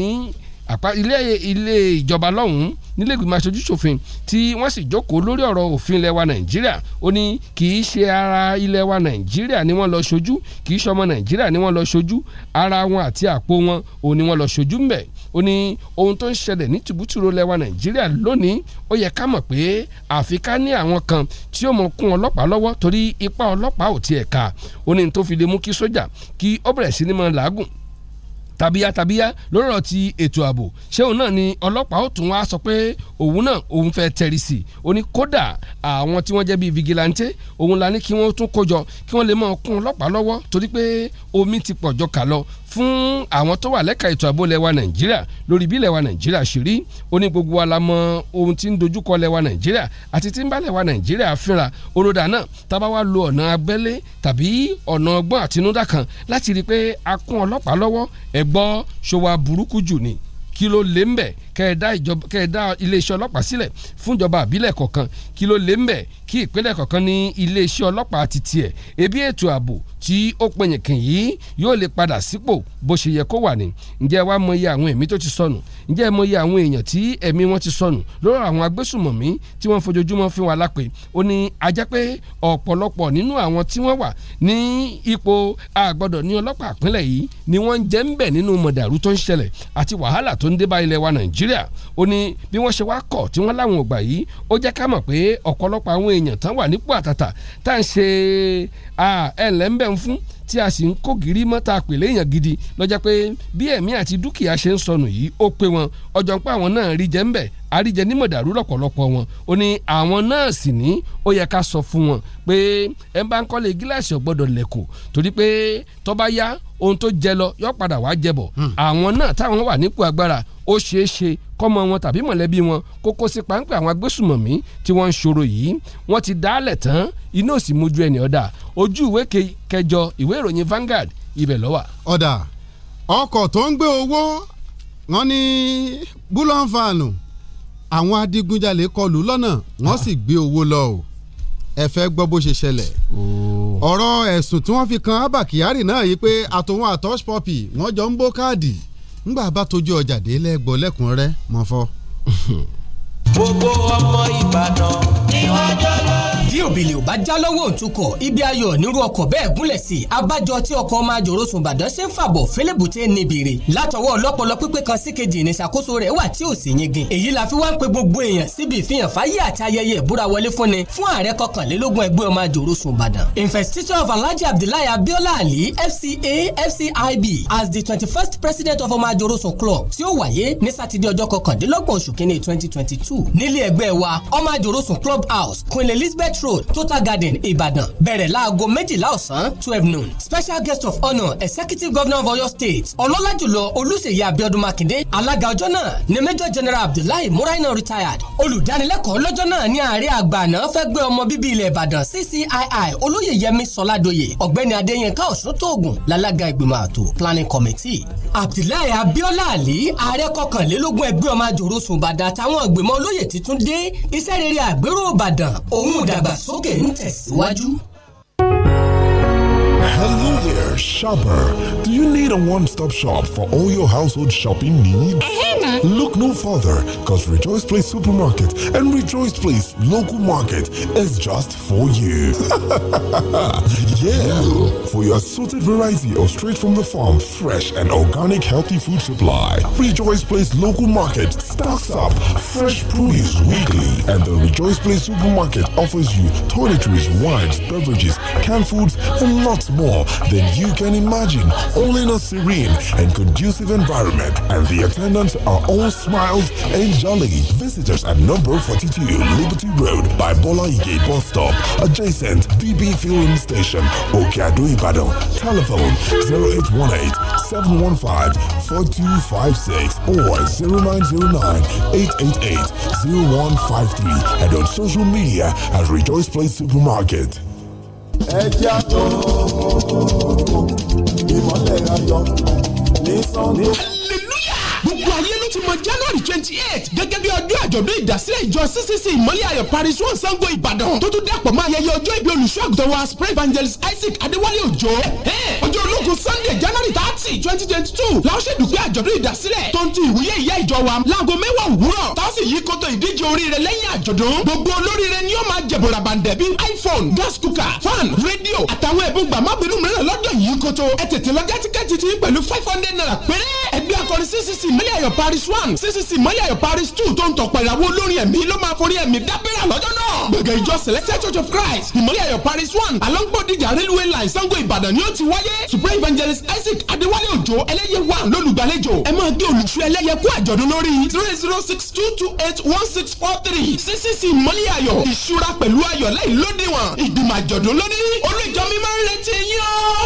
àpá ilé ilé ìjọba lọ́hùn-ún nílé ìgbìmọ̀ aṣojú ṣòfin tí wọ́n sì jókòó lórí ọ̀rọ̀ òfin ilẹ̀ wa nàìjíríà ó ní kì í ṣe ara ilẹ̀ wa nàìjíríà ni wọ́n lọ ṣojú kì í ṣe ọmọ nàìjíríà ni wọ́n lọ ṣojú ara wọn àti àpò wọn ò ní wọ́n lọ ṣojú mbẹ̀ ó ní ohun tó ń ṣẹlẹ̀ ní tìbútúrò ilẹ̀ wa nàìjíríà lónìí ó yẹ ká mọ̀ pé àfi ká ní àwọn kan tí ó mọ kún ọlọ́pàá lọ́wọ́ torí ipá ọlọ́pàá ò tiẹ̀ ká ó ní tó fi lè mú kí sójà kí ó bẹ̀rẹ̀ sí ní mọ làágùn tàbíyátàbíyá lórí ọ̀rọ̀ ti ètò ààbò ṣéun náà ni ọlọ́pàá ó tún wá sọ pé òun náà òun fẹ́ tẹ̀rì sí ó ní kódà àwọn tí wọ́n jẹ́ bíi vigilante òun la ní kí wọ́n tún kójọ kí wọ́n lè máa kún ọlọ́pàá lọ́wọ́ torí pé omi ti pọ̀ kà lọ fún àwọn tó wà lẹ́ka ètò ààbò lẹ́wà nàìjíríà lórí bí lẹ́wà nàìjíríà ṣe rí ó ní gbogbo wa la mọ ohun tí ń dojúkọ lẹ́wà nàìjíríà àti tí ń bá lẹ́wà nàìjíríà fínra olódà náà tábà wá lo ọ̀nà abẹ́lé tàbí ọ̀nà ọgbọ́n àtinúdá kan láti rí i pé a kún ọlọ́pàá lọ́wọ́ ẹ̀gbọ́ ṣòwò burúkú jù ni kí ló lè ń bẹ̀ ẹ dá iléeṣẹ́ ọlọ́pàá sílẹ̀ fúnjọba àbílẹ̀ kọ̀ọ̀kan kí ló lè ń kí ìpínlẹ̀ kọ̀ọ̀kan ní iléeṣẹ́ ọlọ́pàá ti tiẹ̀ ebi ètò ààbò tí ó penyìnkìn yìí yóò lè padà sípò bó ṣe yẹ kó wà ní ǹjẹ́ wàá mọ iye àwọn ẹ̀mí tó ti sọnù ǹjẹ́ mọ iye àwọn èèyàn tí ẹ̀mí wọn ti sọnù lórí àwọn agbésùmọ̀mí tí wọ́n fojoojúmọ́ fi wà lápè ó ní ajẹ́ pé ọ̀pọ̀lọpọ̀ nínú àwọn tí wọ́n wà ní ipò àgbọ̀dọ̀ ní ọlọ́pàá àpínlẹ̀ yìí ni wọ́n ń jẹ́ ń bẹ̀ nínú mọ̀dàrú tó ń ṣẹlẹ̀ àti wàhálà tó ń dé bá ilẹ̀ wa Nàìjíríà ó ní bí wọ́n ṣe wá kọ̀ tí wọ́n láwọn ògbà yìí ó jẹ́ ká mọ̀ pé ọ̀pọ̀lọpọ̀ àwọn èèyàn tán wà nípò àtàtà tá à ń ṣe ẹ̀ ńlẹ́ ń bẹ̀ ń fún tí a sì ń kó gírí mọ́ta pèlè èèyàn gidi lọ́jọ́ pé bí ẹ̀mí àti dúkìá ṣe ń sọnù yìí ó pé wọn ọjọ́ ń pa àwọn náà rí jẹ́ ń bẹ̀ àríjẹ nímọ̀dàrú lọ́pọ̀lọpọ̀ wọn ó ní àwọn náà sì ní ó yẹ ká sọ fún wọn pé ẹ bá ń kọ́lé gíláàsì ọ̀gbọ́dọ̀ lẹ́kọ̀ọ́ torí pé tó bá yá ohun tó jẹ lọ yọ padà wá jẹ bọ̀ hmm. àwọn náà táwọn wà nípò agbára ó ṣeé ṣe kọ́mọ wọn tàbí mọ̀lẹ́bí wọn kókó sí páńpẹ́ àwọn agbésùmọ̀mí tí wọ́n ń ṣòro yìí wọ́n ti dálẹ̀ tán iná ò sì mójú ẹni ọ̀dà ojú ìwé kẹjọ ìwé ìròyìn Vanguard ibẹ̀ ló wà. ọ̀dà ọkọ̀ tó ń gbé owó wọn ní búlọ̀nfàànù àwọn adigunjalè kọlù lọ́nà wọ́n sì gbé owó lọ o ẹ fẹ́ gbọ́ bó ṣe ṣẹlẹ̀ oh. ọ̀rọ̀ ẹ̀sùn tí wọ́n fi kan Abba Kyari náà yìí pé àtòwọn àtọ́ṣ pọ́pì wọ́n jọ ń bó káàdì ńgbà bá tójú ọjà dé lẹ́gbọ́ gbogbo ọmọ Ìbàdàn ni wọ́n jọ lọ. bí òbílì ò bá já lọ́wọ́ òtúkọ̀ ibi ayọ̀ nírú ọkọ̀ bẹ́ẹ̀ gúnlẹ̀ sí abájọ tí ọkọ̀ máa jòrò sùn bàdán ṣe ń fàbọ̀ fẹlẹ́bùtẹ́ ní bèrè látọwọ́ ọlọ́pọlọ pípé kan sí kejì ìníṣàkóso rẹ̀ wà tí ò sì yingin èyí la fi wá ń pe gbogbo èèyàn síbi ìfihàn fáyé àti ayẹyẹ ìbúra wọlé fúnni fún ààrẹ kọkànlélógún ẹgbẹ́ ọmọ àjòrò sùn bàdàn investiture of alhaji abdullahi abiola ali fca fcib as the twenty first president of ọmọ club tí ó wáyé ní sátidé ọjọ́ kọkàndínlọ́gbọ̀n oṣù kínní twenty twenty two nílé ẹgbẹ́ wa ọmọ àjòrò club house queen elizabeth road total garden ìbàdàn bẹ̀rẹ̀ láago méjìlá ọ̀sán twelve noon special guest of honour executive governor of ọ̀yọ́ state ọlọ́lájùlọ olùṣèyí abiodun makinde alága ọjọ́ náà ni major general abdullahi muraina retired olùdánilẹ́kọ̀ọ́ lọ́jọ́ náà ni ààrẹ àgbà àná fẹ́ gbé ọmọ bíbí ilẹ̀ ìbàdàn ccii olóyè yẹmi sọládòye ọ̀gbẹ́ni adéyẹnká ọ̀ṣuntóògùn lálága ìgbìmọ̀ àtò planning committee abdullahi abiola ali ààrẹ kọkànlélógún ẹgbẹ́ ọmọ àjòrò sùn ìbàdàn àtàwọn ìgbìmọ̀ olóyè titun dé iṣẹ́ rere àgbérò ìbàdàn òun ìdàgbà ìdàgbàsókè ń tẹ̀síwájú. Hello there, shopper. Do you need a one-stop shop for all your household shopping needs? Uh-huh, Look no further, because Rejoice Place Supermarket and Rejoice Place Local Market is just for you. yeah, for your assorted variety of straight from the farm, fresh and organic healthy food supply. Rejoice Place Local Market stocks up fresh produce weekly and the Rejoice Place Supermarket offers you toiletries, wines, beverages, canned foods and lots more more than you can imagine, all in a serene and conducive environment. And the attendants are all smiles and jolly. Visitors at number 42 Liberty Road by Bola bus stop, adjacent DB Fueling Station, Okeado Ibadan. Telephone 0818 715 4256 or 0909 888 0153 and on social media at Rejoice Place Supermarket. ẹjẹ́ àtọ̀ ìmọ̀lẹ̀ ayọ̀ ní Sunday gbogbo ayé ló ti mọ january twenty eight gẹ́gẹ́ bí ọjọ́ àjọ̀dún ìdásílẹ̀ ìjọ ccc ìmọ́lẹ̀ ayọ̀ paris one sango ìbàdàn tó tún dàpọ̀ mọ́ ayẹyẹ ọjọ́ ìbí olùṣọ́àgùtàn wa spray evangelist isaac adéwálé òjò ọjọ́ ológun sunday january thirty twenty twenty two la ó ṣèdùpẹ́ àjọ̀dún ìdásílẹ̀ tó ń ti ìwúyẹ́ ìyá ìjọ wa láago mẹ́wàá òwúrọ̀ tá a sì yí kótó ìdíje oríire lẹ́yìn àjọ̀dún gbogbo olóríire ni ó máa jẹ̀bùrà bàǹdẹ̀ bíi iphone gas cooker fan rédíò àtàwọn ẹ̀bùn gbàmábìnrin mìíràn lọ́dọ̀ yìí kótó ẹ̀ tètè lọ jẹ́ tíkẹ́ẹ̀tì tí pẹ̀lú five hundred naira péré ẹgbẹ́ akọrin ccc mọ́lẹ̀ ayọ̀ paris one ccc mọ́lẹ̀ ayọ̀ paris two tó ń tọ̀pọ̀ ìyàwó olórin ẹ̀mí ló máa forí ẹ̀mí dábẹ́rẹ́ àlọ́jọ́ náà. gbẹ̀gẹ̀ ìjọ celestial church of christ ìmọ́lẹ̀ ayọ̀ paris one alongbodija railway line sango ìbàdàn ni ó ti wáyé supreme evangelist isaac adéwálé òjò ẹlẹ́yẹ one lólùgbàlejò ẹ máa gbé olùsù ẹlẹ́yẹ kú àjọ̀dún lórí three zero six two two eight one six four three ccc ìmọ́lẹ̀ ayọ̀ ìṣúra pẹ̀lú ayọ̀ láì lódiwọ̀n ìgbìmọ̀ àjọ̀dún lónìí olùjọ́ mi máa ń retí yín o.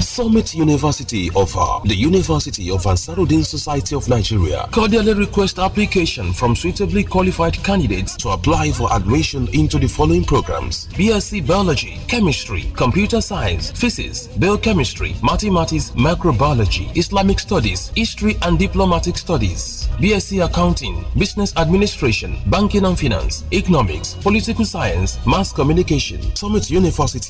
Summit University of uh, the University of Ansarudin Society of Nigeria cordially request application from suitably qualified candidates to apply for admission into the following programs BSc Biology, Chemistry, Computer Science, Physics, Biochemistry, Mathematics, Microbiology, Islamic Studies, History and Diplomatic Studies, BSc Accounting, Business Administration, Banking and Finance, Economics, Political Science, Mass Communication, Summit University.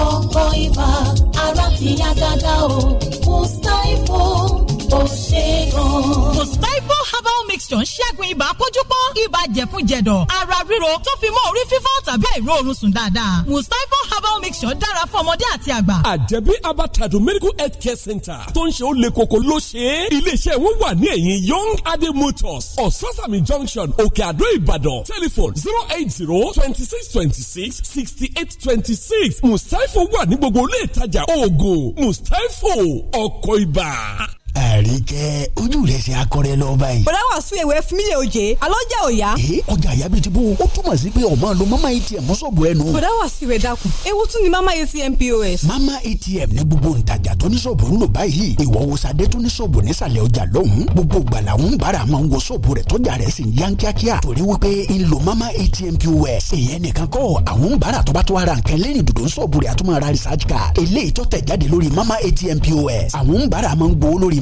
ọkọ̀ ibà ara ti yá gágá o mustapho ò ṣe é gan. mustapho herbal mixture ń ṣẹ́gun ibà kójúpọ́ ibà jẹ̀fun-jẹ̀dọ̀ ara ríro tó fi mọ́ orí fífọ́ tàbí àìróorun sùn dáadáa mustapha herbal mixture dára fún ọmọdé àti àgbà. àjẹbí abatado medical health care center tó ń ṣe ó le koko ló ṣe é iléeṣẹ́ wọn wà ní ẹ̀yìn young adé motors ososami junction òkè àdó ìbàdàn telephone zero eight zero twenty six twenty six sixty eight twenty six mustapha wà ní gbogbo ilé ìtajà oògùn mustapha ọkọ̀ ibà àríkẹ́ ojú rẹ̀ ṣe akọrẹ lọ báyìí. bọ̀dá wà sún ewé fún mi lè oje alọ́ jẹ́ òya. ee ọjà àyà bíi ti bó o túmọ̀ sí pé ọmọ lo mama atm mọ́sọ̀bù ẹnu. bọ̀dá wà sí ìwé dákun ewu tún ni mama atm pos. mama atm ní gbogbo ntajà tó ní sọ̀bù ń lò báyìí ìwọ wo sadé tó ní sọ̀bù nísàlẹ̀ ọjà lọ́hùn gbogbo gbala ń bára máa ń wo sọ̀bù rẹ̀ tọ́jà rẹ̀ sì ń yan kíákíá torí wípé ń mama atm pos èèyàn nìkan kọ́ àwọn ń bára tó bá tó ara nǹkan lẹ́yìn dòdò sọ̀bù rẹ̀ àtúmọ̀ ara research mama atm pos àwọn ń bára máa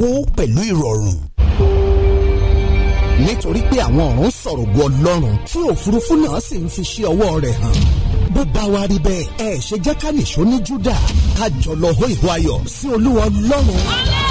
owó pẹ̀lú ìrọ̀rùn nítorí pé àwọn ọ̀run sọ̀rọ̀ gu ọlọ́run tí òfurufú náà sì ń fi ṣe ọwọ́ rẹ̀ hàn bó bá wa rí bẹ́ẹ̀ ẹ ṣe jẹ́ ká nìṣó ní júdà ká jọ lọ hó ìhó ayọ̀ sí olúwa ọlọ́run. ọlọ́run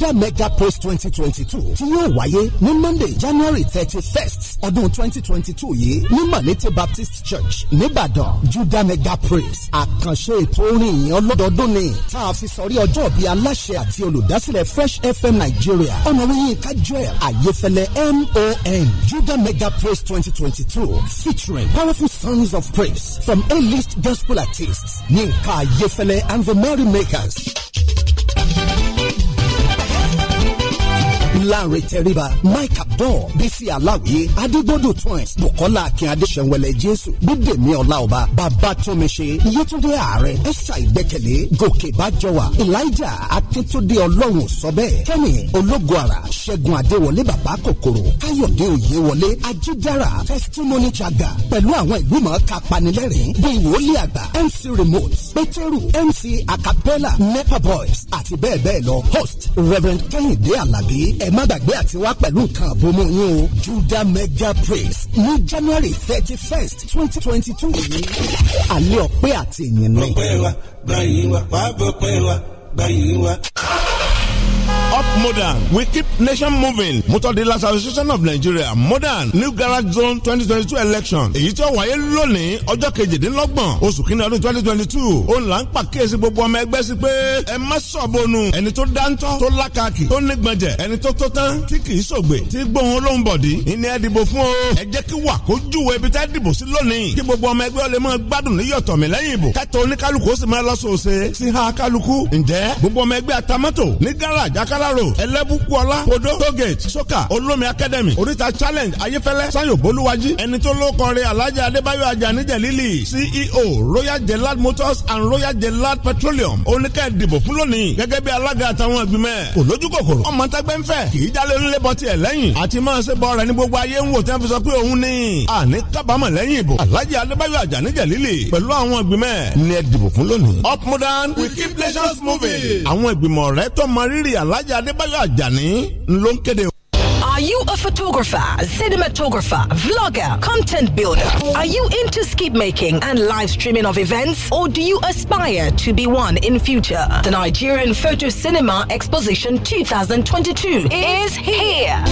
Yoda Mega Post 2022. twenty tí yóò wáyé ní Monday January 31st, ọdún twenty twenty two yìí ní Malete Baptist Church nìbàdàn Juda Mega Praise àkànṣe ètò orin ìyẹn ọlọ́dọọdún ni tá a fi sọrí ọjọ́ bíi aláṣẹ àti olùdásílẹ̀ Fresh FM Nigeria ọ̀nàwé Yinka Joel Ayefẹlẹ MON Juda Mega Praise 2022, featuring powerful songs of praise from A-list gospel artists Yinka Ayefẹlẹ and the Merrymakers. Lanre Tẹríba Mike Abdul Bisi Aláwìyé Adégbòdò Twins Bukola Akin Adéṣẹ́wẹlẹ̀ Jésù Bídèmí Ọláọba Babátúnmiṣe Yétúndé Ààrẹ Ẹ̀ṣà Ìgbẹ́kẹ̀lé Gòkè Bájọwà Elijah Akíntúndé Ọlọ́run Sọ́bẹ̀ Kẹ́mi Ológo Àrà Ṣẹ́gun Adéwọlé Bàbá Kòkòrò Káyọ̀dé Òyewọlé Ajídára Testimony Chaga pẹ̀lú àwọn ìlú mọ̀ọ́ká panilẹ́rìn bíi wòlíì àgbà MC Remote Pétérù MC Acapella Nepa Boys àti bẹ́ẹ̀ bẹ́ẹ̀ lọ host Rev Kẹ́hìndé Àlàbí ẹ̀ ẹ má gbàgbé àti wá pẹ̀lú nǹkan àbomú yín o Judah mega praise ní January thirty first twenty twenty two yìí alẹ́ ọ̀pẹ àti ìyìn náà. ọ̀pẹ wa gba yìí wa wàá bọ̀ pẹ́ wa gba yìí wa. Up Modern. We keep nation moving. Motor Dealers Association of Nigeria Modern New Garage Zone 2022 election. Èyí tí ó wáyé lónìí ọjọ́ kejìdínlọ́gbọ̀n oṣù kínní ọdún 2022. twenty two. pa là ń pàkíyèsí gbogbo ọmọ ẹgbẹ́ sí pé ẹ má sọ̀bọnù. Ẹni tó dáńtọ́ tó lákàkì tó nígbọ̀njẹ̀ ẹni tó tó tán tí kì í ṣògbè tí gbóhùn olóhùn bọ̀dí. Ìní ẹ dìbò fún o. Ẹ jẹ́ kí wà kó júwe ibi tá dìbò sí lónìí. Kí gbogbo ọmọ ẹgbẹ́ ó lè máa gbádùn níyọ̀tọ̀ mi lẹ́yìn ìbò. Kẹ́tọ̀ central road ẹlẹ́bùkú ọlá podo tógèt academy oríta challenge ayéfẹ́lẹ́ sanyo bolúwájí ẹni tó ló kọrin alhaji adébáyọ̀ ajani jẹ̀lílì ceo royal jelad motors and royal jelad petroleum oníkẹ́ ìdìbò fún lónìí gẹ́gẹ́ bí alága àtàwọn ìgbìmẹ̀ kò lójú kòkòrò ọmọ tágbẹ́ ń fẹ́ kì í jalè ńlẹ̀ bọ́ tiẹ̀ lẹ́yìn àti máa ṣe bọ́ rẹ̀ ní gbogbo ayé ń wò tẹ́ fi sọ pé òun ni àní kábàámọ̀ lẹ́yìn ìbò alhaji adébáyọ̀ ajani jẹ̀lílì pẹ̀lú àwọn ìgbìmẹ̀ ni ẹ dìbò fún lónìí. up modern we keep nations moving. Alhaji Adébáyọ̀ Àjàní ló ń kéde Are you a photographer, cinematographer, vlogger, content builder? Are you into skip making and live streaming of events? Or do you aspire to be one in future? The Nigerian Photo Cinema Exposition 2022 is here.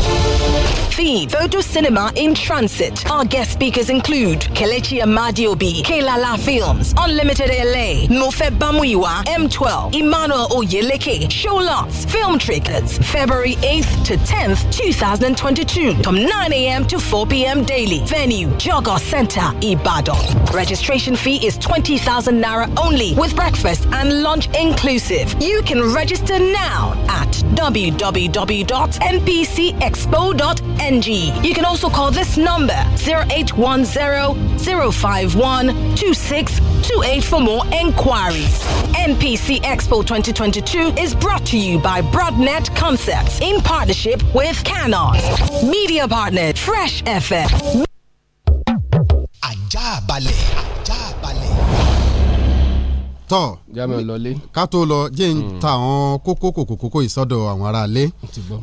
Theme Photo Cinema in Transit. Our guest speakers include Kelechi Amadiobi, Kelala Films, Unlimited LA, Mofe Bamuiwa, M12, Emmanuel Oyeleke, Show Lots, Film Trickers, February 8th to 10th, 2022. 2022 from 9 a.m. to 4 p.m. daily. Venue, Jogger Center, Ibadan. Registration fee is 20,000 naira only with breakfast and lunch inclusive. You can register now at www.npcexpo.ng. You can also call this number 0810 051 2628 for more enquiries. NPC Expo 2022 is brought to you by Broadnet Concepts in partnership with Canon. Renaissance. Media partner Fresh FM. Ajá balẹ̀. Ajá balẹ̀. tọ́ ká tó lọ jẹ́ ń ta àwọn kókó kòkòkò ìsọdọ̀ àwọn aráalé